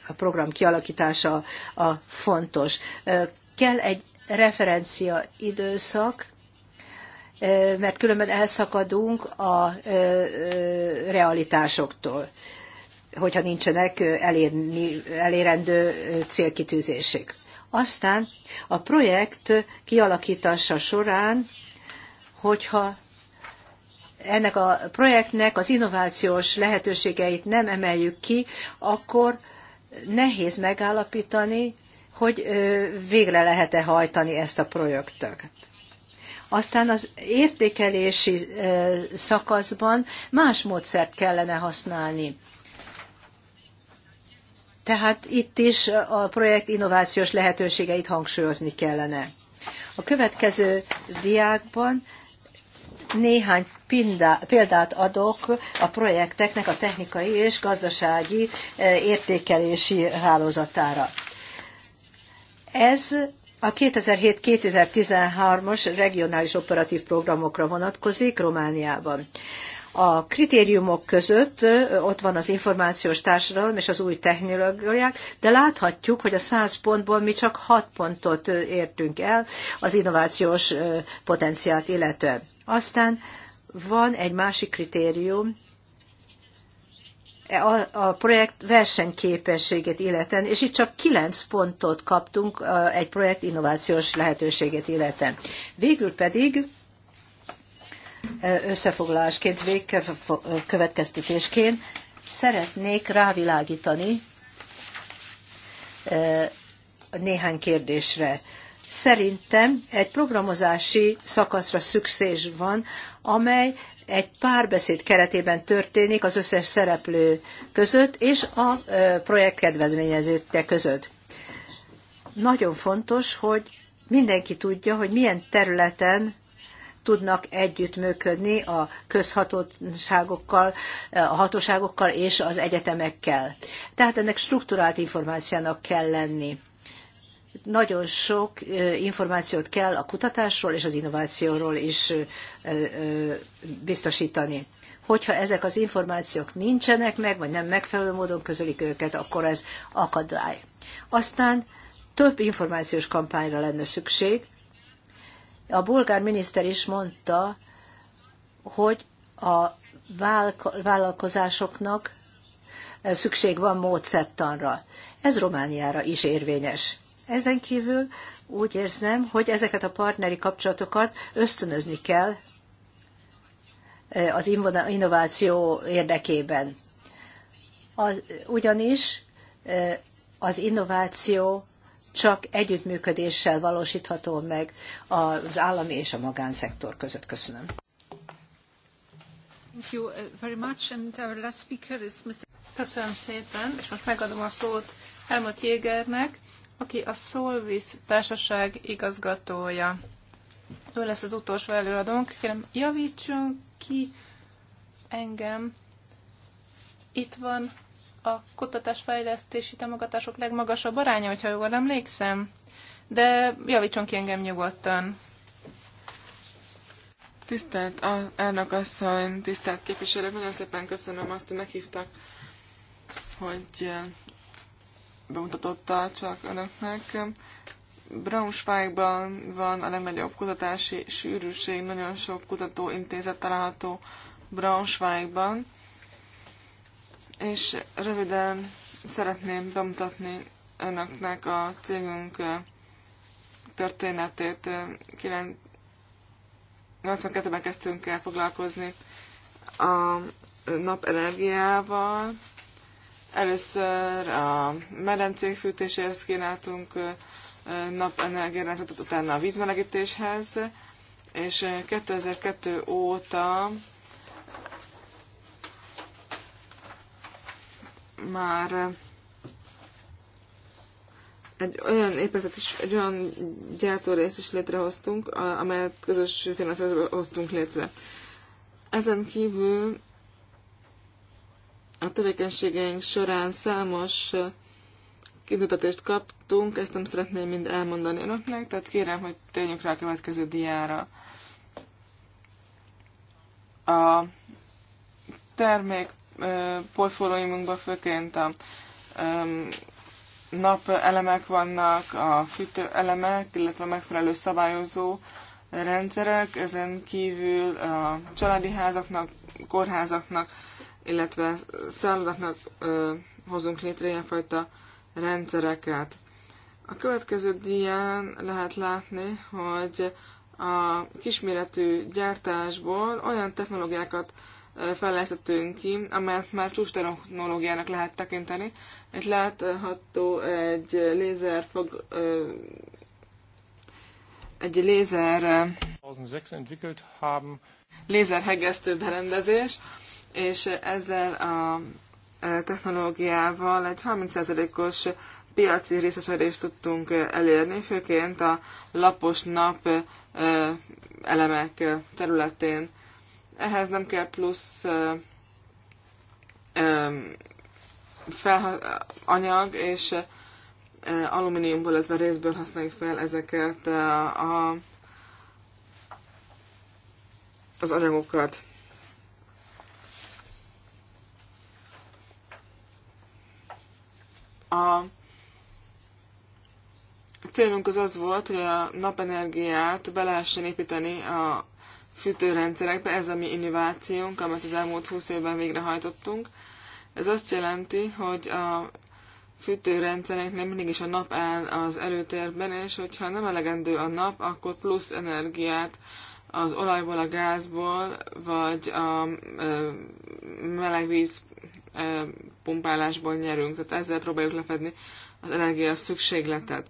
a program kialakítása a fontos. Kell egy referencia időszak, mert különben elszakadunk a realitásoktól hogyha nincsenek elérni, elérendő célkitűzések. Aztán a projekt kialakítása során, hogyha ennek a projektnek az innovációs lehetőségeit nem emeljük ki, akkor nehéz megállapítani, hogy végre lehet-e hajtani ezt a projektet. Aztán az értékelési szakaszban más módszert kellene használni. Tehát itt is a projekt innovációs lehetőségeit hangsúlyozni kellene. A következő diákban néhány példát adok a projekteknek a technikai és gazdasági e, értékelési hálózatára. Ez a 2007-2013-as regionális operatív programokra vonatkozik Romániában. A kritériumok között ott van az információs társadalom és az új technológiák, de láthatjuk, hogy a 100 pontból mi csak 6 pontot értünk el az innovációs potenciált illetően. Aztán van egy másik kritérium, e, a, projekt versenyképességet illeten, és itt csak kilenc pontot kaptunk egy projekt innovációs lehetőséget illeten. Végül pedig összefoglalásként, végkövetkeztetésként szeretnék rávilágítani néhány kérdésre. Szerintem egy programozási szakaszra szükség van, amely egy párbeszéd keretében történik az összes szereplő között és a projekt kedvezményezőtje között. Nagyon fontos, hogy mindenki tudja, hogy milyen területen tudnak együttműködni a közhatóságokkal, a hatóságokkal és az egyetemekkel. Tehát ennek strukturált információnak kell lenni. Nagyon sok információt kell a kutatásról és az innovációról is biztosítani hogyha ezek az információk nincsenek meg, vagy nem megfelelő módon közölik őket, akkor ez akadály. Aztán több információs kampányra lenne szükség, a bulgár miniszter is mondta, hogy a vállalkozásoknak eh, szükség van módszertanra. Ez Romániára is érvényes. Ezen kívül úgy érzem, hogy ezeket a partneri kapcsolatokat ösztönözni kell eh, az innováció érdekében. Az, ugyanis eh, az innováció csak együttműködéssel valósítható meg az állami és a magánszektor között. Köszönöm. Thank you uh, very much, and our last speaker is Mr. Köszönöm szépen, és most megadom a szót Helmut Jégernek, aki a Solvis társaság igazgatója. Ő lesz az utolsó előadónk. Kérem, javítson ki engem. Itt van a kutatásfejlesztési támogatások legmagasabb aránya, hogyha jól emlékszem. De javítson ki engem nyugodtan. Tisztelt a, elnök asszony, tisztelt képviselők, nagyon szépen köszönöm azt, hogy meghívtak, hogy eh, bemutatotta csak önöknek. Braunschweigban van a legnagyobb kutatási sűrűség, nagyon sok kutatóintézet található Braunschweigban és röviden szeretném bemutatni önöknek a cégünk történetét. 82-ben kezdtünk el foglalkozni a napenergiával. Először a medencék fűtéséhez kínáltunk napenergiát, utána a vízmelegítéshez, és 2002 óta már egy olyan épületet is, egy olyan gyártórészt is létrehoztunk, amelyet közös finanszírozásból hoztunk létre. Ezen kívül a tevékenységeink során számos kitutatást kaptunk, ezt nem szeretném mind elmondani önöknek, tehát kérem, hogy térjünk rá a következő diára. A termék portfólióimunkban főként a napelemek vannak, a fűtőelemek, illetve megfelelő szabályozó rendszerek, ezen kívül a családi házaknak, kórházaknak, illetve szállodaknak hozunk létre ilyenfajta rendszereket. A következő díján lehet látni, hogy a kisméretű gyártásból olyan technológiákat fejlesztettünk ki, amelyet már csúcs technológiának lehet tekinteni. Itt látható egy lézer fog, egy lézer lézerhegesztő berendezés, és ezzel a technológiával egy 30%-os piaci részesedést tudtunk elérni, főként a lapos nap elemek területén. Ehhez nem kell plusz fel, anyag, és alumíniumból, illetve részből használjuk fel ezeket a, az anyagokat. A célunk az az volt, hogy a napenergiát be lehessen építeni a fűtőrendszerekbe. Ez a mi innovációnk, amit az elmúlt 20 évben végrehajtottunk. Ez azt jelenti, hogy a fűtőrendszereknél mindig is a nap áll az előtérben, és hogyha nem elegendő a nap, akkor plusz energiát az olajból, a gázból, vagy a melegvíz pumpálásból nyerünk. Tehát ezzel próbáljuk lefedni az energia szükségletet.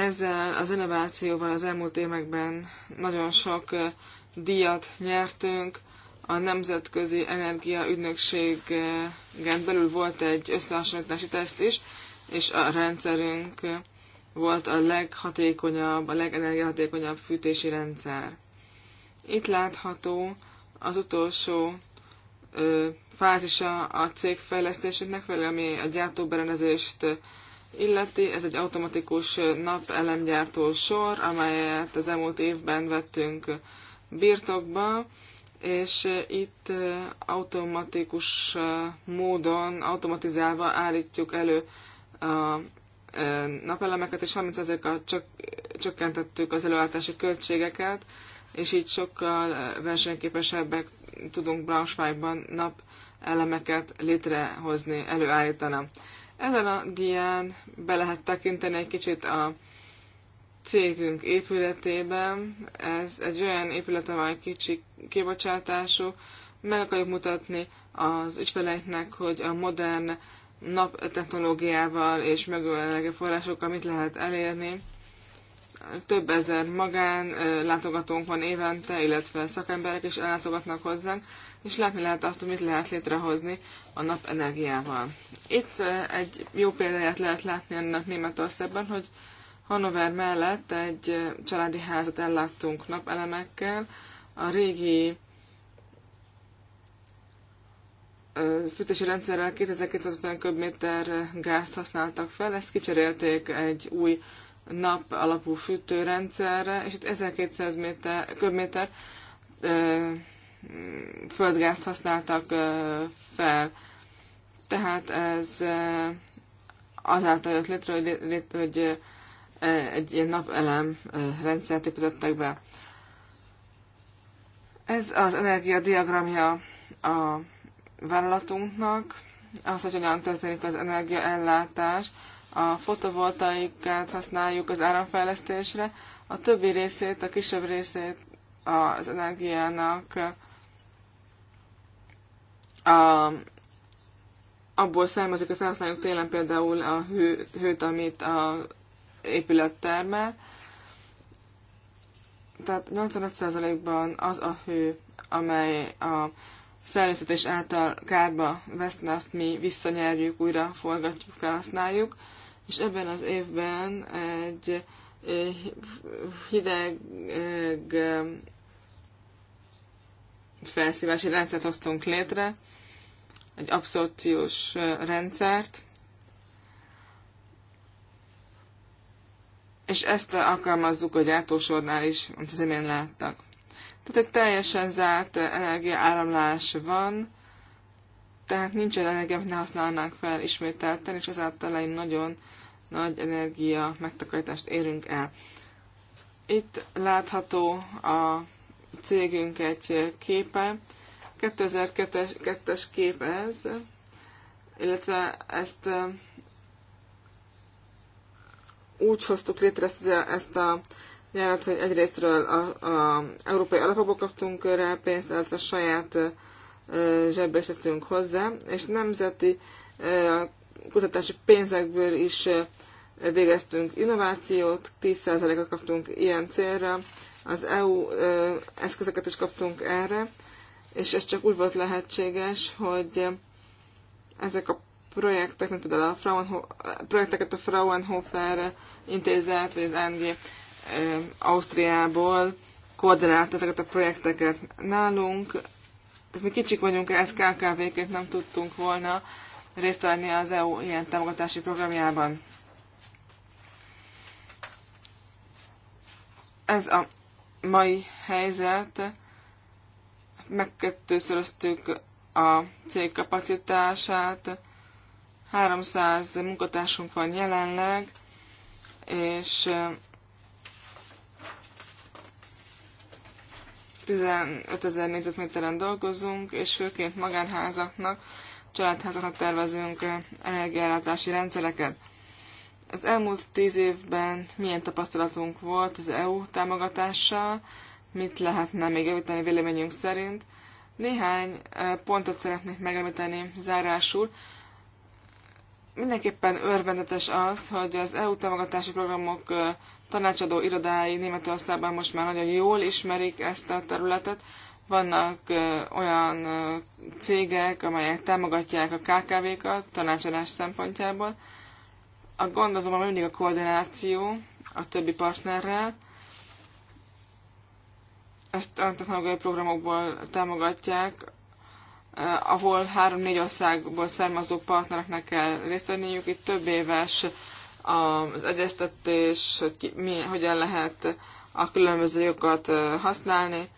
Ezzel az innovációval az elmúlt években nagyon sok díjat nyertünk. A Nemzetközi Energia Ügynökségen belül volt egy összehasonlítási teszt is, és a rendszerünk volt a leghatékonyabb, a legenergiahatékonyabb fűtési rendszer. Itt látható az utolsó ö, fázisa a cég fejlesztésének, ami a gyártóberendezést illeti. Ez egy automatikus napelemgyártó sor, amelyet az elmúlt évben vettünk birtokba, és itt automatikus módon, automatizálva állítjuk elő a e, napelemeket, és 30 csak csökkentettük az előállítási költségeket, és így sokkal versenyképesebbek tudunk Braunschweigban elemeket létrehozni, előállítani. Ezen a dián be lehet tekinteni egy kicsit a cégünk épületében. Ez egy olyan épület, amely kicsi kibocsátású. Meg akarjuk mutatni az ügyfeleinknek, hogy a modern technológiával és megőlenlegő forrásokkal mit lehet elérni. Több ezer magán látogatónk van évente, illetve szakemberek is ellátogatnak hozzánk és látni lehet azt, hogy mit lehet létrehozni a napenergiával. Itt eh, egy jó példáját lehet látni annak Németországban, hogy Hanover mellett egy eh, családi házat elláttunk napelemekkel, a régi eh, fűtési rendszerrel 2250 köbméter gázt használtak fel, ezt kicserélték egy új nap alapú fűtőrendszerre, és itt 1200 méter, köbméter földgázt használtak fel. Tehát ez azáltal jött létre, hogy, létre, hogy egy ilyen napelem rendszert építettek be. Ez az energiadiagramja a vállalatunknak, az, hogy hogyan történik az energiaellátás. A fotovoltaikát használjuk az áramfejlesztésre, a többi részét, a kisebb részét az energiának a, abból származik, hogy felhasználjuk télen például a hő, hőt, amit a épület termel. Tehát 85%-ban az a hő, amely a szellőztetés által kárba veszne, azt mi visszanyerjük, újra forgatjuk, felhasználjuk. És ebben az évben egy eh, hideg eh, felszívási rendszert hoztunk létre, egy abszorpciós rendszert, és ezt alkalmazzuk a gyártósornál is, amit az imént láttak. Tehát egy teljesen zárt energiaáramlás van, tehát nincs olyan energia, amit ne használnánk fel ismételten, és ezáltal egy nagyon nagy energia megtakarítást érünk el. Itt látható a cégünk egy képe, 2002-es kép ez, illetve ezt úgy hoztuk létre ezt, ezt a járat, hogy egyrésztről az a európai alapokból kaptunk rá pénzt, illetve saját zsebbe is tettünk hozzá, és nemzeti kutatási pénzekből is végeztünk innovációt, 10%-ra kaptunk ilyen célra, az EU eszközöket is kaptunk erre, és ez csak úgy volt lehetséges, hogy ezek a projektek, mint például a Fraunhofer, projekteket a Fraunhofer intézet, vagy az NG Ausztriából koordinált ezeket a projekteket nálunk. Tehát mi kicsik vagyunk, ezt KKV-ként nem tudtunk volna részt venni az EU ilyen támogatási programjában. Ez a mai helyzet megkettőszöröztük a cég kapacitását, 300 munkatársunk van jelenleg, és 15 eh, ezer négyzetméteren dolgozunk, és főként magánházaknak, családházaknak tervezünk eh, energiállátási rendszereket. Az elmúlt tíz évben milyen tapasztalatunk volt az EU támogatással, mit lehetne még javítani véleményünk szerint. Néhány pontot szeretnék megemlíteni zárásul. Mindenképpen örvendetes az, hogy az EU támogatási programok tanácsadó irodái Németországban most már nagyon jól ismerik ezt a területet. Vannak olyan cégek, amelyek támogatják a KKV-kat tanácsadás szempontjából. A gond azonban mindig a koordináció a többi partnerrel, ezt a technológiai programokból támogatják, eh, ahol három-négy országból származó partnereknek kell részt venniük. Itt több éves eh, az egyeztetés, hogy ki, mi, hogyan lehet a különböző jogokat eh, használni.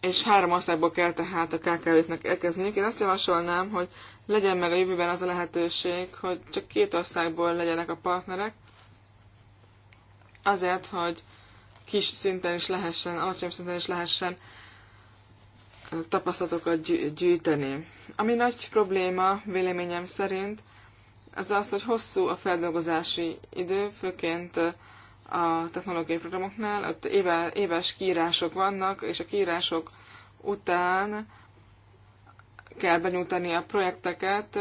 És három országból kell tehát a kkv nek érkezniük. Én azt javasolnám, hogy legyen meg a jövőben az a lehetőség, hogy csak két országból legyenek a partnerek, azért, hogy kis szinten is lehessen, alacsonyabb szinten is lehessen tapasztalatokat gyűjteni. Ami nagy probléma véleményem szerint, az az, hogy hosszú a feldolgozási idő, főként a technológiai programoknál, ott éves kiírások vannak, és a kiírások után kell benyújtani a projekteket,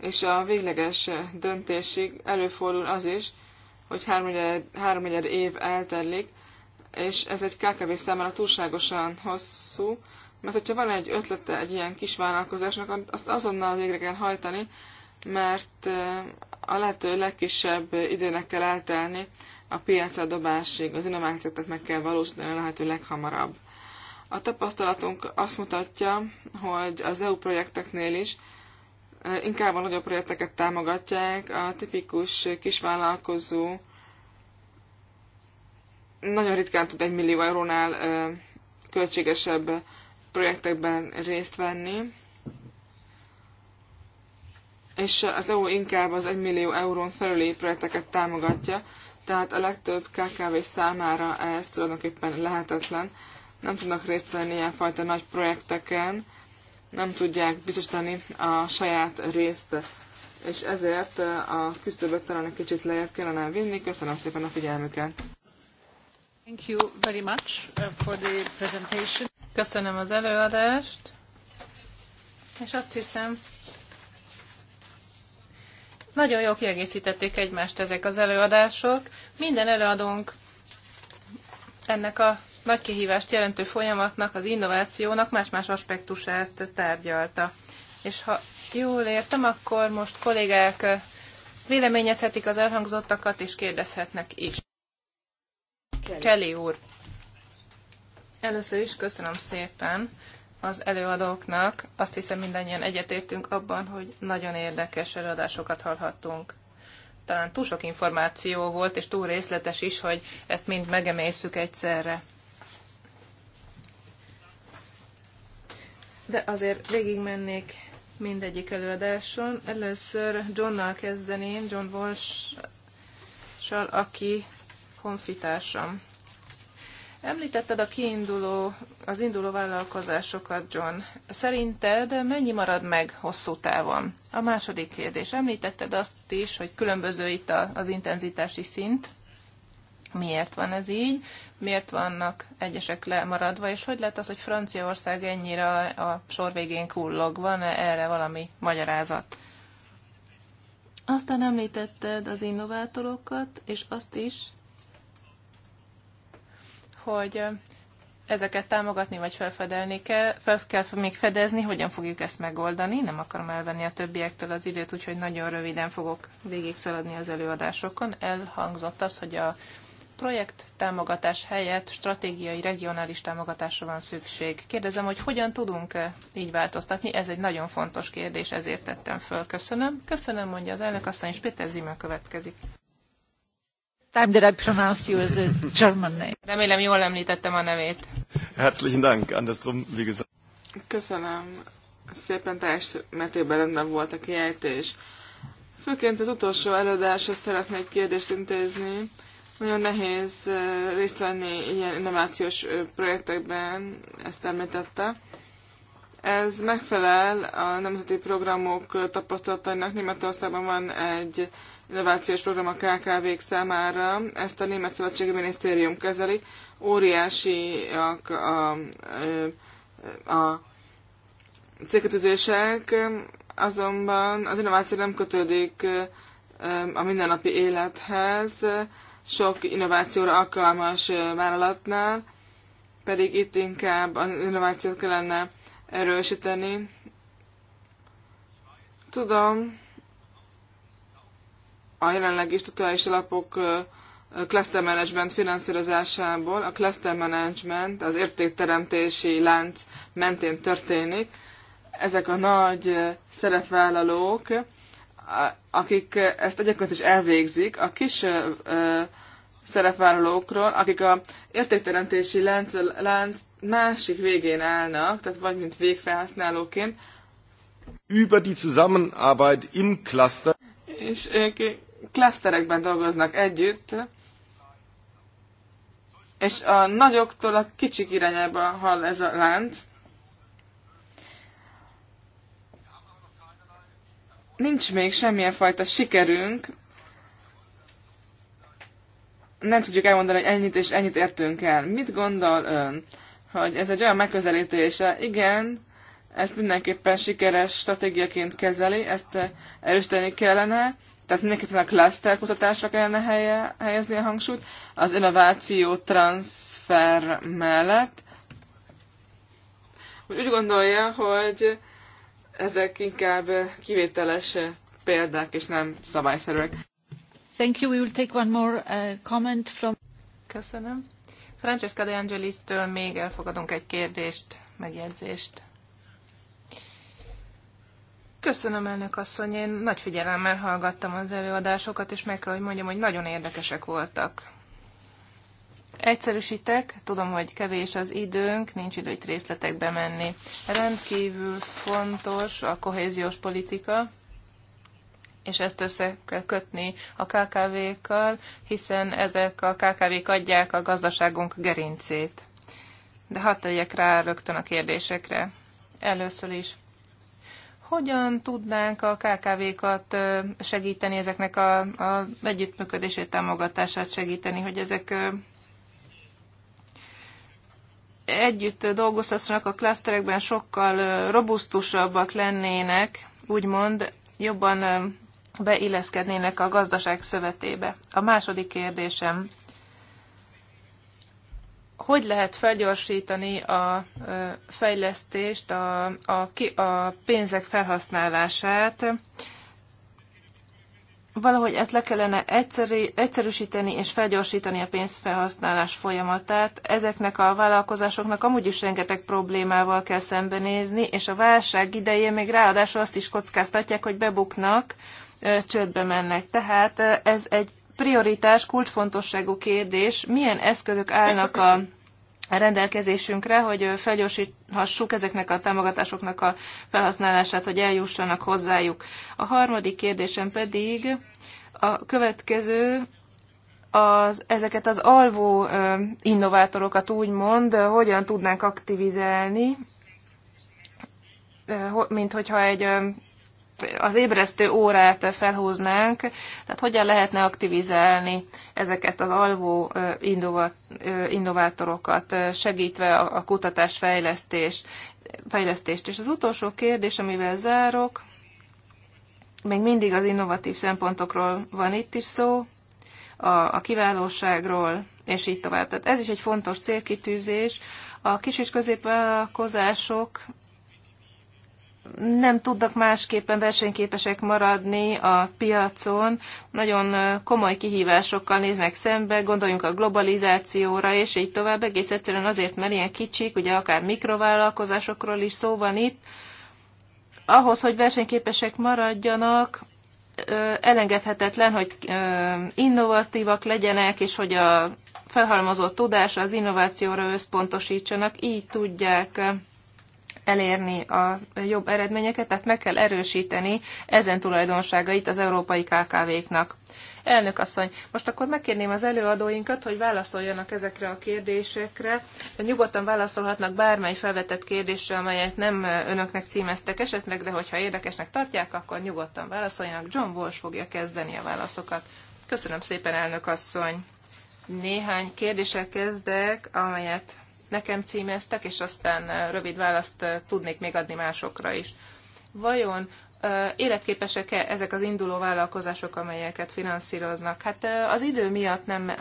és a végleges döntésig előfordul az is, hogy háromnegyed milliárd, év eltelik, és ez egy KKV számára túlságosan hosszú, mert hogyha van egy ötlete egy ilyen kis vállalkozásnak, azt azonnal végre kell hajtani, mert eh, a lehető legkisebb időnek kell eltelni a piacra dobásig, az innovációkat meg kell valósítani a lehető leghamarabb. A tapasztalatunk azt mutatja, hogy az EU projekteknél is inkább a nagyobb projekteket támogatják, a tipikus kisvállalkozó nagyon ritkán tud egy millió eurónál költségesebb projektekben részt venni, és az EU inkább az 1 millió eurón felüli projekteket támogatja, tehát a legtöbb KKV számára ez tulajdonképpen lehetetlen. Nem tudnak részt venni ilyenfajta nagy projekteken, nem tudják biztosítani a saját részt. És ezért a küszöböt talán egy kicsit lejjebb kellene vinni. Köszönöm szépen a figyelmüket! Thank you very much uh, for the presentation. Köszönöm az előadást, és azt hiszem, nagyon jól kiegészítették egymást ezek az előadások. Minden előadónk ennek a nagy kihívást jelentő folyamatnak, az innovációnak más-más aspektusát tárgyalta. És ha jól értem, akkor most kollégák eh, véleményezhetik az elhangzottakat, és kérdezhetnek is. Kelly, Kelly úr. Először is köszönöm szépen az előadóknak. Azt hiszem mindannyian egyetértünk abban, hogy nagyon érdekes előadásokat hallhattunk. Talán túl sok információ volt, és túl részletes is, hogy ezt mind megemészük egyszerre. de azért végigmennék mindegyik előadáson. Először Johnnal kezdeném, John walsh aki honfitársam. Említetted a kiinduló, az induló vállalkozásokat, John. Szerinted mennyi marad meg hosszú távon? A második kérdés. Említetted azt is, hogy különböző itt az intenzitási szint, miért van ez így, miért vannak egyesek lemaradva, és hogy lehet az, hogy Franciaország ennyire a sor végén kullog? van -e erre valami magyarázat? Aztán említetted az innovátorokat, és azt is, hogy ezeket támogatni vagy felfedelni kell, fel kell még fedezni, hogyan fogjuk ezt megoldani. Nem akarom elvenni a többiektől az időt, úgyhogy nagyon röviden fogok végig szaladni az előadásokon. Elhangzott az, hogy a projekt támogatás helyett stratégiai regionális támogatásra van szükség. Kérdezem, hogy hogyan tudunk -e így változtatni? Ez egy nagyon fontos kérdés, ezért tettem föl. Köszönöm. Köszönöm, mondja az elnök asszony, és Péter Zimmel következik. Time that I pronounce you as a German name. Remélem jól említettem a nevét. Herzlichen Dank, andersrum, wie gesagt. Köszönöm. Szépen teljes mértékben rendben volt a kiejtés. Főként az utolsó előadáshoz szeretnék kérdést intézni nagyon nehéz részt venni ilyen innovációs projektekben, ezt említette. Ez megfelel a nemzeti programok tapasztalatainak. Németországban van egy innovációs program a KKV-k számára. Ezt a Német Szövetségi Minisztérium kezeli. Óriásiak a, a, a célkötözések, azonban az innováció nem kötődik a mindennapi élethez sok innovációra alkalmas vállalatnál, pedig itt inkább az innovációt kellene erősíteni. Tudom, a jelenlegi statuális alapok cluster management finanszírozásából. A cluster management az értékteremtési lánc mentén történik. Ezek a nagy szerepvállalók akik ezt egyébként is elvégzik, a kis szerepvállalókról, akik a értékteremtési lánc, lánc másik végén állnak, tehát vagy mint végfelhasználóként. Über die Zusammenarbeit im Cluster. És ők klaszterekben dolgoznak együtt, és a nagyoktól a kicsik irányába hal ez a lánc. nincs még semmilyen fajta sikerünk, nem tudjuk elmondani, hogy ennyit és ennyit értünk el. Mit gondol ön, hogy ez egy olyan megközelítése? Igen, ezt mindenképpen sikeres stratégiaként kezeli, ezt erősíteni kellene, tehát mindenképpen a cluster kutatásra kellene helye, helyezni a hangsúlyt, az innováció transfer mellett. Úgy gondolja, hogy ezek inkább kivételes példák, és nem szabályszerűek. Thank you. We will take one more uh, comment from... Köszönöm. Francesca De Angelis-től még elfogadunk egy kérdést, megjegyzést. Köszönöm, elnök asszony. Én nagy figyelemmel hallgattam az előadásokat, és meg kell, hogy mondjam, hogy nagyon érdekesek voltak. Egyszerűsítek, tudom, hogy kevés az időnk, nincs idő itt részletekbe menni. Rendkívül fontos a kohéziós politika, és ezt össze kell kötni a KKV-kkal, hiszen ezek a KKV-k adják a gazdaságunk gerincét. De hadd tegyek rá rögtön a kérdésekre. Először is. Hogyan tudnánk a KKV-kat segíteni, ezeknek a, a együttműködését, támogatását segíteni, hogy ezek együtt dolgozhassanak a klaszterekben, sokkal robusztusabbak lennének, úgymond jobban beilleszkednének a gazdaság szövetébe. A második kérdésem, hogy lehet felgyorsítani a fejlesztést, a, a, a pénzek felhasználását, valahogy ezt le kellene egyszerű, egyszerűsíteni és felgyorsítani a pénzfelhasználás folyamatát. Ezeknek a vállalkozásoknak amúgy is rengeteg problémával kell szembenézni, és a válság idején még ráadásul azt is kockáztatják, hogy bebuknak, csődbe mennek. Tehát ez egy prioritás, kulcsfontosságú kérdés, milyen eszközök állnak a rendelkezésünkre, hogy felgyorsíthassuk ezeknek a támogatásoknak a felhasználását, hogy eljussanak hozzájuk. A harmadik kérdésem pedig a következő, az, ezeket az alvó innovátorokat úgymond hogyan tudnánk aktivizálni, mint hogyha egy az ébresztő órát felhúznánk, tehát hogyan lehetne aktivizálni ezeket az alvó innovátorokat, segítve a kutatás fejlesztés, fejlesztést. És az utolsó kérdés, amivel zárok, még mindig az innovatív szempontokról van itt is szó, a, a kiválóságról, és így tovább. Tehát ez is egy fontos célkitűzés. A kis és középvállalkozások nem tudnak másképpen versenyképesek maradni a piacon, nagyon komoly kihívásokkal néznek szembe, gondoljunk a globalizációra, és így tovább, egész egyszerűen azért, mert ilyen kicsik, ugye akár mikrovállalkozásokról is szó van itt, ahhoz, hogy versenyképesek maradjanak, elengedhetetlen, hogy innovatívak legyenek, és hogy a felhalmozott tudás az innovációra összpontosítsanak, így tudják elérni a jobb eredményeket, tehát meg kell erősíteni ezen tulajdonságait az európai KKV-knak. Elnök asszony, most akkor megkérném az előadóinkat, hogy válaszoljanak ezekre a kérdésekre. Nyugodtan válaszolhatnak bármely felvetett kérdésre, amelyet nem önöknek címeztek esetleg, de hogyha érdekesnek tartják, akkor nyugodtan válaszoljanak. John Walsh fogja kezdeni a válaszokat. Köszönöm szépen, elnök asszony. Néhány kérdéssel kezdek, amelyet nekem címeztek, és aztán rövid választ tudnék még adni másokra is. Vajon életképesek-e ezek az induló vállalkozások, amelyeket finanszíroznak? Hát az idő miatt nem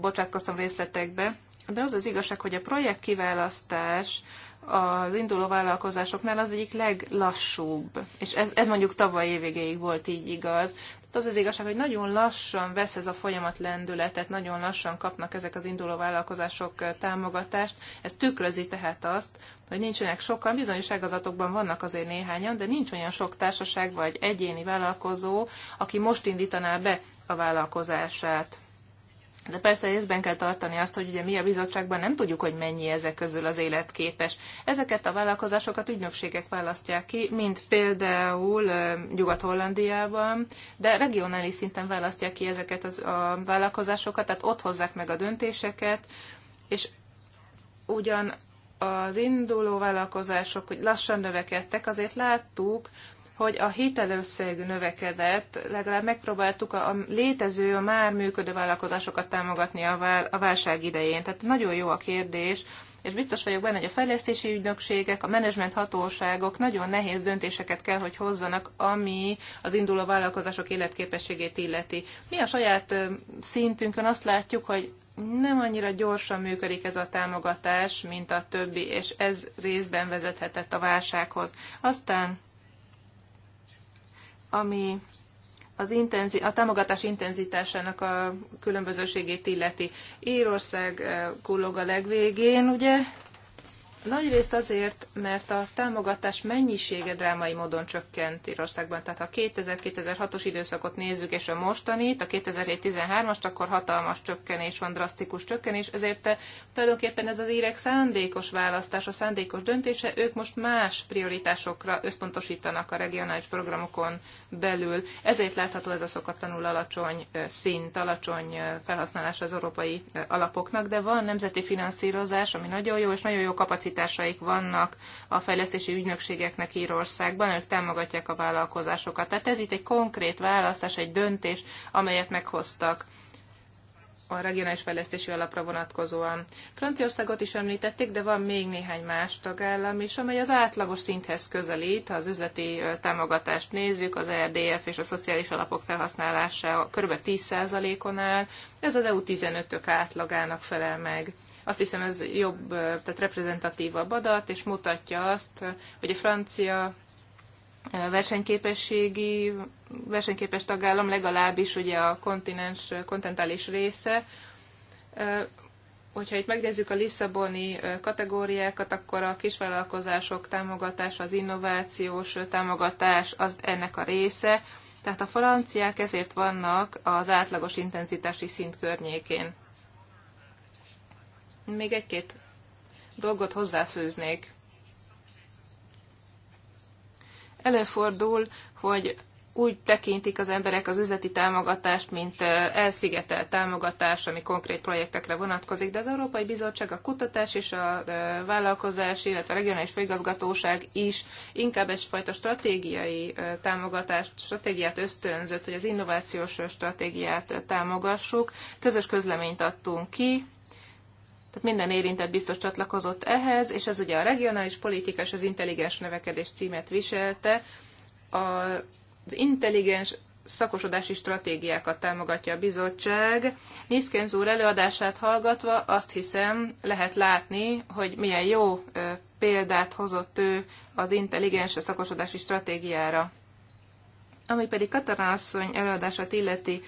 bocsátkoztam részletekbe, de az az igazság, hogy a projektkiválasztás az induló vállalkozásoknál az egyik leglassúbb. És ez, ez mondjuk tavaly évvégéig volt így igaz. Tehát az az igazság, hogy nagyon lassan vesz ez a folyamat lendületet, nagyon lassan kapnak ezek az induló vállalkozások támogatást. Ez tükrözi tehát azt, hogy nincsenek sokan, bizonyos ágazatokban vannak azért néhányan, de nincs olyan sok társaság vagy egyéni vállalkozó, aki most indítaná be a vállalkozását. De persze észben kell tartani azt, hogy ugye mi a bizottságban nem tudjuk, hogy mennyi ezek közül az életképes. Ezeket a vállalkozásokat ügynökségek választják ki, mint például Nyugat-Hollandiában, de regionális szinten választják ki ezeket az, a vállalkozásokat, tehát ott hozzák meg a döntéseket, és ugyan az induló vállalkozások hogy lassan növekedtek, azért láttuk, hogy a hitelösszeg növekedett, legalább megpróbáltuk a, létező, a már működő vállalkozásokat támogatni a, a válság idején. Tehát nagyon jó a kérdés, és biztos vagyok benne, hogy a fejlesztési ügynökségek, a menedzsment hatóságok nagyon nehéz döntéseket kell, hogy hozzanak, ami az induló vállalkozások életképességét illeti. Mi a saját szintünkön azt látjuk, hogy nem annyira gyorsan működik ez a támogatás, mint a többi, és ez részben vezethetett a válsághoz. Aztán ami az intenzi- a támogatás intenzitásának a különbözőségét illeti. Írország eh, kullog a legvégén, ugye, Nagyrészt azért, mert a támogatás mennyisége drámai módon csökkent Írországban. Tehát ha 2000-2006-os időszakot nézzük, és a mostanit, a 2007-13-ast, akkor hatalmas csökkenés van, drasztikus csökkenés, ezért eh, tulajdonképpen ez az írek szándékos választása, szándékos döntése, ők most más prioritásokra összpontosítanak a regionális programokon belül. Ezért látható ez a szokatlanul alacsony eh, szint, alacsony eh, felhasználás az európai alapoknak, de van nemzeti finanszírozás, ami nagyon jó, és nagyon jó kapacitás kapacitásaik vannak a fejlesztési ügynökségeknek Írországban, ők támogatják a vállalkozásokat. Tehát ez itt egy konkrét választás, egy döntés, amelyet meghoztak a regionális fejlesztési alapra vonatkozóan. Franciaországot is említették, de van még néhány más tagállam is, amely az átlagos szinthez közelít, ha az üzleti támogatást nézzük, az RDF és a szociális alapok felhasználása kb. 10%-on áll, ez az EU 15-ök átlagának felel meg. Azt hiszem ez jobb, tehát reprezentatívabb adat, és mutatja azt, hogy a francia versenyképességi, versenyképes tagállam legalábbis ugye a kontinens, kontinentális része. Hogyha itt megnézzük a Lisszaboni kategóriákat, akkor a kisvállalkozások támogatása, az innovációs támogatás az ennek a része. Tehát a franciák ezért vannak az átlagos intenzitási szint környékén. Még egy-két dolgot hozzáfőznék. Előfordul, hogy úgy tekintik az emberek az üzleti támogatást, mint elszigetelt támogatás, ami konkrét projektekre vonatkozik, de az Európai Bizottság, a kutatás és a vállalkozás, illetve a regionális főigazgatóság is inkább egyfajta stratégiai támogatást, stratégiát ösztönzött, hogy az innovációs stratégiát támogassuk. Közös közleményt adtunk ki, tehát minden érintett biztos csatlakozott ehhez, és ez ugye a regionális politika és az intelligens növekedés címet viselte. Az intelligens szakosodási stratégiákat támogatja a bizottság. Niszkenz úr előadását hallgatva azt hiszem lehet látni, hogy milyen jó példát hozott ő az intelligens szakosodási stratégiára. Ami pedig Katarán asszony előadását illeti,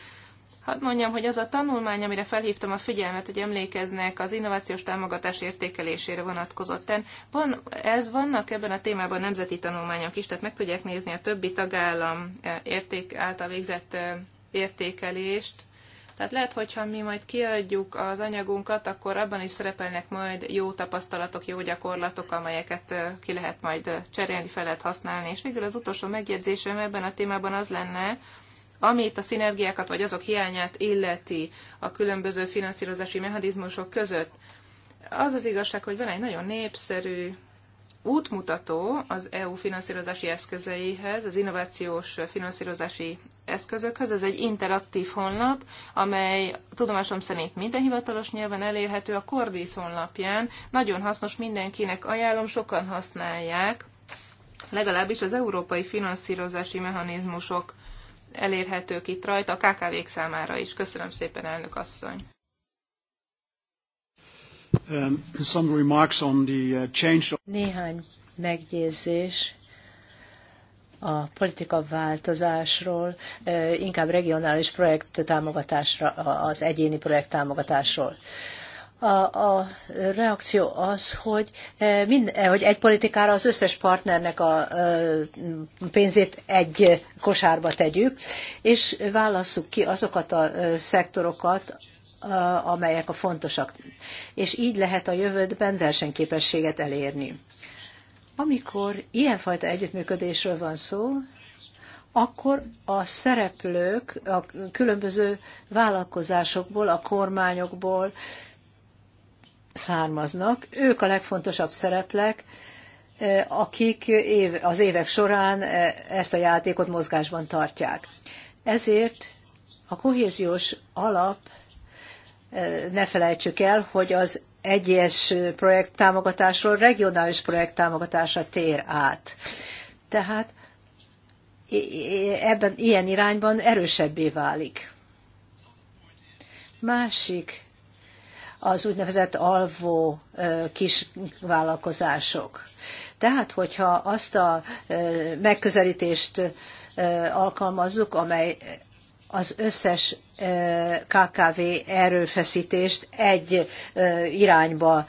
Hadd mondjam, hogy az a tanulmány, amire felhívtam a figyelmet, hogy emlékeznek az innovációs támogatás értékelésére vonatkozottan, van, ez vannak ebben a témában nemzeti tanulmányok is, tehát meg tudják nézni a többi tagállam eh, érték által végzett eh, értékelést, tehát lehet, hogyha mi majd kiadjuk az anyagunkat, akkor abban is szerepelnek majd jó tapasztalatok, jó gyakorlatok, amelyeket eh, ki lehet majd cserélni, fel lehet használni. És végül az utolsó megjegyzésem ebben a témában az lenne, amit a szinergiákat vagy azok hiányát illeti a különböző finanszírozási mechanizmusok között, az az igazság, hogy van egy nagyon népszerű útmutató az EU finanszírozási eszközeihez, az innovációs finanszírozási eszközökhöz. Ez egy interaktív honlap, amely tudomásom szerint minden hivatalos nyelven elérhető a Cordis honlapján. Nagyon hasznos, mindenkinek ajánlom, sokan használják legalábbis az európai finanszírozási mechanizmusok elérhetők itt rajta a KKV-k számára is. Köszönöm szépen, elnök asszony. Um, uh, Néhány megjegyzés a politika változásról, uh, inkább regionális projekt támogatásra, az egyéni projekt támogatásról a, a reakció az, hogy, e, mind, e, hogy egy politikára az összes partnernek a e, pénzét egy kosárba tegyük, és válasszuk ki azokat a szektorokat, amelyek a fontosak. És így lehet a jövőben versenyképességet elérni. Amikor ilyenfajta együttműködésről van szó, akkor a szereplők a különböző vállalkozásokból, a kormányokból származnak. Ők a legfontosabb szereplek, akik az évek során ezt a játékot mozgásban tartják. Ezért a kohéziós alap, ne felejtsük el, hogy az egyes projekt támogatásról regionális projekt támogatásra tér át. Tehát ebben ilyen irányban erősebbé válik. Másik az úgynevezett alvó kisvállalkozások. Tehát, hogyha azt a megközelítést alkalmazzuk, amely az összes KKV erőfeszítést egy irányba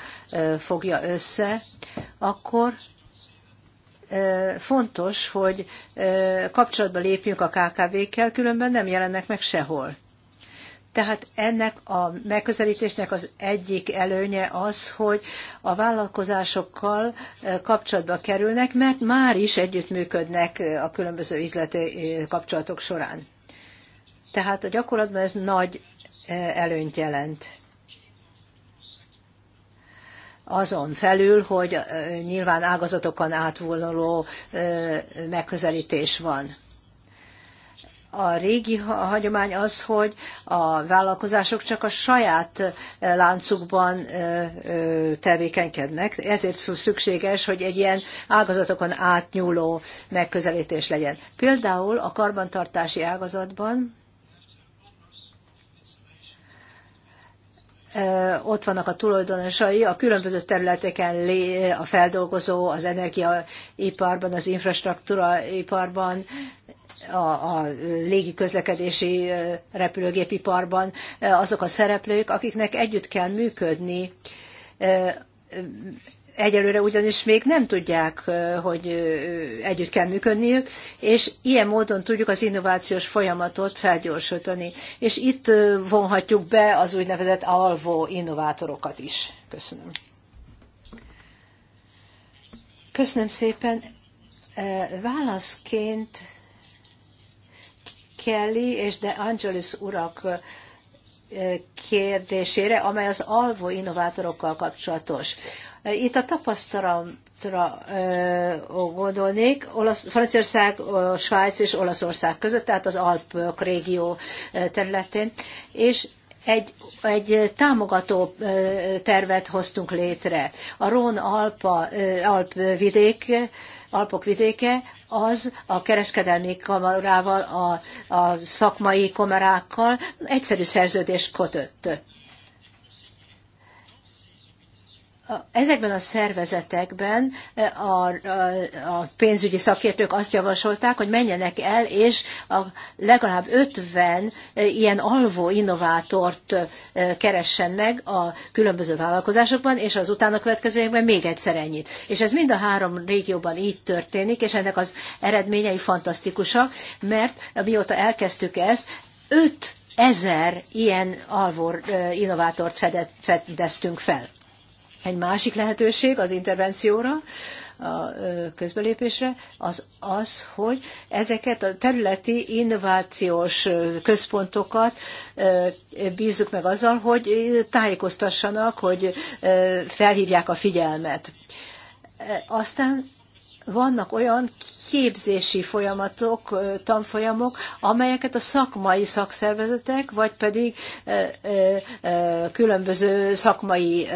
fogja össze, akkor fontos, hogy kapcsolatba lépjünk a KKV-kkel, különben nem jelennek meg sehol. Tehát ennek a megközelítésnek az egyik előnye az, hogy a vállalkozásokkal eh, kapcsolatba kerülnek, mert már is együttműködnek eh, a különböző üzleti eh, kapcsolatok során. Tehát a gyakorlatban ez nagy előnyt jelent. Azon felül, hogy nyilván ágazatokon átvonuló megközelítés van a régi hagyomány az, hogy a vállalkozások csak a saját láncukban tevékenykednek, ezért szükséges, hogy egy ilyen ágazatokon átnyúló megközelítés legyen. Például a karbantartási ágazatban ott vannak a tulajdonosai a különböző területeken, a feldolgozó, az energiaiparban, az infrastruktúraiparban, a, a légi közlekedési repülőgépiparban azok a szereplők, akiknek együtt kell működni. Egyelőre ugyanis még nem tudják, hogy együtt kell működniük, és ilyen módon tudjuk az innovációs folyamatot felgyorsítani. És itt vonhatjuk be az úgynevezett alvó innovátorokat is. Köszönöm. Köszönöm szépen. Válaszként Kelly és De Angelis urak kérdésére, amely az alvó innovátorokkal kapcsolatos. Itt a tapasztalatra gondolnék, Olasz, Franciaország, Svájc és Olaszország között, tehát az Alpok régió területén, és egy, egy támogató tervet hoztunk létre. A Rón Alpa, Alp vidék, Alpok vidéke az a kereskedelmi kamarával, a, a szakmai kamarákkal egyszerű szerződést kötött Ezekben a szervezetekben e, a, a pénzügyi szakértők azt javasolták, hogy menjenek el, és a legalább 50 e, ilyen alvó innovátort e, keressen meg a különböző vállalkozásokban, és az utána következő évben még egyszer ennyit. És ez mind a három régióban így történik, és ennek az eredményei fantasztikusak, mert mióta elkezdtük ezt, 5 ezer ilyen alvó innovátort fedeztünk fel. Egy másik lehetőség az intervencióra, a közbelépésre, az az, hogy ezeket a területi innovációs központokat bízzuk meg azzal, hogy tájékoztassanak, hogy felhívják a figyelmet. Aztán vannak olyan képzési folyamatok, tanfolyamok, amelyeket a szakmai szakszervezetek, vagy pedig különböző szakmai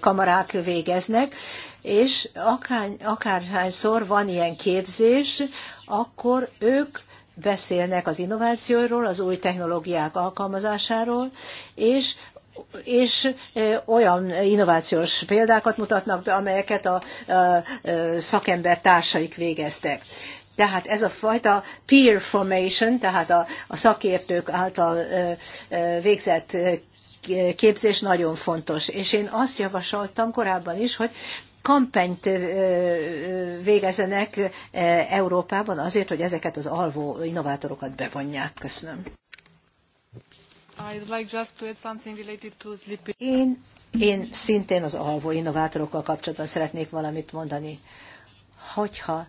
kamarák végeznek, és akár, akárhányszor van ilyen képzés, akkor ők beszélnek az innovációról, az új technológiák alkalmazásáról, és és olyan innovációs példákat mutatnak be, amelyeket a szakember társaik végeztek. Tehát ez a fajta peer formation, tehát a, a szakértők által végzett képzés nagyon fontos. És én azt javasoltam korábban is, hogy kampányt végezenek Európában azért, hogy ezeket az alvó innovátorokat bevonják. Köszönöm. Én, én szintén az alvó innovátorokkal kapcsolatban szeretnék valamit mondani. Hogyha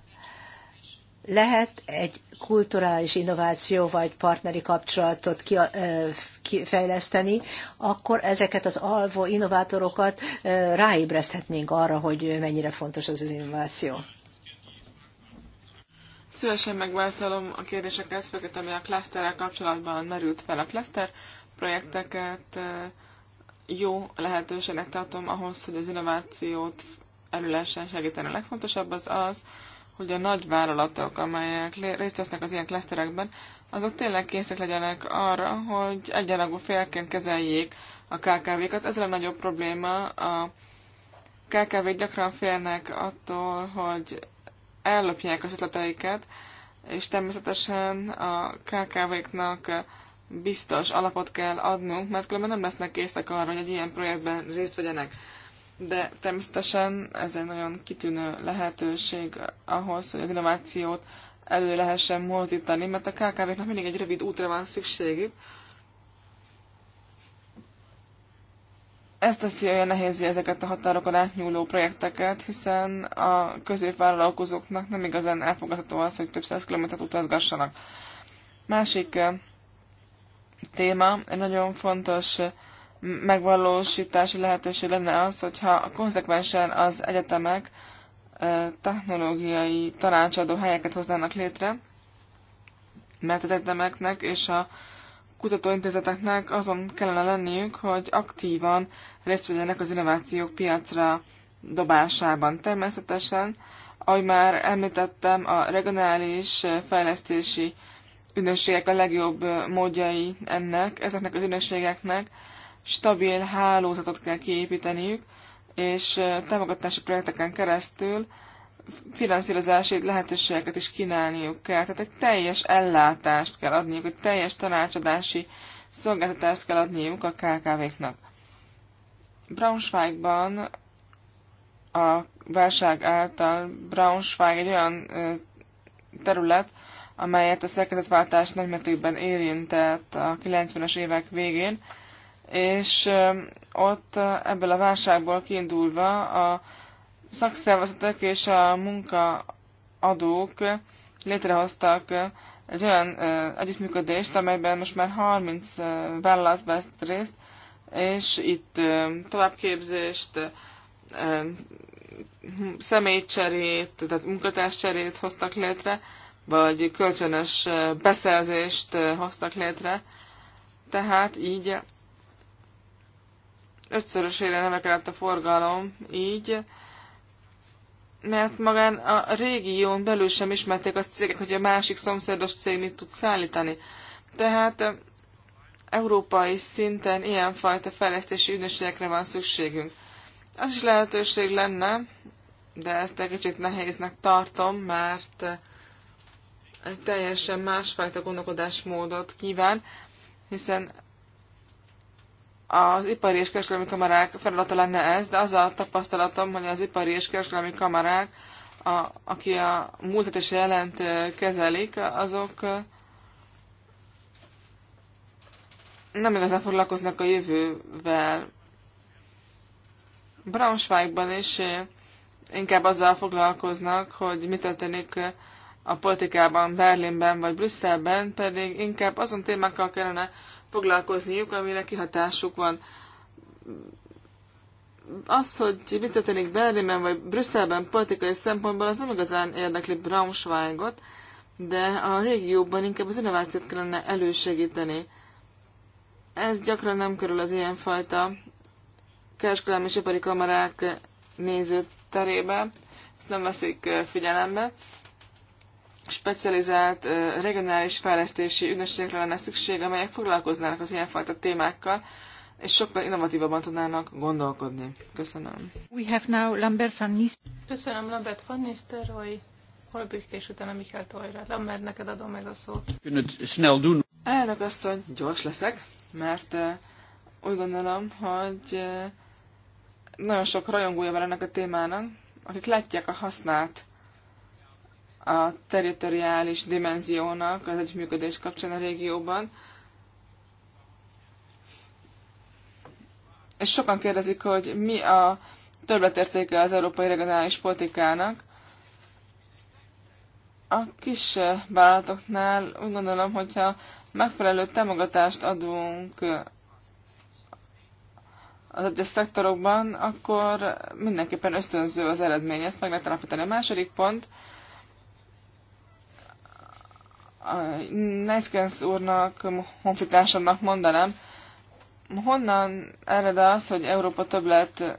lehet egy kulturális innováció vagy partneri kapcsolatot kifejleszteni, akkor ezeket az alvó innovátorokat ráébreszthetnénk arra, hogy mennyire fontos az az innováció. Szívesen megválaszolom a kérdéseket, főként ami a klaszterrel kapcsolatban merült fel a klaszter projekteket jó lehetőségnek tartom ahhoz, hogy az innovációt elő lehessen segíteni. A legfontosabb az az, hogy a nagy vállalatok, amelyek részt vesznek az ilyen klaszterekben, azok tényleg készek legyenek arra, hogy egyenlagú félként kezeljék a KKV-kat. Ez a nagyobb probléma. A kkv gyakran félnek attól, hogy ellopják az ötleteiket, és természetesen a KKV-knak biztos alapot kell adnunk, mert különben nem lesznek készek arra, hogy egy ilyen projektben részt vegyenek. De természetesen ez egy nagyon kitűnő lehetőség ahhoz, hogy az innovációt elő lehessen mozdítani, mert a KKV-knak mindig egy rövid útra van szükségük. Ez teszi olyan nehézé ezeket a határokon átnyúló projekteket, hiszen a középvállalkozóknak nem igazán elfogadható az, hogy több száz kilométert utazgassanak. Másik téma, egy nagyon fontos megvalósítási lehetőség lenne az, hogyha konzekvensen az egyetemek technológiai tanácsadó helyeket hoznának létre, mert az egyetemeknek és a kutatóintézeteknek azon kellene lenniük, hogy aktívan részt vegyenek az innovációk piacra dobásában. Természetesen, ahogy már említettem, a regionális fejlesztési ügynökségek a legjobb módjai ennek, ezeknek az ügynökségeknek stabil hálózatot kell kiépíteniük, és támogatási projekteken keresztül finanszírozási lehetőségeket is kínálniuk kell. Tehát egy teljes ellátást kell adniuk, egy teljes tanácsadási szolgáltatást kell adniuk a KKV-knak. Braunschweigban a válság által Braunschweig egy olyan terület, amelyet a szerkezetváltás nagymértékben érintett a 90-es évek végén, és ott ebből a válságból kiindulva a szakszervezetek és a munkaadók létrehoztak egy olyan együttműködést, amelyben most már 30 vállalat vesz részt, és itt továbbképzést, személycserét, tehát cserét hoztak létre, vagy kölcsönös beszerzést hoztak létre, tehát így ötszörösére növekedett a forgalom, így, mert magán a régión belül sem ismerték a cégek, hogy a másik szomszédos cég mit tud szállítani. Tehát európai szinten ilyenfajta fejlesztési ügynökségekre van szükségünk. Az is lehetőség lenne, de ezt egy kicsit nehéznek tartom, mert egy teljesen másfajta gondolkodásmódot kíván, hiszen az ipari és kereskedelmi kamarák feladata lenne ez, de az a tapasztalatom, hogy az ipari és kereskedelmi kamarák, a, aki a múltat és jelent kezelik, azok nem igazán foglalkoznak a jövővel. Braunschweigban is inkább azzal foglalkoznak, hogy mi történik a politikában, Berlinben vagy Brüsszelben, pedig inkább azon témákkal kellene foglalkozniuk, amire kihatásuk van. Az, hogy mi történik Berlinben vagy Brüsszelben politikai szempontból, az nem igazán érdekli Braunschweigot, de a régióban inkább az innovációt kellene elősegíteni. Ez gyakran nem kerül az ilyenfajta kereskedelmi és ipari kamarák nézőterébe, ezt nem veszik figyelembe specializált regionális fejlesztési ügynökségekre lenne szükség, amelyek foglalkoznának az ilyenfajta témákkal, és sokkal innovatívabban tudnának gondolkodni. Köszönöm. We have now Lambert van Köszönöm Lambert van Nistelrooy, Holbricht és utána Michael Tojra. Lambert, neked adom meg a szót. Elnök asszony, gyors leszek, mert úgy gondolom, hogy nagyon sok rajongója van ennek a témának, akik látják a hasznát a territoriális dimenziónak az együttműködés kapcsán a régióban. És sokan kérdezik, hogy mi a többletértéke az európai regionális politikának. A kis vállalatoknál úgy gondolom, hogyha megfelelő támogatást adunk az egyes szektorokban, akkor mindenképpen ösztönző az eredmény. Ezt meg lehet A második pont, Neskens úrnak, honfitársamnak mondanám, honnan ered az, hogy Európa többlet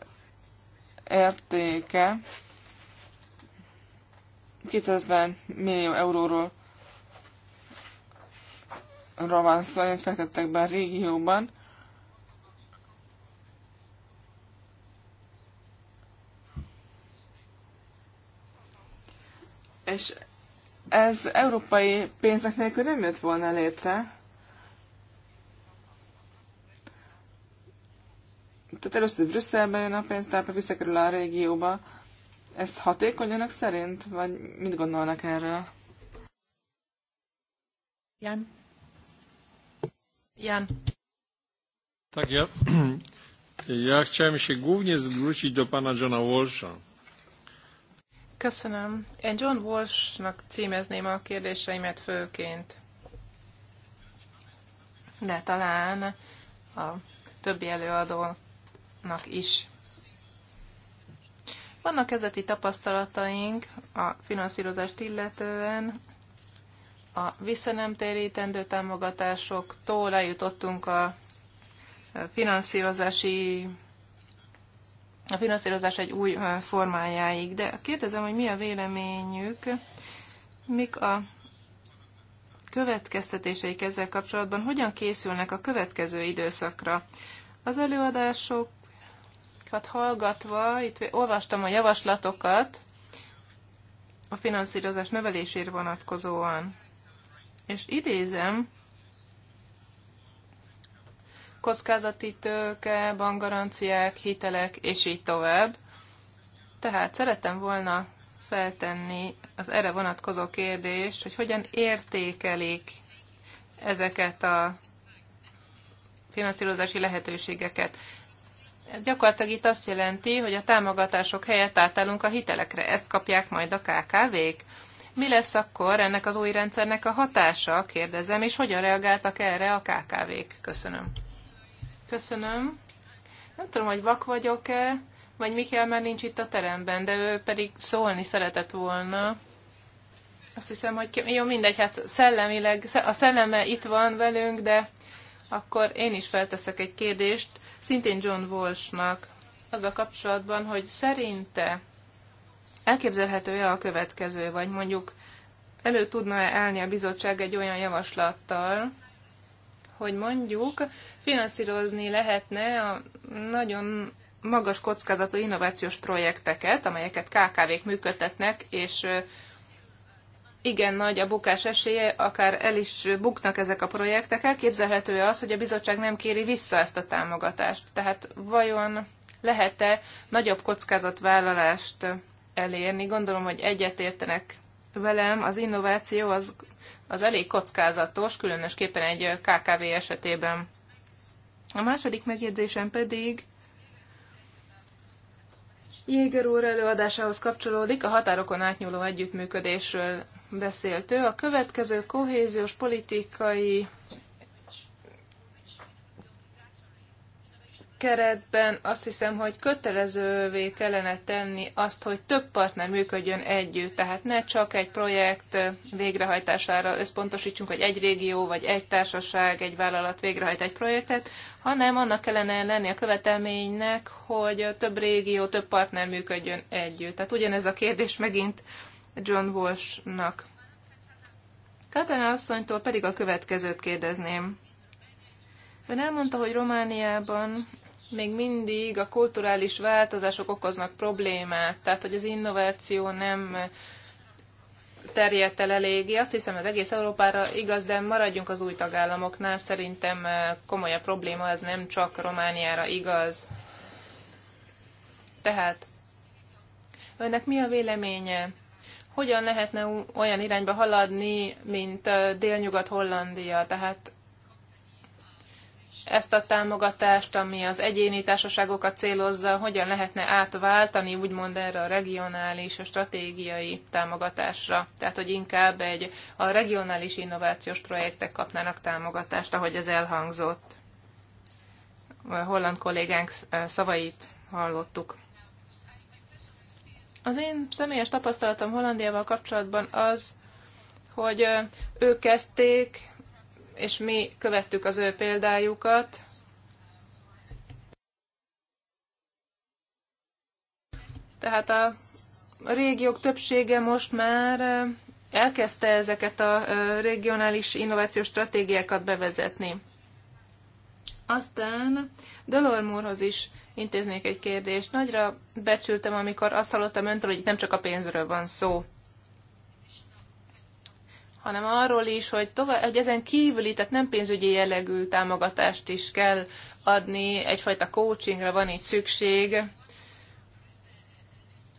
értéke 250 millió euróról van szó, amit fektettek be a régióban. És ez európai pénzek nélkül nem jött volna létre. Tehát először Brüsszelbe jön a pénz, tehát visszakerül a régióba. Ez hatékony önök szerint, vagy mit gondolnak erről? Jan. Jan. Tak, ja, [clears throat] ja chciałem się głównie zwrócić do pana Johna Walsha Köszönöm. Én John Walshnak címezném a kérdéseimet főként. De talán a többi előadónak is. Vannak kezeti tapasztalataink a finanszírozást illetően, a visszanemtérítendő támogatásoktól eljutottunk a finanszírozási a finanszírozás egy új formájáig. De kérdezem, hogy mi a véleményük, mik a következtetéseik ezzel kapcsolatban, hogyan készülnek a következő időszakra. Az előadásokat hallgatva, itt olvastam a javaslatokat a finanszírozás növelésére vonatkozóan, és idézem, kockázati tőke, bankgaranciák, hitelek, és így tovább. Tehát szerettem volna feltenni az erre vonatkozó kérdést, hogy hogyan értékelik ezeket a finanszírozási lehetőségeket. Gyakorlatilag itt azt jelenti, hogy a támogatások helyett átállunk a hitelekre. Ezt kapják majd a KKV-k. Mi lesz akkor ennek az új rendszernek a hatása, kérdezem, és hogyan reagáltak erre a KKV-k? Köszönöm. Köszönöm. Nem tudom, hogy vak vagyok-e, vagy Mikkel már nincs itt a teremben, de ő pedig szólni szeretett volna. Azt hiszem, hogy jó, mindegy, hát szellemileg, a szelleme itt van velünk, de akkor én is felteszek egy kérdést, szintén John Walshnak, az a kapcsolatban, hogy szerinte elképzelhető-e a következő, vagy mondjuk elő tudna-e állni a bizottság egy olyan javaslattal, hogy mondjuk finanszírozni lehetne a nagyon magas kockázatú innovációs projekteket, amelyeket KKV-k működtetnek, és igen nagy a bukás esélye, akár el is buknak ezek a projektek, elképzelhető az, hogy a bizottság nem kéri vissza ezt a támogatást. Tehát vajon lehet-e nagyobb kockázatvállalást elérni? Gondolom, hogy egyetértenek velem, az innováció az az elég kockázatos, különösképpen egy KKV esetében. A második megjegyzésem pedig Jéger úr előadásához kapcsolódik, a határokon átnyúló együttműködésről beszélt ő. A következő kohéziós politikai keretben azt hiszem, hogy kötelezővé kellene tenni azt, hogy több partner működjön együtt, tehát ne csak egy projekt végrehajtására összpontosítsunk, hogy egy régió, vagy egy társaság, egy vállalat végrehajt egy projektet, hanem annak kellene lenni a követelménynek, hogy több régió, több partner működjön együtt. Tehát ugyanez a kérdés megint John Walshnak. Katana asszonytól pedig a következőt kérdezném. Ön elmondta, hogy Romániában még mindig a kulturális változások okoznak problémát, tehát hogy az innováció nem terjedt el eléggé. Azt hiszem, az egész Európára igaz, de maradjunk az új tagállamoknál. Szerintem eh, komoly a probléma, ez nem csak Romániára igaz. Tehát, önnek mi a véleménye? Hogyan lehetne olyan irányba haladni, mint eh, délnyugat-Hollandia? Tehát ezt a támogatást, ami az egyéni társaságokat célozza, hogyan lehetne átváltani úgymond erre a regionális, a stratégiai támogatásra. Tehát, hogy inkább egy a regionális innovációs projektek kapnának támogatást, ahogy ez elhangzott. A holland kollégánk szavait hallottuk. Az én személyes tapasztalatom Hollandiával kapcsolatban az, hogy ők kezdték, és mi követtük az ő példájukat. Tehát a régiók többsége most már elkezdte ezeket a regionális innovációs stratégiákat bevezetni. Aztán Delormúrhoz is intéznék egy kérdést. Nagyra becsültem, amikor azt hallottam öntől, hogy itt nem csak a pénzről van szó hanem arról is, hogy, tovább, hogy ezen kívüli, tehát nem pénzügyi jellegű támogatást is kell adni, egyfajta coachingra van itt szükség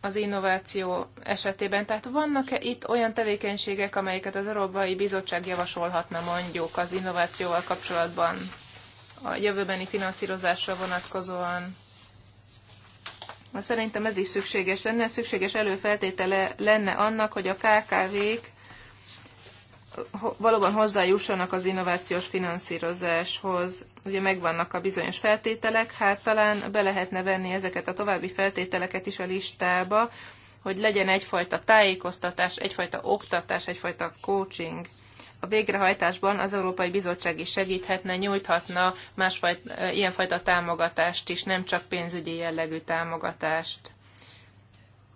az innováció esetében. Tehát vannak-e itt olyan tevékenységek, amelyeket az Európai Bizottság javasolhatna mondjuk az innovációval kapcsolatban a jövőbeni finanszírozásra vonatkozóan? Szerintem ez is szükséges lenne, szükséges előfeltétele lenne annak, hogy a KKV-k valóban hozzájussanak az innovációs finanszírozáshoz. Ugye megvannak a bizonyos feltételek, hát talán be lehetne venni ezeket a további feltételeket is a listába, hogy legyen egyfajta tájékoztatás, egyfajta oktatás, egyfajta coaching. A végrehajtásban az Európai Bizottság is segíthetne, nyújthatna másfajta, e, ilyenfajta támogatást is, nem csak pénzügyi jellegű támogatást.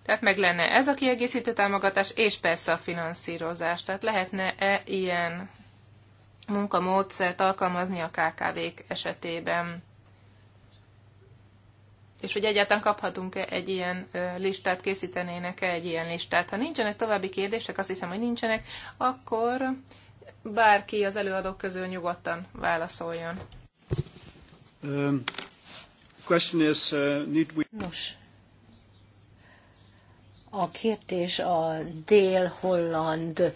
Tehát meg lenne ez a kiegészítő támogatás, és persze a finanszírozás. Tehát lehetne-e ilyen munkamódszert alkalmazni a KKV-k esetében? És hogy egyáltalán kaphatunk-e egy ilyen listát, készítenének-e egy ilyen listát. Ha nincsenek további kérdések, azt hiszem, hogy nincsenek, akkor bárki az előadók közül nyugodtan válaszoljon. Um, question is, uh, need we... Nos, a kérdés a dél-holland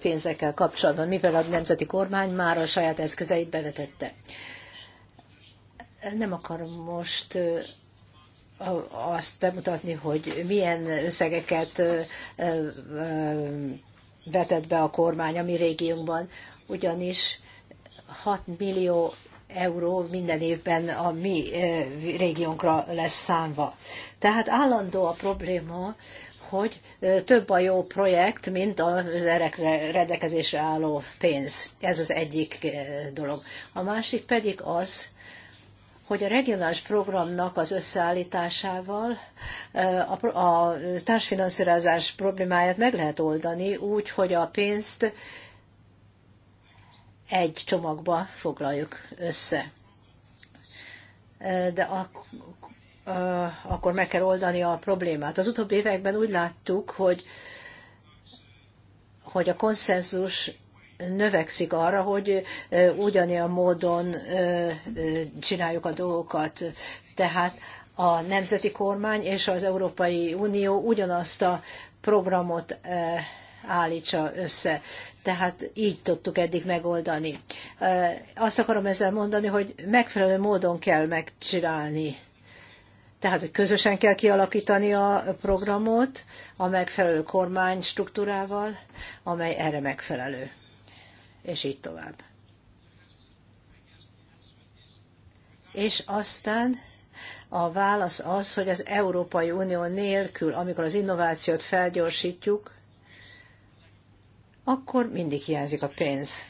pénzekkel kapcsolatban, mivel a nemzeti kormány már a saját eszközeit bevetette. Nem akarom most azt bemutatni, hogy milyen összegeket vetett be a kormány a mi régiónkban, ugyanis 6 millió euró minden évben a mi eh, régiónkra lesz számva. Tehát állandó a probléma, hogy eh, több a jó projekt, mint az erekre rendelkezésre álló pénz. Ez az egyik eh, dolog. A másik pedig az, hogy a regionális programnak az összeállításával a társfinanszírozás problémáját meg lehet oldani úgy, hogy a pénzt egy csomagba foglaljuk össze. De akkor meg kell oldani a problémát. Az utóbbi években úgy láttuk, hogy, hogy a konszenzus növekszik arra, hogy ugyanilyen módon csináljuk a dolgokat. Tehát a nemzeti kormány és az Európai Unió ugyanazt a programot állítsa össze. Tehát így tudtuk eddig megoldani. Azt akarom ezzel mondani, hogy megfelelő módon kell megcsinálni. Tehát, hogy közösen kell kialakítani a programot a megfelelő kormány struktúrával, amely erre megfelelő. És így tovább. És aztán a válasz az, hogy az Európai Unió nélkül, amikor az innovációt felgyorsítjuk, akkor mindig hiányzik a pénz.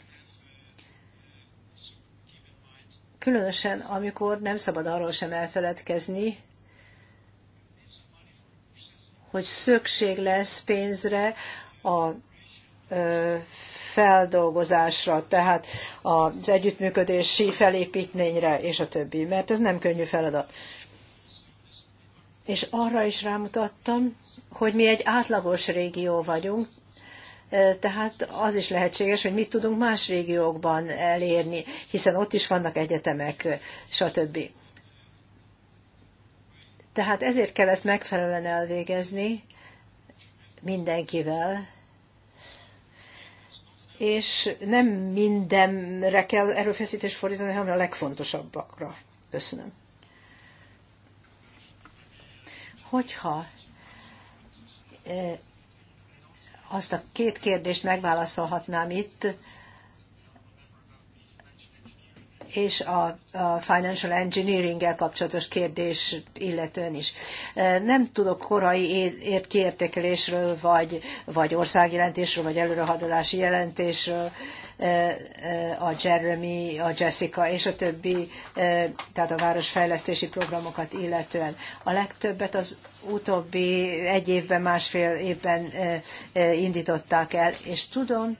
Különösen, amikor nem szabad arról sem elfeledkezni, hogy szükség lesz pénzre a feldolgozásra, tehát az együttműködési felépítményre és a többi, mert ez nem könnyű feladat. És arra is rámutattam, hogy mi egy átlagos régió vagyunk, tehát az is lehetséges, hogy mit tudunk más régiókban elérni, hiszen ott is vannak egyetemek, stb. Tehát ezért kell ezt megfelelően elvégezni mindenkivel, és nem mindenre kell erőfeszítést fordítani, hanem a legfontosabbakra. Köszönöm. Hogyha azt a két kérdést megválaszolhatnám itt, és a, a financial engineering-el kapcsolatos kérdés illetően is. E, nem tudok korai kiértékelésről, vagy, vagy országjelentésről, vagy előrehaladási jelentésről a Jeremy, a Jessica és a többi, tehát a városfejlesztési programokat illetően. A legtöbbet az utóbbi egy évben, másfél évben indították el, és tudom,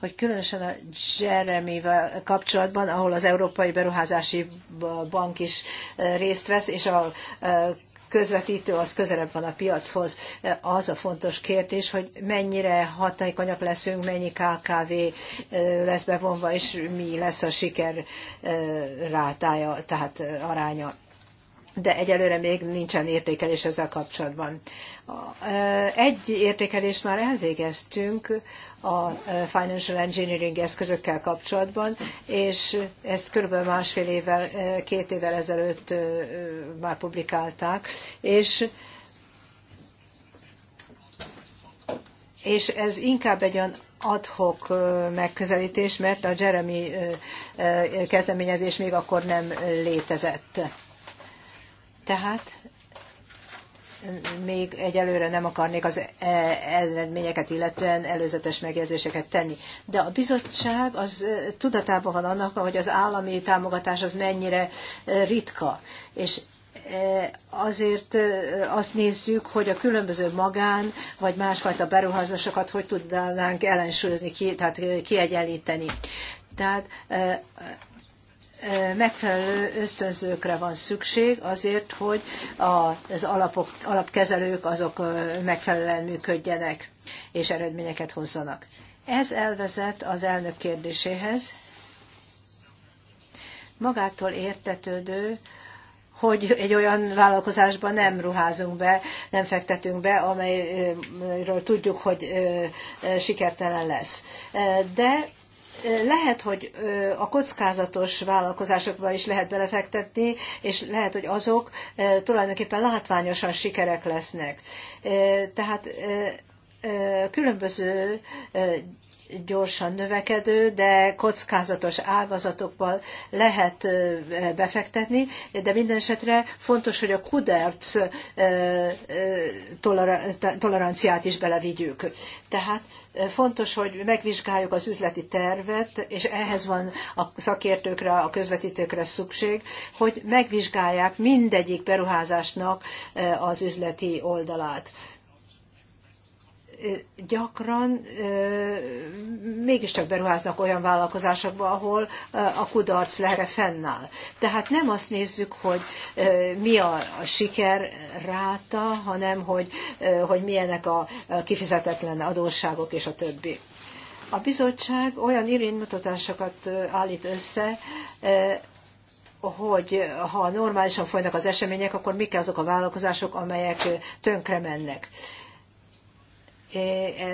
hogy különösen a Jeremy-vel kapcsolatban, ahol az Európai Beruházási Bank is részt vesz, és a közvetítő az közelebb van a piachoz. Az a fontos kérdés, hogy mennyire hatékonyak leszünk, mennyi KKV lesz bevonva, és mi lesz a siker rátája, tehát aránya de egyelőre még nincsen értékelés ezzel kapcsolatban. Egy értékelést már elvégeztünk, a e, financial engineering eszközökkel kapcsolatban, és ezt körülbelül másfél évvel, e, két évvel ezelőtt e, már publikálták, és és ez inkább egy olyan adhok megközelítés, mert a Jeremy kezdeményezés még akkor nem létezett. Tehát még egyelőre nem akarnék az e, eredményeket illetően előzetes megjegyzéseket tenni. De a bizottság az e, tudatában van annak, hogy az állami támogatás az mennyire e, ritka. És azért azt nézzük, hogy a különböző magán vagy másfajta beruházásokat hogy tudnánk ellensúlyozni, ki, tehát kiegyenlíteni. Tehát megfelelő ösztönzőkre van szükség azért, hogy az alapok, alapkezelők azok megfelelően működjenek és eredményeket hozzanak. Ez elvezet az elnök kérdéséhez. Magától értetődő, hogy egy olyan vállalkozásban nem ruházunk be, nem fektetünk be, amelyről tudjuk, hogy sikertelen lesz. De lehet, hogy a kockázatos vállalkozásokba is lehet belefektetni, és lehet, hogy azok tulajdonképpen látványosan sikerek lesznek. Tehát különböző gyorsan növekedő, de kockázatos ágazatokban lehet befektetni, de minden esetre fontos, hogy a kudarc toleranciát is belevigyük. Tehát fontos, hogy megvizsgáljuk az üzleti tervet, és ehhez van a szakértőkre, a közvetítőkre szükség, hogy megvizsgálják mindegyik beruházásnak az üzleti oldalát gyakran mégiscsak beruháznak olyan vállalkozásokba, ahol a kudarc lehre fennáll. Tehát nem azt nézzük, hogy mi a siker ráta, hanem hogy, hogy milyenek a kifizetetlen adósságok és a többi. A bizottság olyan iránymutatásokat állít össze, hogy ha normálisan folynak az események, akkor mik azok a vállalkozások, amelyek tönkre mennek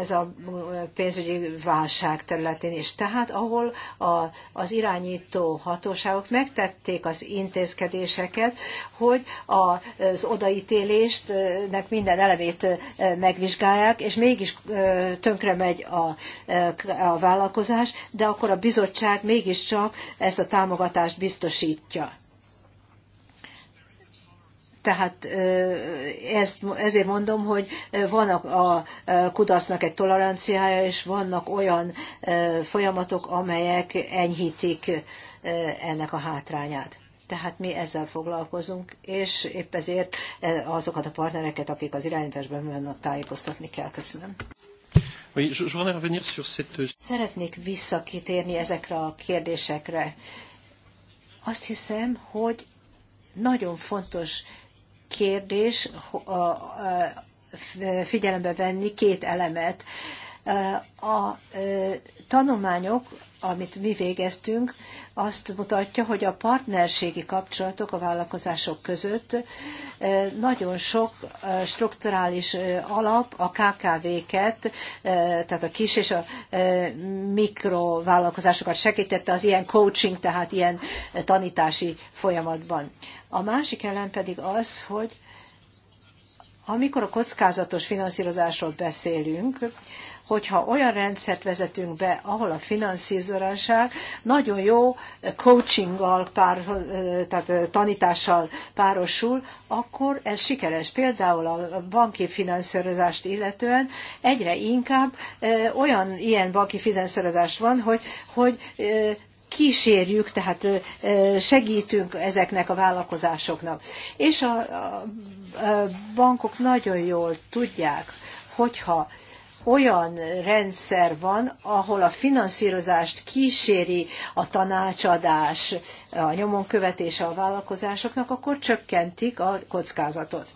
ez a pénzügyi válság területén is. Tehát ahol a, az irányító hatóságok megtették az intézkedéseket, hogy az odaítélést nek minden elevét megvizsgálják, és mégis tönkre megy a, a vállalkozás, de akkor a bizottság mégiscsak ezt a támogatást biztosítja. Tehát ezt, ezért mondom, hogy vannak a kudarcnak egy toleranciája, és vannak olyan folyamatok, amelyek enyhítik ennek a hátrányát. Tehát mi ezzel foglalkozunk, és épp ezért azokat a partnereket, akik az irányításban vannak, tájékoztatni kell. Köszönöm. Szeretnék visszakitérni ezekre a kérdésekre. Azt hiszem, hogy nagyon fontos kérdés figyelembe venni két elemet. A tanulmányok amit mi végeztünk, azt mutatja, hogy a partnerségi kapcsolatok a vállalkozások között eh, nagyon sok eh, strukturális eh, alap a KKV-ket, tehát a kis és a mikrovállalkozásokat segítette az ilyen coaching, tehát ilyen tanítási folyamatban. A másik ellen pedig az, hogy amikor a kockázatos finanszírozásról beszélünk, hogyha olyan rendszert vezetünk be, ahol a finanszírozásság nagyon jó coachinggal, pár, tehát tanítással párosul, akkor ez sikeres. Például a banki finanszírozást illetően egyre inkább olyan ilyen banki finanszírozás van, hogy, hogy kísérjük, tehát segítünk ezeknek a vállalkozásoknak. És a bankok nagyon jól tudják, hogyha olyan rendszer van, ahol a finanszírozást kíséri a tanácsadás, a nyomon a vállalkozásoknak, akkor csökkentik a kockázatot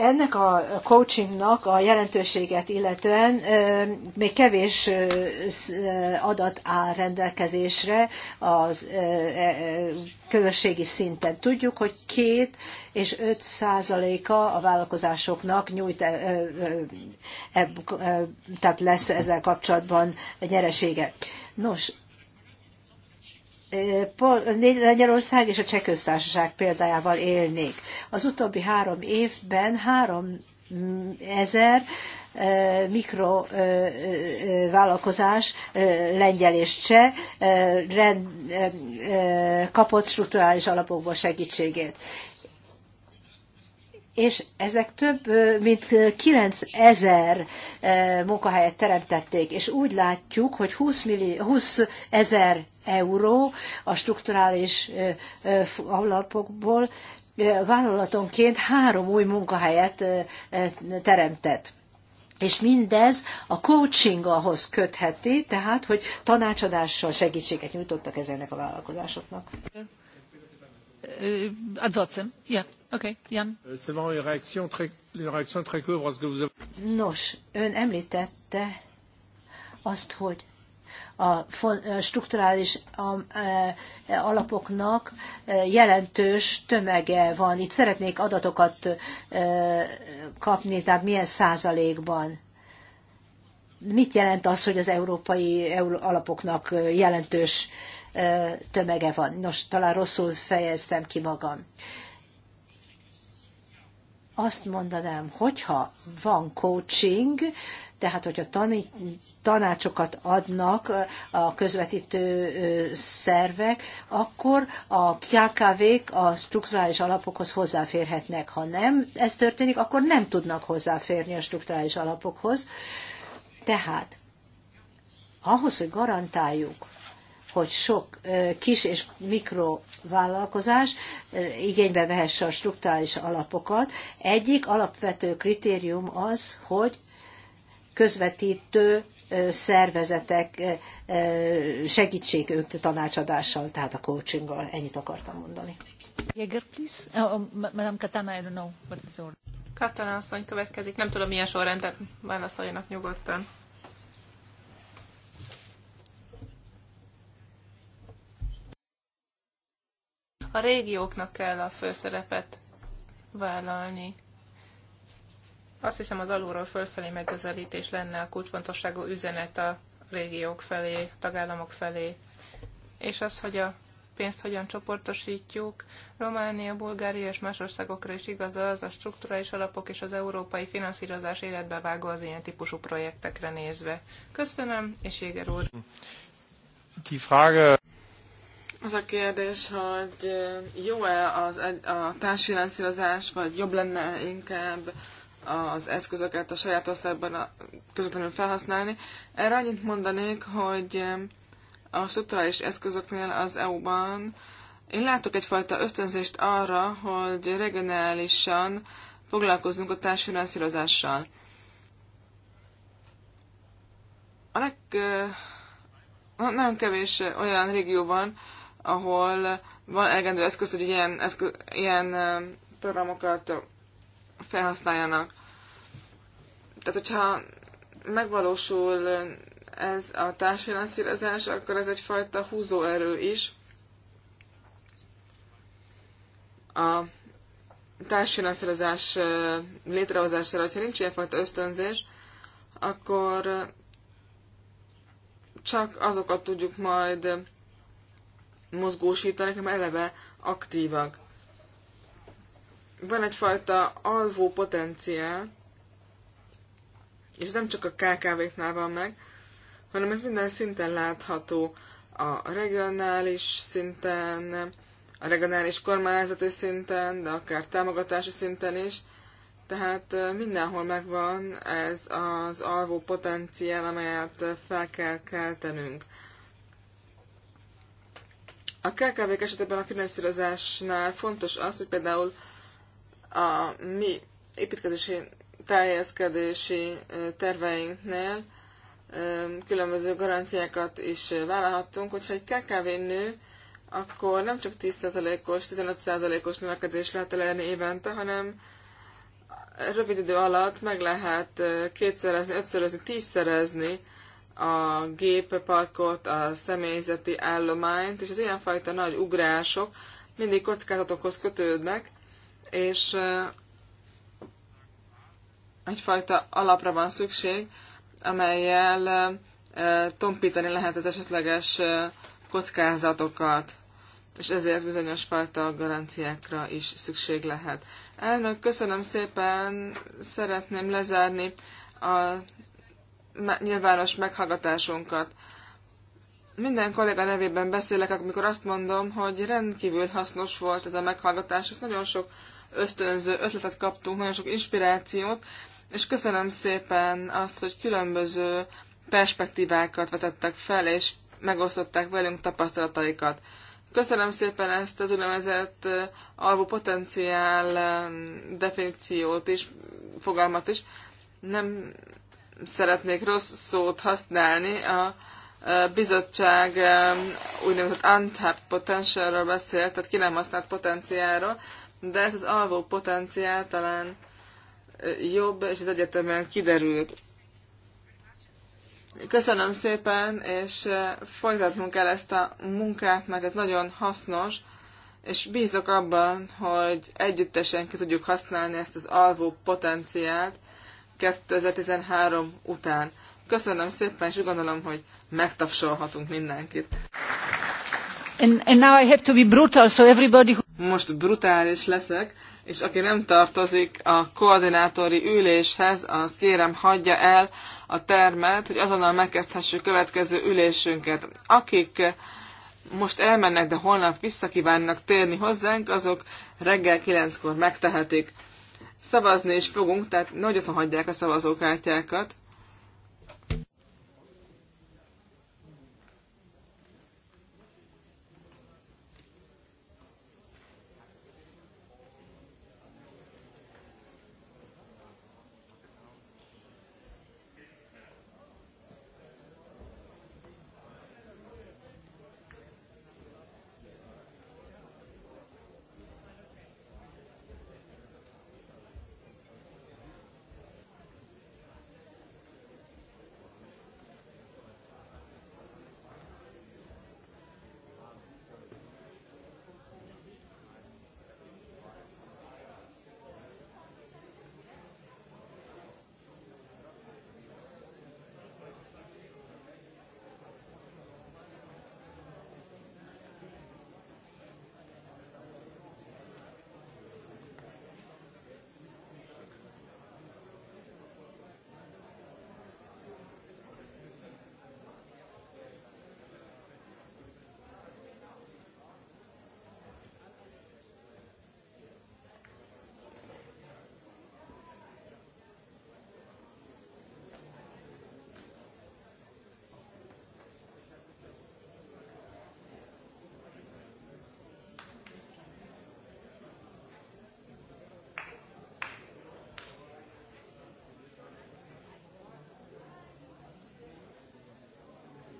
ennek a coachingnak a jelentőséget illetően még kevés adat áll rendelkezésre az e, e, közösségi szinten. Tudjuk, hogy két és 5 százaléka a vállalkozásoknak nyújt, e, tehát lesz ezzel kapcsolatban nyeresége. Nos, Lengyelország és a Cseh köztársaság példájával élnék. Az utóbbi három évben három mm, ezer e, mikrovállalkozás, e, e, lengyel és cseh, rend, kapott strukturális alapokból segítségét és ezek több mint 9000 munkahelyet teremtették, és úgy látjuk, hogy 20, millió, 20 ezer euró a strukturális alapokból vállalatonként három új munkahelyet teremtett. És mindez a coaching ahhoz kötheti, tehát, hogy tanácsadással segítséget nyújtottak ezeknek a vállalkozásoknak. Euh, Jan. Euh, Nos, ön emltette azt, hogy a strukturális e, alapoknak e, jelentős tömege van. Itt szeretnék adatokat e, kapni, tehát milyen százalékban. Mit jelent az, hogy az európai alapoknak jelentős tömege van. Nos, talán rosszul fejeztem ki magam. Azt mondanám, hogyha van coaching, tehát hogyha tanít, tanácsokat adnak a közvetítő szervek, akkor a KKV-k a strukturális alapokhoz hozzáférhetnek. Ha nem ez történik, akkor nem tudnak hozzáférni a strukturális alapokhoz. Tehát ahhoz, hogy garantáljuk, hogy sok kis és mikrovállalkozás igénybe vehesse a struktúrális alapokat. Egyik alapvető kritérium az, hogy közvetítő szervezetek segítsék őt tanácsadással, tehát a coachinggal. Ennyit akartam mondani. Jäger, please. Oh, oh Madame Katana, I don't know what is order. Katana asszony következik. Nem tudom, milyen sorrendben válaszoljanak nyugodtan. A régióknak kell a főszerepet vállalni. Azt hiszem az alulról fölfelé megközelítés lenne a kulcsfontosságú üzenet a régiók felé, tagállamok felé. És az, hogy a pénzt hogyan csoportosítjuk. Románia, Bulgária és más országokra is igaz az, a strukturális alapok és az európai finanszírozás életbe vágó az ilyen típusú projektekre nézve. Köszönöm, és Jéger úr! Die Frage... Az a kérdés, hogy jó-e az, a társfinanszírozás, vagy jobb lenne inkább az eszközöket a saját országban közvetlenül felhasználni. Erre annyit mondanék, hogy a strukturális eszközöknél az EU-ban én látok egyfajta ösztönzést arra, hogy regionálisan foglalkozzunk a társfinanszírozással. A leg, nagyon kevés olyan régió van, ahol van elegendő eszköz, hogy ilyen, eszköz, ilyen programokat felhasználjanak. Tehát, hogyha megvalósul ez a társfinanszírozás, akkor ez egyfajta húzóerő is. A társfinanszírozás létrehozására, hogyha nincs ilyenfajta ösztönzés, akkor csak azokat tudjuk majd mozgósítanak, hanem eleve aktívak. Van egyfajta alvó potenciál, és nem csak a KKV-knál van meg, hanem ez minden szinten látható a regionális szinten, a regionális kormányzati szinten, de akár támogatási szinten is. Tehát eh, mindenhol megvan ez az alvó potenciál, amelyet fel kell keltenünk. A kkv esetében a finanszírozásnál fontos az, hogy például a mi építkezési tájézkedési terveinknél különböző garanciákat is vállalhattunk, hogyha egy KKV nő, akkor nem csak 10%-os, 15%-os növekedés lehet elérni évente, hanem rövid idő alatt meg lehet kétszerezni, ötszörözni, tízszerezni a gépparkot, a személyzeti állományt, és az ilyenfajta nagy ugrások mindig kockázatokhoz kötődnek, és egyfajta alapra van szükség, amelyel tompítani lehet az esetleges kockázatokat, és ezért bizonyos fajta garanciákra is szükség lehet. Elnök, köszönöm szépen, szeretném lezárni a nyilvános meghallgatásunkat. Minden kollega nevében beszélek, amikor azt mondom, hogy rendkívül hasznos volt ez a meghallgatás, és nagyon sok ösztönző ötletet kaptunk, nagyon sok inspirációt, és köszönöm szépen azt, hogy különböző perspektívákat vetettek fel, és megosztották velünk tapasztalataikat. Köszönöm szépen ezt az úgynevezett eh, alvó potenciál eh, definíciót is, fogalmat is. Nem szeretnék rossz szót használni, a bizottság úgynevezett untapped potentialról beszélt, tehát ki nem használt potenciálról, de ez az alvó potenciál talán jobb, és ez egyetemen kiderült. Köszönöm szépen, és folytatnunk el ezt a munkát, mert ez nagyon hasznos, és bízok abban, hogy együttesen ki tudjuk használni ezt az alvó potenciált, 2013 után. Köszönöm szépen, és gondolom, hogy megtapsolhatunk mindenkit. And, and now I have to be brutal, so everybody who... Most brutális leszek, és aki nem tartozik a koordinátori üléshez, az kérem hagyja el a termet, hogy azonnal megkezdhessük következő ülésünket. Akik most elmennek, de holnap visszakívánnak térni hozzánk, azok reggel kilenckor megtehetik. Szavazni is fogunk, tehát nagyon hagyják a szavazókártyákat.